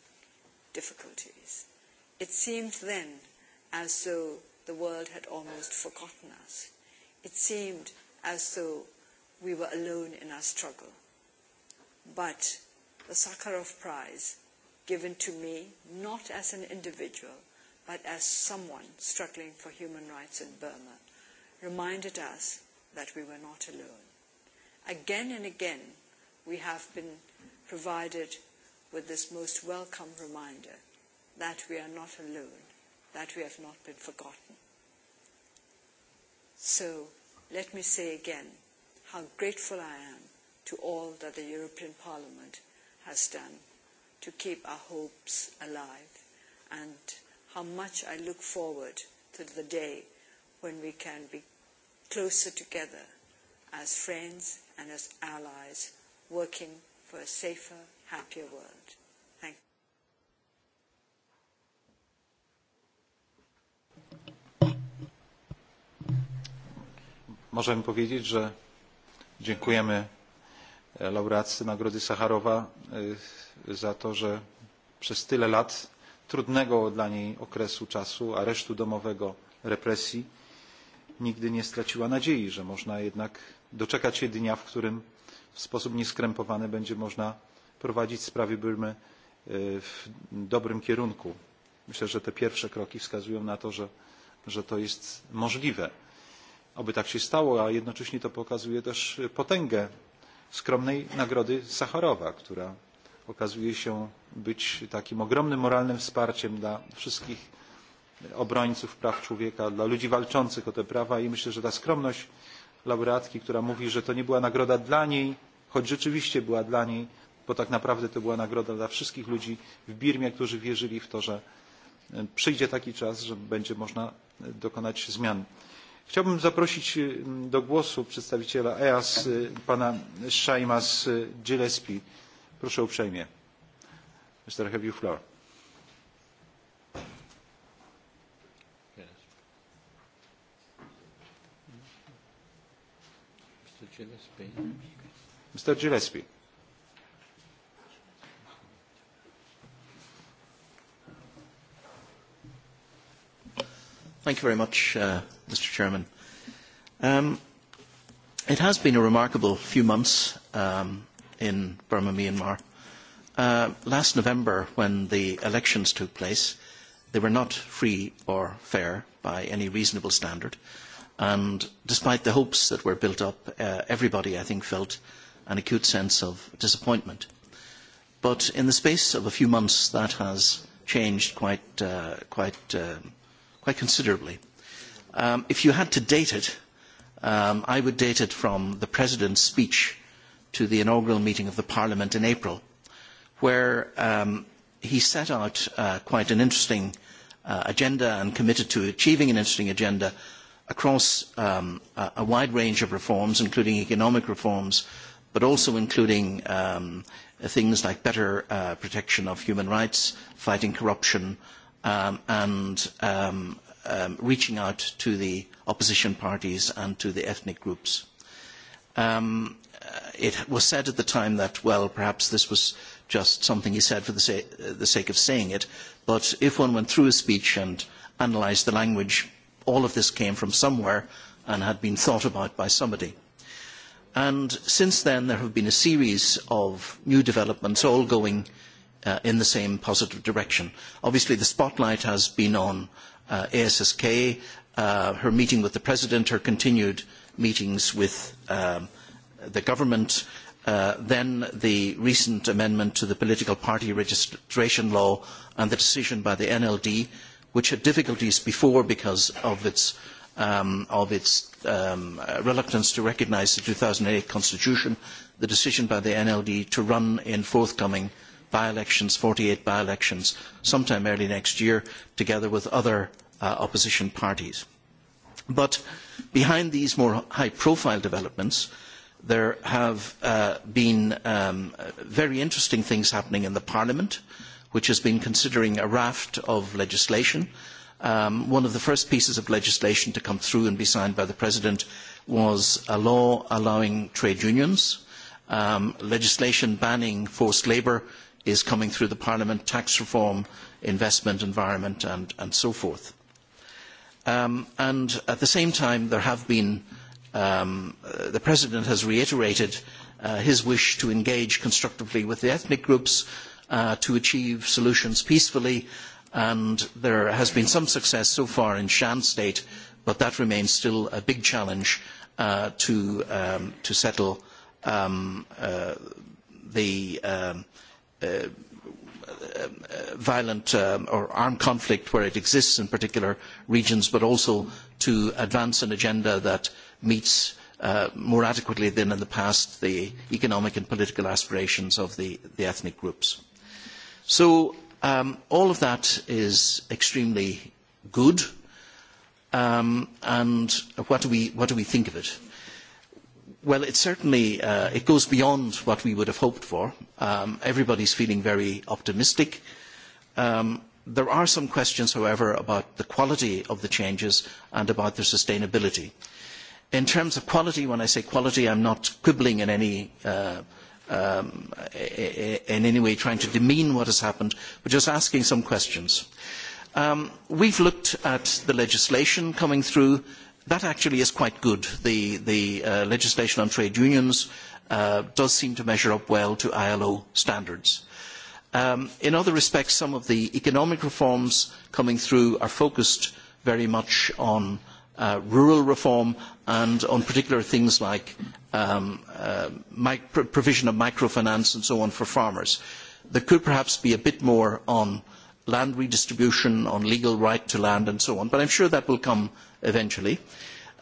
difficulties. It seemed then as though the world had almost forgotten us. It seemed as though we were alone in our struggle. But the Sakharov Prize, given to me not as an individual, but as someone struggling for human rights in Burma, reminded us that we were not alone again and again, we have been provided with this most welcome reminder that we are not alone, that we have not been forgotten. So let me say again how grateful I am to all that the European Parliament has done to keep our hopes alive and how much I look forward to the day when we can be closer together as friends and as allies working for a safer, happier world. Thank you. Możemy powiedzieć, że dziękujemy e, laureatce Nagrody Sacharowa e, za to, że przez tyle lat trudnego dla niej okresu czasu, aresztu domowego, represji, nigdy nie straciła nadziei, że można jednak doczekać się dnia w którym w sposób nieskrępowany będzie można prowadzić sprawy Birmy e, w dobrym kierunku. Myślę, że te pierwsze kroki wskazują na to, że, że to jest możliwe. Oby tak się stało, a jednocześnie to pokazuje też potęgę skromnej nagrody Sacharowa, która okazuje się być takim ogromnym moralnym wsparciem dla wszystkich obrońców praw człowieka, dla ludzi walczących o te prawa i myślę, że ta skromność laureatki, która mówi, że to nie była nagroda dla niej, choć rzeczywiście była dla niej, bo tak naprawdę to była nagroda dla wszystkich ludzi w Birmie, którzy wierzyli w to, że e, przyjdzie taki czas, że będzie można e, dokonać zmian. Chciałbym zaprosić e, do głosu przedstawiciela EAS, pana Shaimas Gillespie. Proszę uprzejmie. Mr. Have you floor. Gillespie. Mr. Gillespie. Thank you very much, uh, Mr. Chairman. Um, it has been a remarkable few months um, in Burma, Myanmar. Uh, last November, when the elections took place, they were not free or fair by any reasonable standard. And despite the hopes that were built up, uh, everybody, I think, felt an acute sense of disappointment. But in the space of a few months, that has changed quite, uh, quite, uh, quite considerably. Um, if you had to date it, um, I would date it from the President's speech to the inaugural meeting of the Parliament in April, where um, he set out uh, quite an interesting uh, agenda and committed to achieving an interesting agenda across um, a, a wide range of reforms, including economic reforms, but also including um, things like better uh, protection of human rights, fighting corruption, um, and um, um, reaching out to the opposition parties and to the ethnic groups. Um, it was said at the time that, well, perhaps this was just something he said for the, sa- the sake of saying it, but if one went through a speech and analyzed the language all of this came from somewhere and had been thought about by somebody. And since then, there have been a series of new developments, all going uh, in the same positive direction. Obviously, the spotlight has been on uh, ASSK, uh, her meeting with the president, her continued meetings with um, the government, uh, then the recent amendment to the political party registration law and the decision by the NLD uh, which had difficulties before because of its, um, of its um, reluctance to recognise the 2008 constitution, the decision by the NLD to run in forthcoming by-elections, 48 by-elections, sometime early next year, together with other uh, opposition parties. But behind these more high-profile developments, there have uh, been um, very interesting things happening in the Parliament. Uh, which has been considering a raft of legislation. Um, one of the first pieces of legislation to come through and be signed by the President was a law allowing trade unions. Um, legislation banning forced labour is coming through the Parliament, tax reform, investment, environment and, and so forth. Um, and at the same time, there have been, um, uh, the President has reiterated uh, his wish to engage constructively with the ethnic groups, uh, to achieve solutions peacefully, and there has been some success so far in Shan State, but that remains still a big challenge uh, to, um, to settle um, uh, the um, uh, uh, violent um, or armed conflict where it exists in particular regions, but also to advance an agenda that meets uh, more adequately than in the past the economic and political aspirations of the, the ethnic groups. So um, all of that is extremely good. Um, and what do, we, what do we think of it? Well, it certainly uh, it goes beyond what we would have hoped for. Um, everybody's feeling very optimistic. Um, there are some questions, however, about the quality of the changes and about their sustainability. In terms of quality, when I say quality, I'm not quibbling in any uh, um, in any way trying to demean what has happened, but just asking some questions. Um, we've looked at the legislation coming through. That actually is quite good. The, the uh, legislation on trade unions uh, does seem to measure up well to ILO standards. Um, in other respects, some of the economic reforms coming through are focused very much on uh, uh, rural reform and on particular things like um, uh, mic- provision of microfinance and so on for farmers. There could perhaps be a bit more on land redistribution, on legal right to land and so on, but I'm sure that will come eventually.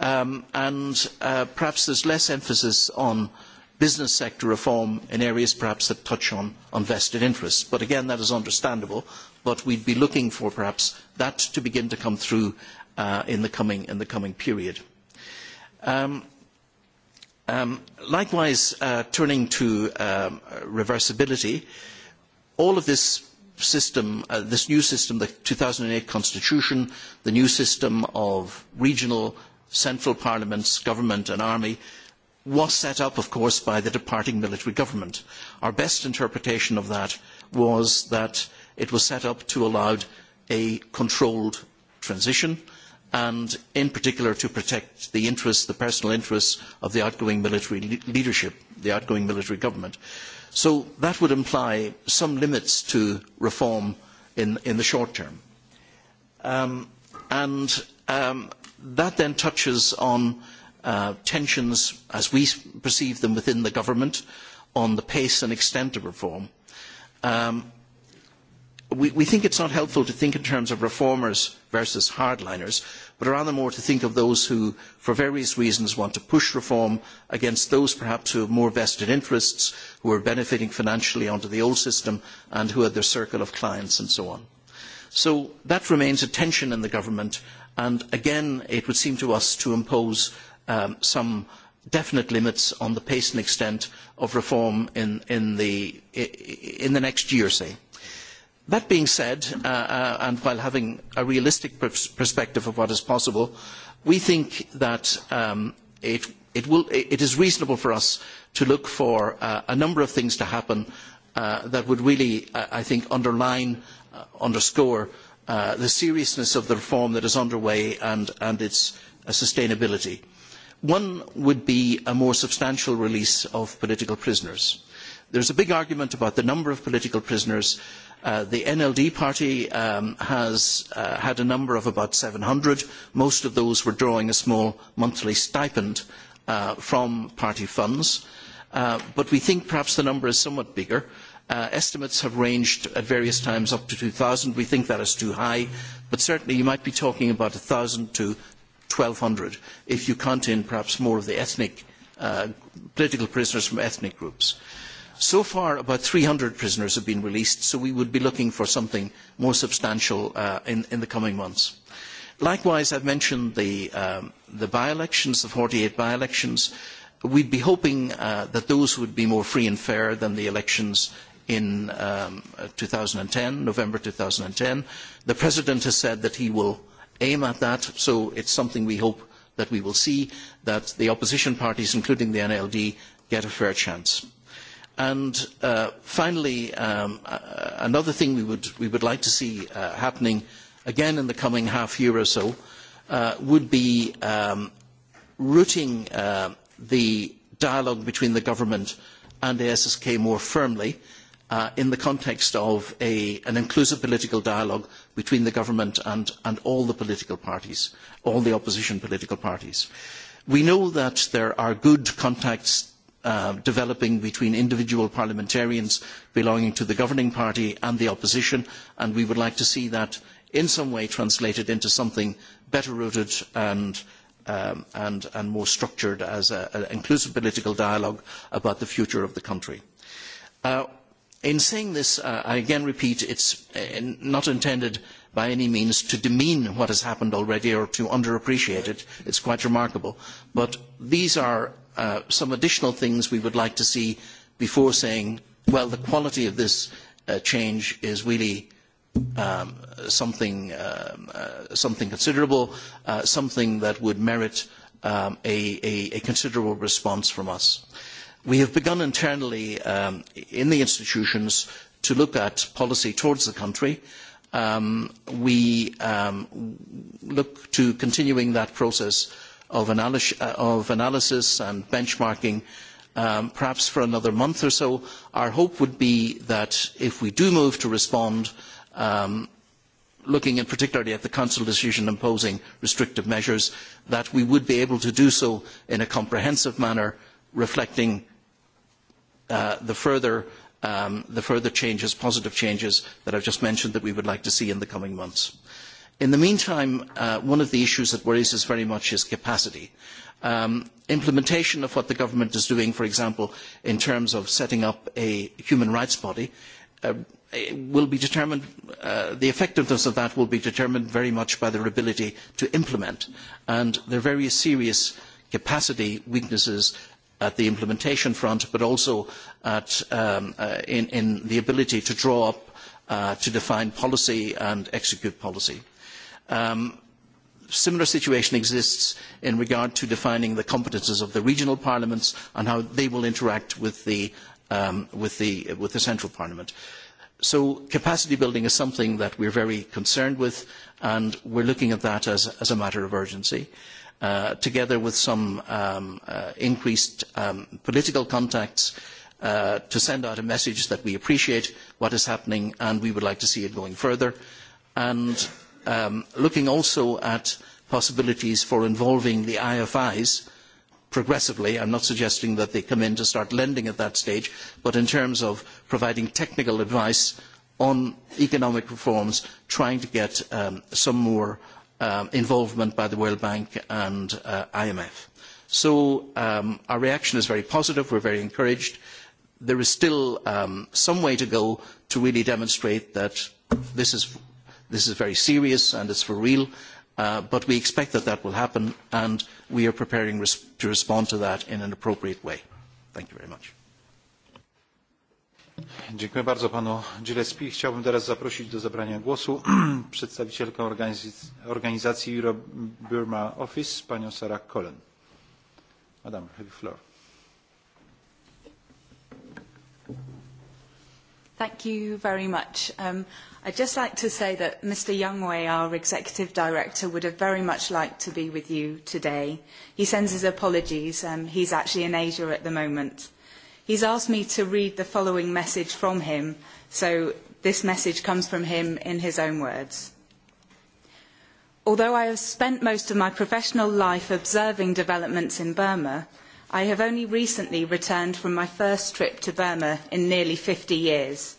Um, and uh, perhaps there's less emphasis on business sector reform in areas perhaps that touch on, on vested interests. But again, that is understandable. But we'd be looking for perhaps that to begin to come through Uh, in the coming in the coming period. Um, um, likewise, uh, turning to um, reversibility, all of this system, uh, this new system, the 2008 constitution, the new system of regional central parliaments, government and army, was set up, of course, by the departing military government. Our best interpretation of that was that it was set up to allow a controlled transition, uh, and in particular to protect the interests, the personal interests of the outgoing military leadership, the outgoing military government. So that would imply some limits to reform in, in the short term. Um, and um, that then touches on uh, tensions as we perceive them within the government on the pace and extent of reform. Um, we, we think it's not helpful to think in terms of reformers versus hardliners, but rather more to think of those who, for various reasons, want to push reform against those perhaps who have more vested interests, who are benefiting financially under the old system, and who have their circle of clients and so on. So that remains a tension in the government, and again, it would seem to us to impose um, some definite limits on the pace and extent of reform in, in, the, in the next year, say. That being said, uh, uh, and while having a realistic pers perspective of what is possible, we think that um, it, it, will, it is reasonable for us to look for uh, a number of things to happen uh, that would really, uh, I think, underline, uh, underscore uh, the seriousness of the reform that is underway and, and its uh, sustainability. One would be a more substantial release of political prisoners. There's a big argument about the number of political prisoners. Uh, the NLD party um, has uh, had a number of about 700. Most of those were drawing a small monthly stipend uh, from party funds. Uh, but we think perhaps the number is somewhat bigger. Uh, estimates have ranged at various times up to 2,000. We think that is too high. But certainly you might be talking about 1,000 to 1,200 if you count in perhaps more of the ethnic uh, political prisoners from ethnic groups. Uh, So far, about 300 prisoners have been released, so we would be looking for something more substantial uh, in, in the coming months. Likewise, I've mentioned the, um, the by-elections, the 48 by-elections. We'd be hoping uh, that those would be more free and fair than the elections in um, 2010, November 2010. The President has said that he will aim at that, so it's something we hope that we will see, that the opposition parties, including the NLD, get a fair chance. And uh, finally, um, uh, another thing we would, we would like to see uh, happening again in the coming half year or so uh, would be um, rooting uh, the dialogue between the government and ASSK more firmly uh, in the context of a, an inclusive political dialogue between the government and, and all the political parties, all the opposition political parties. We know that there are good contacts Uh, developing between individual parliamentarians belonging to the governing party and the opposition and we would like to see that in some way translated into something better rooted and, um, and, and more structured as an inclusive political dialogue about the future of the country. Uh, in saying this, uh, I again repeat, it's uh, not intended by any means to demean what has happened already or to underappreciate it. It's quite remarkable. But these are Uh, some additional things we would like to see before saying, well, the quality of this uh, change is really um, something, um, uh, something considerable, uh, something that would merit um, a, a, a considerable response from us. We have begun internally um, in the institutions to look at policy towards the country. Um, we um, look to continuing that process uh, of, analys uh, of analysis and benchmarking um, perhaps for another month or so. Our hope would be that if we do move to respond, um, looking in particularly at the Council decision imposing restrictive measures, that we would be able to do so in a comprehensive manner, reflecting uh, the, further, um, the further changes, positive changes that I've just mentioned that we would like to see in the coming months. In the meantime, uh, one of the issues that worries us very much is capacity. Um, implementation of what the government is doing, for example, in terms of setting up a human rights body, uh, will be determined, uh, the effectiveness of that will be determined very much by their ability to implement. And there are various serious capacity weaknesses at the implementation front, but also at, um, uh, in, in the ability to draw up, uh, to define policy and execute policy. Um, similar situation exists in regard to defining the competences of the regional parliaments and how they will interact with the, um, with the, with the central parliament. So capacity building is something that we're very concerned with and we're looking at that as, as a matter of urgency. Uh, together with some um, uh, increased um, political contacts uh, to send out a message that we appreciate what is happening and we would like to see it going further. And um, looking also at possibilities for involving the IFIs progressively. I'm not suggesting that they come in to start lending at that stage, but in terms of providing technical advice on economic reforms, trying to get um, some more um, involvement by the World Bank and uh, IMF. So um, our reaction is very positive. We're very encouraged. There is still um, some way to go to really demonstrate that this is this is very serious and it's for real, uh, but we expect that that will happen and we are preparing res to respond to that in an appropriate way. Thank you very much. Dziękuję bardzo panu Gillespie. Chciałbym teraz zaprosić do zabrania głosu przedstawicielkę organizacji, organizacji Euro Burma Office, panią Sarah Cullen. Madam, have you floor. thank you very much. Um, I'd just like to say that Mr. Youngway, our executive director, would have very much liked to be with you today. He sends his apologies. Um, he's actually in Asia at the moment. He's asked me to read the following message from him. So this message comes from him in his own words. Although I have spent most of my professional life observing developments in Burma, I have only recently returned from my first trip to Burma in nearly 50 years.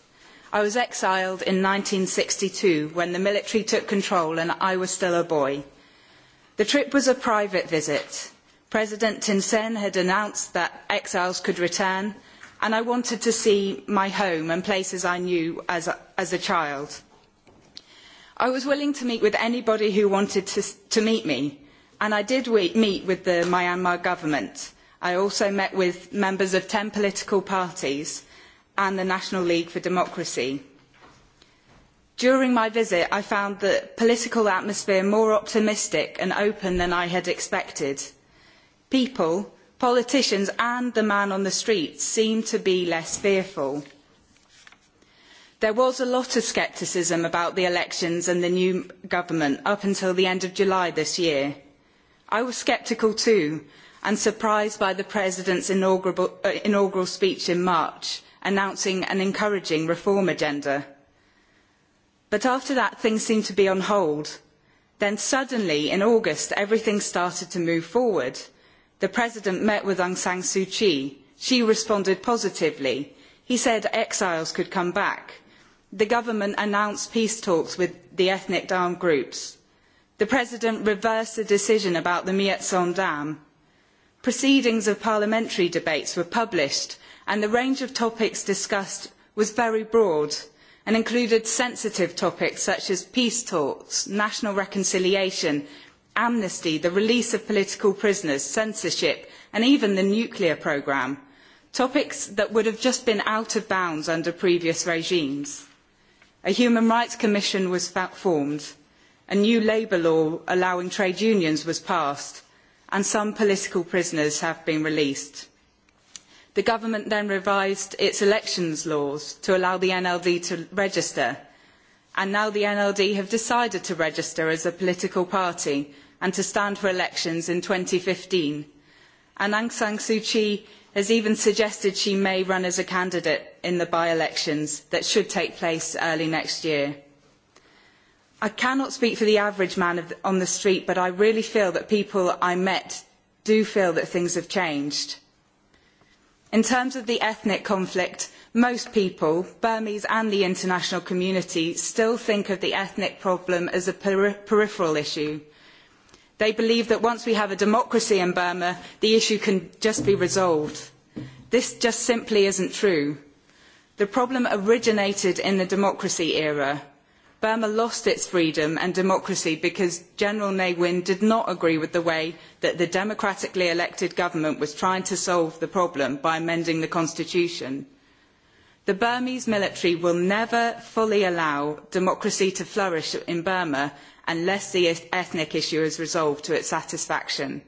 I was exiled in 1962 when the military took control and I was still a boy. The trip was a private visit. President Tin Sen had announced that exiles could return, and I wanted to see my home and places I knew as a, as a child. I was willing to meet with anybody who wanted to, to meet me, and I did we- meet with the Myanmar government. I also met with members of 10 political parties and the National League for Democracy. During my visit, I found the political atmosphere more optimistic and open than I had expected. People, politicians and the man on the street seemed to be less fearful. There was a lot of scepticism about the elections and the new government up until the end of July this year. I was sceptical too, and surprised by the president's uh, inaugural speech in March, announcing an encouraging reform agenda. But after that, things seemed to be on hold. Then suddenly, in August, everything started to move forward. The president met with Aung San Suu Kyi. She responded positively. He said exiles could come back. The government announced peace talks with the ethnic armed groups. The president reversed the decision about the Myetson Dam, proceedings of parliamentary debates were published and the range of topics discussed was very broad and included sensitive topics such as peace talks, national reconciliation, amnesty, the release of political prisoners, censorship, and even the nuclear programme, topics that would have just been out of bounds under previous regimes. A Human Rights Commission was formed, a new labour law allowing trade unions was passed, and some political prisoners have been released. The government then revised its elections laws to allow the NLD to register. And now the NLD have decided to register as a political party and to stand for elections in 2015. And Aung San Suu Kyi has even suggested she may run as a candidate in the by-elections that should take place early next year. I cannot speak for the average man of, on the street, but I really feel that people I met do feel that things have changed. In terms of the ethnic conflict, most people, Burmese and the international community, still think of the ethnic problem as a peri- peripheral issue. They believe that once we have a democracy in Burma, the issue can just be resolved. This just simply isn't true. The problem originated in the democracy era. Burma lost its freedom and democracy because General Ne Win did not agree with the way that the democratically elected government was trying to solve the problem by amending the constitution. The Burmese military will never fully allow democracy to flourish in Burma unless the ethnic issue is resolved to its satisfaction.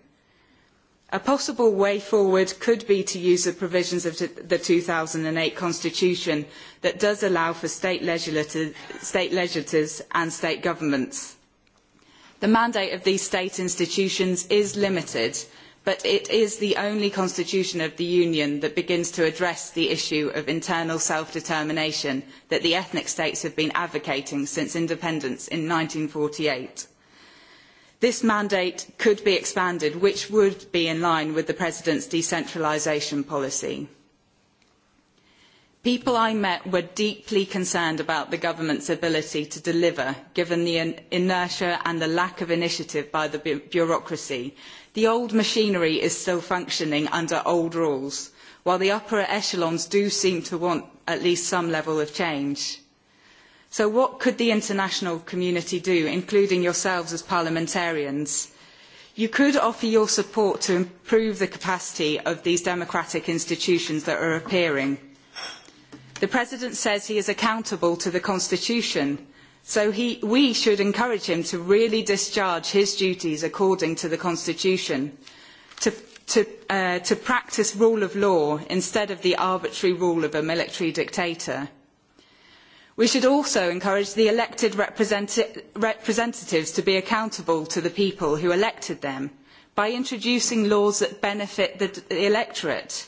A possible way forward could be to use the provisions of the 2008 Constitution that does allow for state, state legislatures and state governments. The mandate of these state institutions is limited, but it is the only constitution of the Union that begins to address the issue of internal self-determination that the ethnic states have been advocating since independence in 1948 this mandate could be expanded which would be in line with the president's decentralisation policy. People I met were deeply concerned about the government's ability to deliver given the inertia and the lack of initiative by the bureaucracy. The old machinery is still functioning under old rules while the upper echelons do seem to want at least some level of change. So what could the international community do, including yourselves as parliamentarians? You could offer your support to improve the capacity of these democratic institutions that are appearing. The President says he is accountable to the Constitution, so he, we should encourage him to really discharge his duties according to the Constitution, to, to, uh, to practice rule of law instead of the arbitrary rule of a military dictator we should also encourage the elected representat representatives to be accountable to the people who elected them by introducing laws that benefit the, the electorate.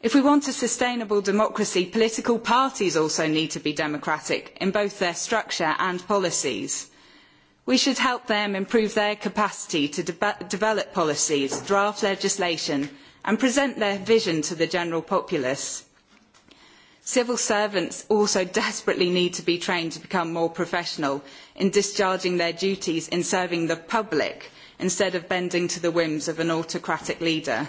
If we want a sustainable democracy, political parties also need to be democratic in both their structure and policies. We should help them improve their capacity to de develop policies, draft legislation and present their vision to the general populace. Civil servants also desperately need to be trained to become more professional in discharging their duties in serving the public instead of bending to the whims of an autocratic leader.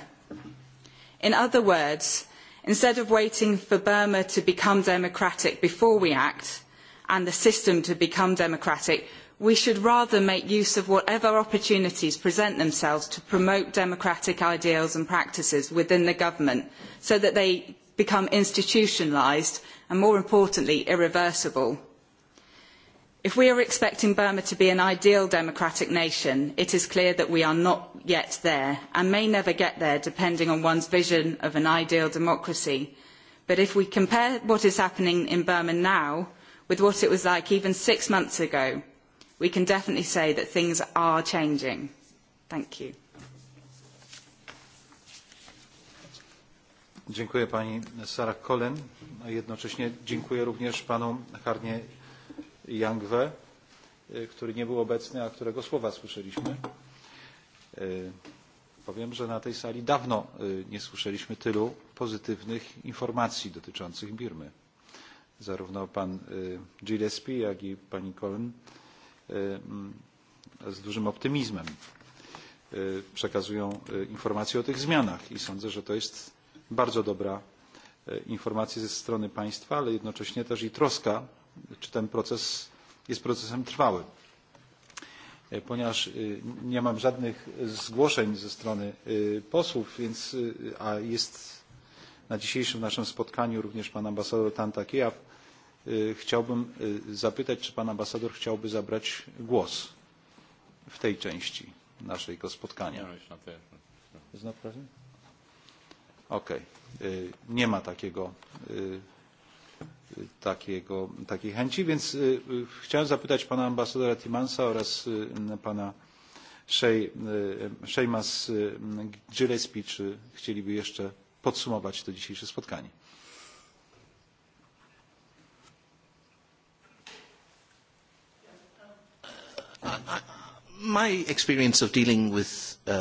In other words, instead of waiting for Burma to become democratic before we act and the system to become democratic, we should rather make use of whatever opportunities present themselves to promote democratic ideals and practices within the government so that they become institutionalised and, more importantly, irreversible. If we are expecting Burma to be an ideal democratic nation, it is clear that we are not yet there and may never get there depending on one's vision of an ideal democracy. But if we compare what is happening in Burma now with what it was like even six months ago, we can definitely say that things are changing. Thank you. Dziękuję pani Sarah Kolen, a jednocześnie dziękuję również panu Harnie Yangwe, który nie był obecny, a którego słowa słyszeliśmy. Powiem, że na tej sali dawno nie słyszeliśmy tylu pozytywnych informacji dotyczących Birmy. Zarówno pan Gillespie, jak i pani Kolen z dużym optymizmem przekazują informacje o tych zmianach i sądzę, że to jest bardzo dobra e, informacja ze strony państwa, ale jednocześnie też i troska, czy ten proces jest procesem trwałym. E, ponieważ e, nie mam żadnych zgłoszeń ze strony posłów, więc, a jest na dzisiejszym naszym spotkaniu również pan ambasador Tanta Kijaw, chciałbym zapytać, czy pan ambasador chciałby zabrać głos w tej części naszego spotkania. Is not present? Okej. Okay. Nie ma takiego, takiego, takiej chęci, więc chciałem zapytać pana ambasadora Timansa oraz pana Sheimas Gillespie, czy chcieliby jeszcze podsumować to dzisiejsze spotkanie. My experience of dealing with uh,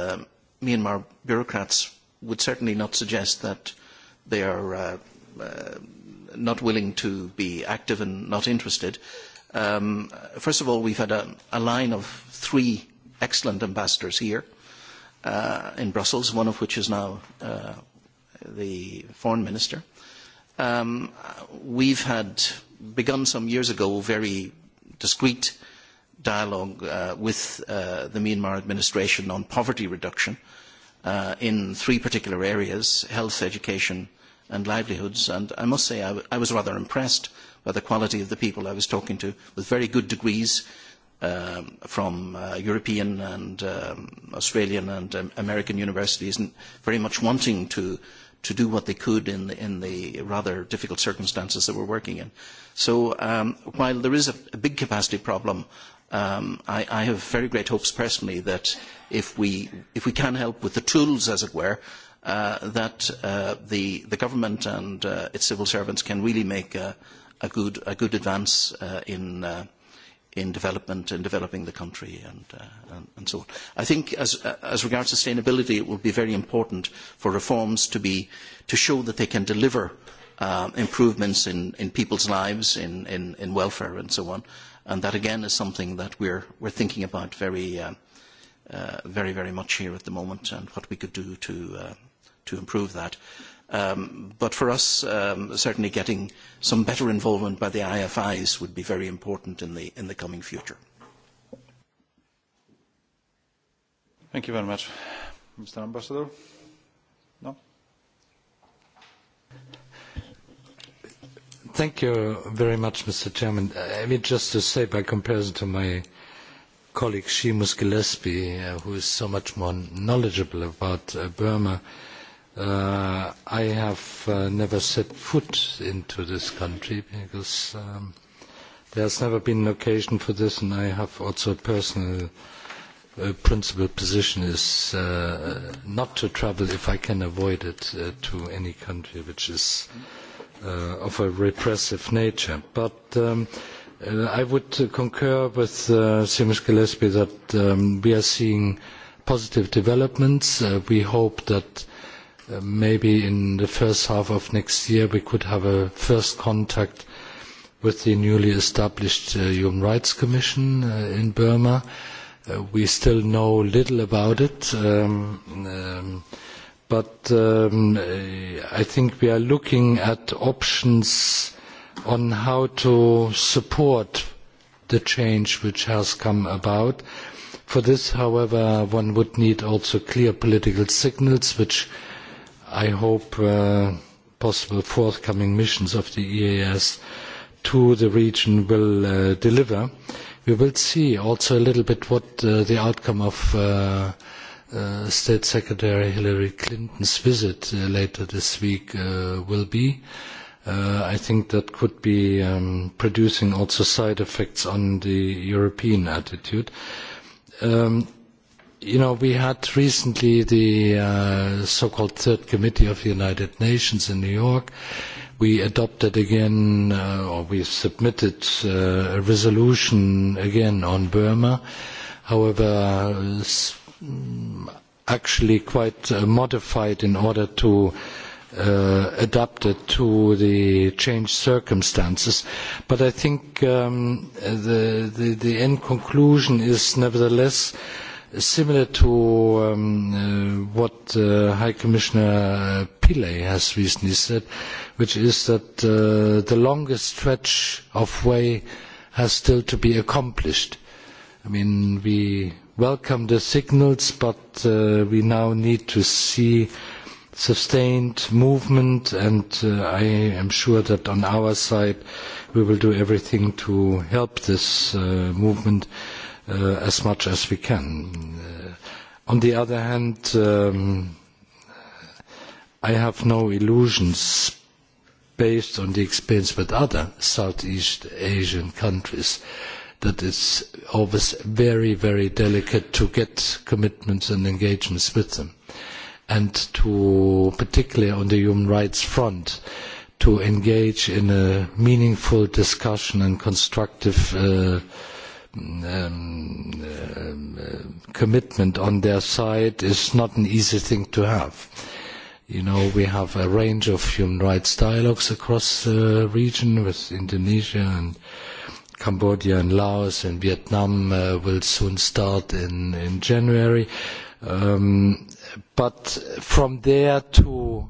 Myanmar bureaucrats would certainly not suggest that they are uh, uh, not willing to be active and not interested. Um, first of all, we've had a, a line of three excellent ambassadors here uh, in Brussels, one of which is now uh, the foreign minister. Um, we've had begun some years ago very discreet dialogue uh, with uh, the Myanmar administration on poverty reduction. Uh, uh, in three particular areas, health, education and livelihoods. And I must say I, w I was rather impressed by the quality of the people I was talking to with very good degrees um, from uh, European and um, Australian and um, American universities and very much wanting to, to do what they could in the, in the rather difficult circumstances that we're working in. So um, while there is a, a big capacity problem, um, I, I have very great hopes personally that if we, if we can help with the tools, as it were, uh, that uh, the, the government and uh, its civil servants can really make a, a, good, a good advance uh, in, uh, in development and developing the country and, uh, and, and so on. I think as, uh, as regards sustainability, it will be very important for reforms to, be, to show that they can deliver uh, improvements in, in people's lives, in, in, in welfare and so on. Uh, and that again is something that we're we're thinking about very uh, uh, very very much here at the moment and what we could do to uh, to improve that. Um, but for us, um, certainly getting some better involvement by the IFIs would be very important in the in the coming future. Thank you very much, Mr. Ambassador. Thank you very much, Mr. Chairman. Uh, I mean, just to say by comparison to my colleague, Seamus Gillespie, uh, who is so much more knowledgeable about uh, Burma, I have never set foot into this country because um, there's never been an occasion for this, and I have also a personal principled position is not to travel if I can avoid it to any country which is uh, of a repressive nature. But um, uh, I would concur with uh, Seamus Gillespie that um, we are seeing positive developments. Uh, we hope that uh, maybe in the first half of next year we could have a first contact with the newly established uh, Human Rights Commission uh, in Burma. Uh, we still know little about it. Um, um, but um, I think we are looking at options on how to support the change which has come about. For this, however, one would need also clear political signals, which I hope uh, possible forthcoming missions of the EAS to the region will uh, deliver. We will see also a little bit what uh, the outcome of uh, uh, State Secretary Hillary Clinton's visit uh, later this week uh, will be. Uh, I think that could be um, producing also side effects on the European attitude. Um, you know, we had recently the uh, so-called Third Committee of the United Nations in New York. We adopted again, uh, or we submitted uh, a resolution again on Burma. However, uh, Mm, actually quite uh, modified in order to uh, adapt it to the changed circumstances. But I think um, the, the, the end conclusion is nevertheless similar to um, uh, what uh, High Commissioner Pillay has recently said, which is that uh, the longest stretch of way has still to be accomplished. I mean, we welcome the signals but uh, we now need to see sustained movement and uh, I am sure that on our side we will do everything to help this uh, movement uh, as much as we can. Uh, on the other hand, um, I have no illusions based on the experience with other Southeast Asian countries. Uh, that it's always very, very delicate to get commitments and engagements with them. And to, particularly on the human rights front, to engage in a meaningful discussion and constructive uh, um, uh, commitment on their side is not an easy thing to have. You know, we have a range of human rights dialogues across the region with Indonesia and uh, Cambodia and Laos and Vietnam uh, will soon start in, in January. Um, but from there to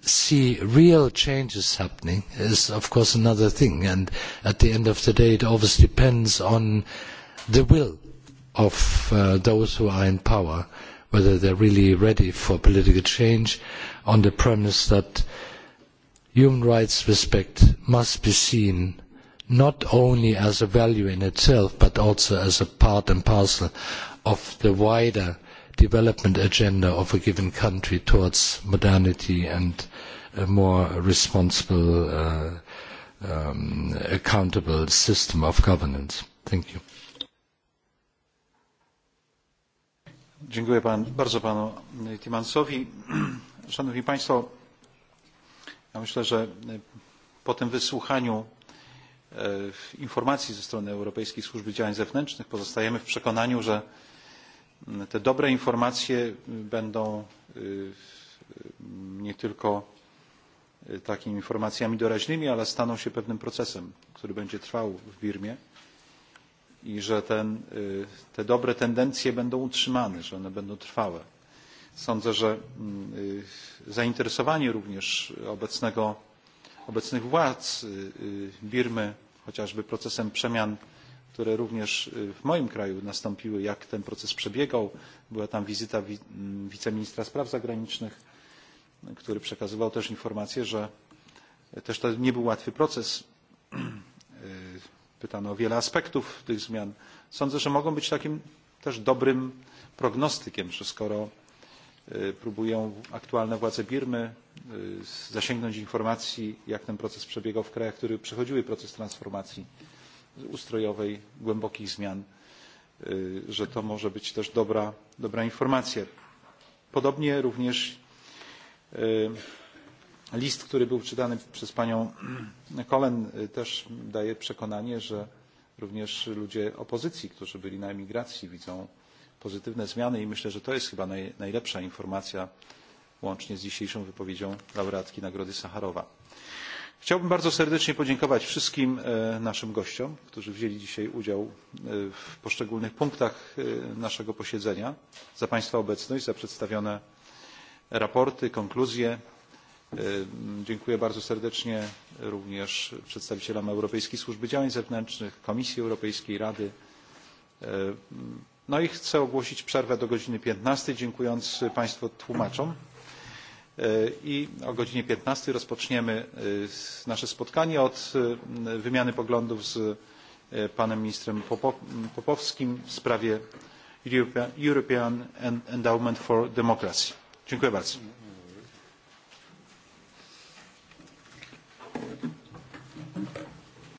see real changes happening is, of course, another thing. And at the end of the day, it always depends on the will of uh, those who are in power, whether they're really ready for political change on the premise that human rights respect must be seen not only as a value in itself but also as a part and parcel of the wider development agenda of a given country towards modernity and a more responsible, uh, um, accountable system of governance. Thank you. Dziękuję pan, bardzo panu Timansowi. Szanowni państwo, ja myślę, że po tym wysłuchaniu E, informacji ze strony Europejskiej Służby Działań Zewnętrznych. Pozostajemy w przekonaniu, że te dobre informacje będą e, nie tylko e, takimi informacjami doraźnymi, ale staną się pewnym procesem, który będzie trwał w Birmie i że ten, te dobre tendencje będą utrzymane, że one będą trwałe. Sądzę, że mm, zainteresowanie również obecnego obecnych władz birmy chociażby procesem przemian które również w moim kraju nastąpiły jak ten proces przebiegał była tam wizyta mm, wiceministra spraw zagranicznych który przekazywał też informację że też to nie był łatwy proces pytano o wiele aspektów tych zmian sądzę że mogą być takim też dobrym prognostykiem że skoro E, próbują aktualne władze birmy e, zasięgnąć informacji jak ten proces przebiegał w krajach które przechodziły proces transformacji ustrojowej głębokich zmian e, że to może być też dobra, dobra informacja. podobnie również list który był czytany przez panią kolen też daje przekonanie że również ludzie opozycji którzy byli na emigracji widzą pozytywne zmiany i myślę, że to jest chyba naj, najlepsza informacja łącznie z dzisiejszą wypowiedzią laureatki Nagrody Sacharowa. Chciałbym bardzo serdecznie podziękować wszystkim e, naszym gościom, którzy wzięli dzisiaj udział e, w poszczególnych punktach e, naszego posiedzenia, za Państwa obecność, za przedstawione raporty, konkluzje. Dziękuję bardzo serdecznie również przedstawicielom Europejskiej Służby Działań Zewnętrznych, Komisji Europejskiej, Rady, No i chcę ogłosić przerwę do godz. piętnaście dziękując państwu tłumaczom e, i o godz. piętnaście rozpoczniemy e, nasze spotkanie od e, wymiany poglądów z panem ministrem popowskim w sprawie european endowment for democracy. dziękuję bardzo.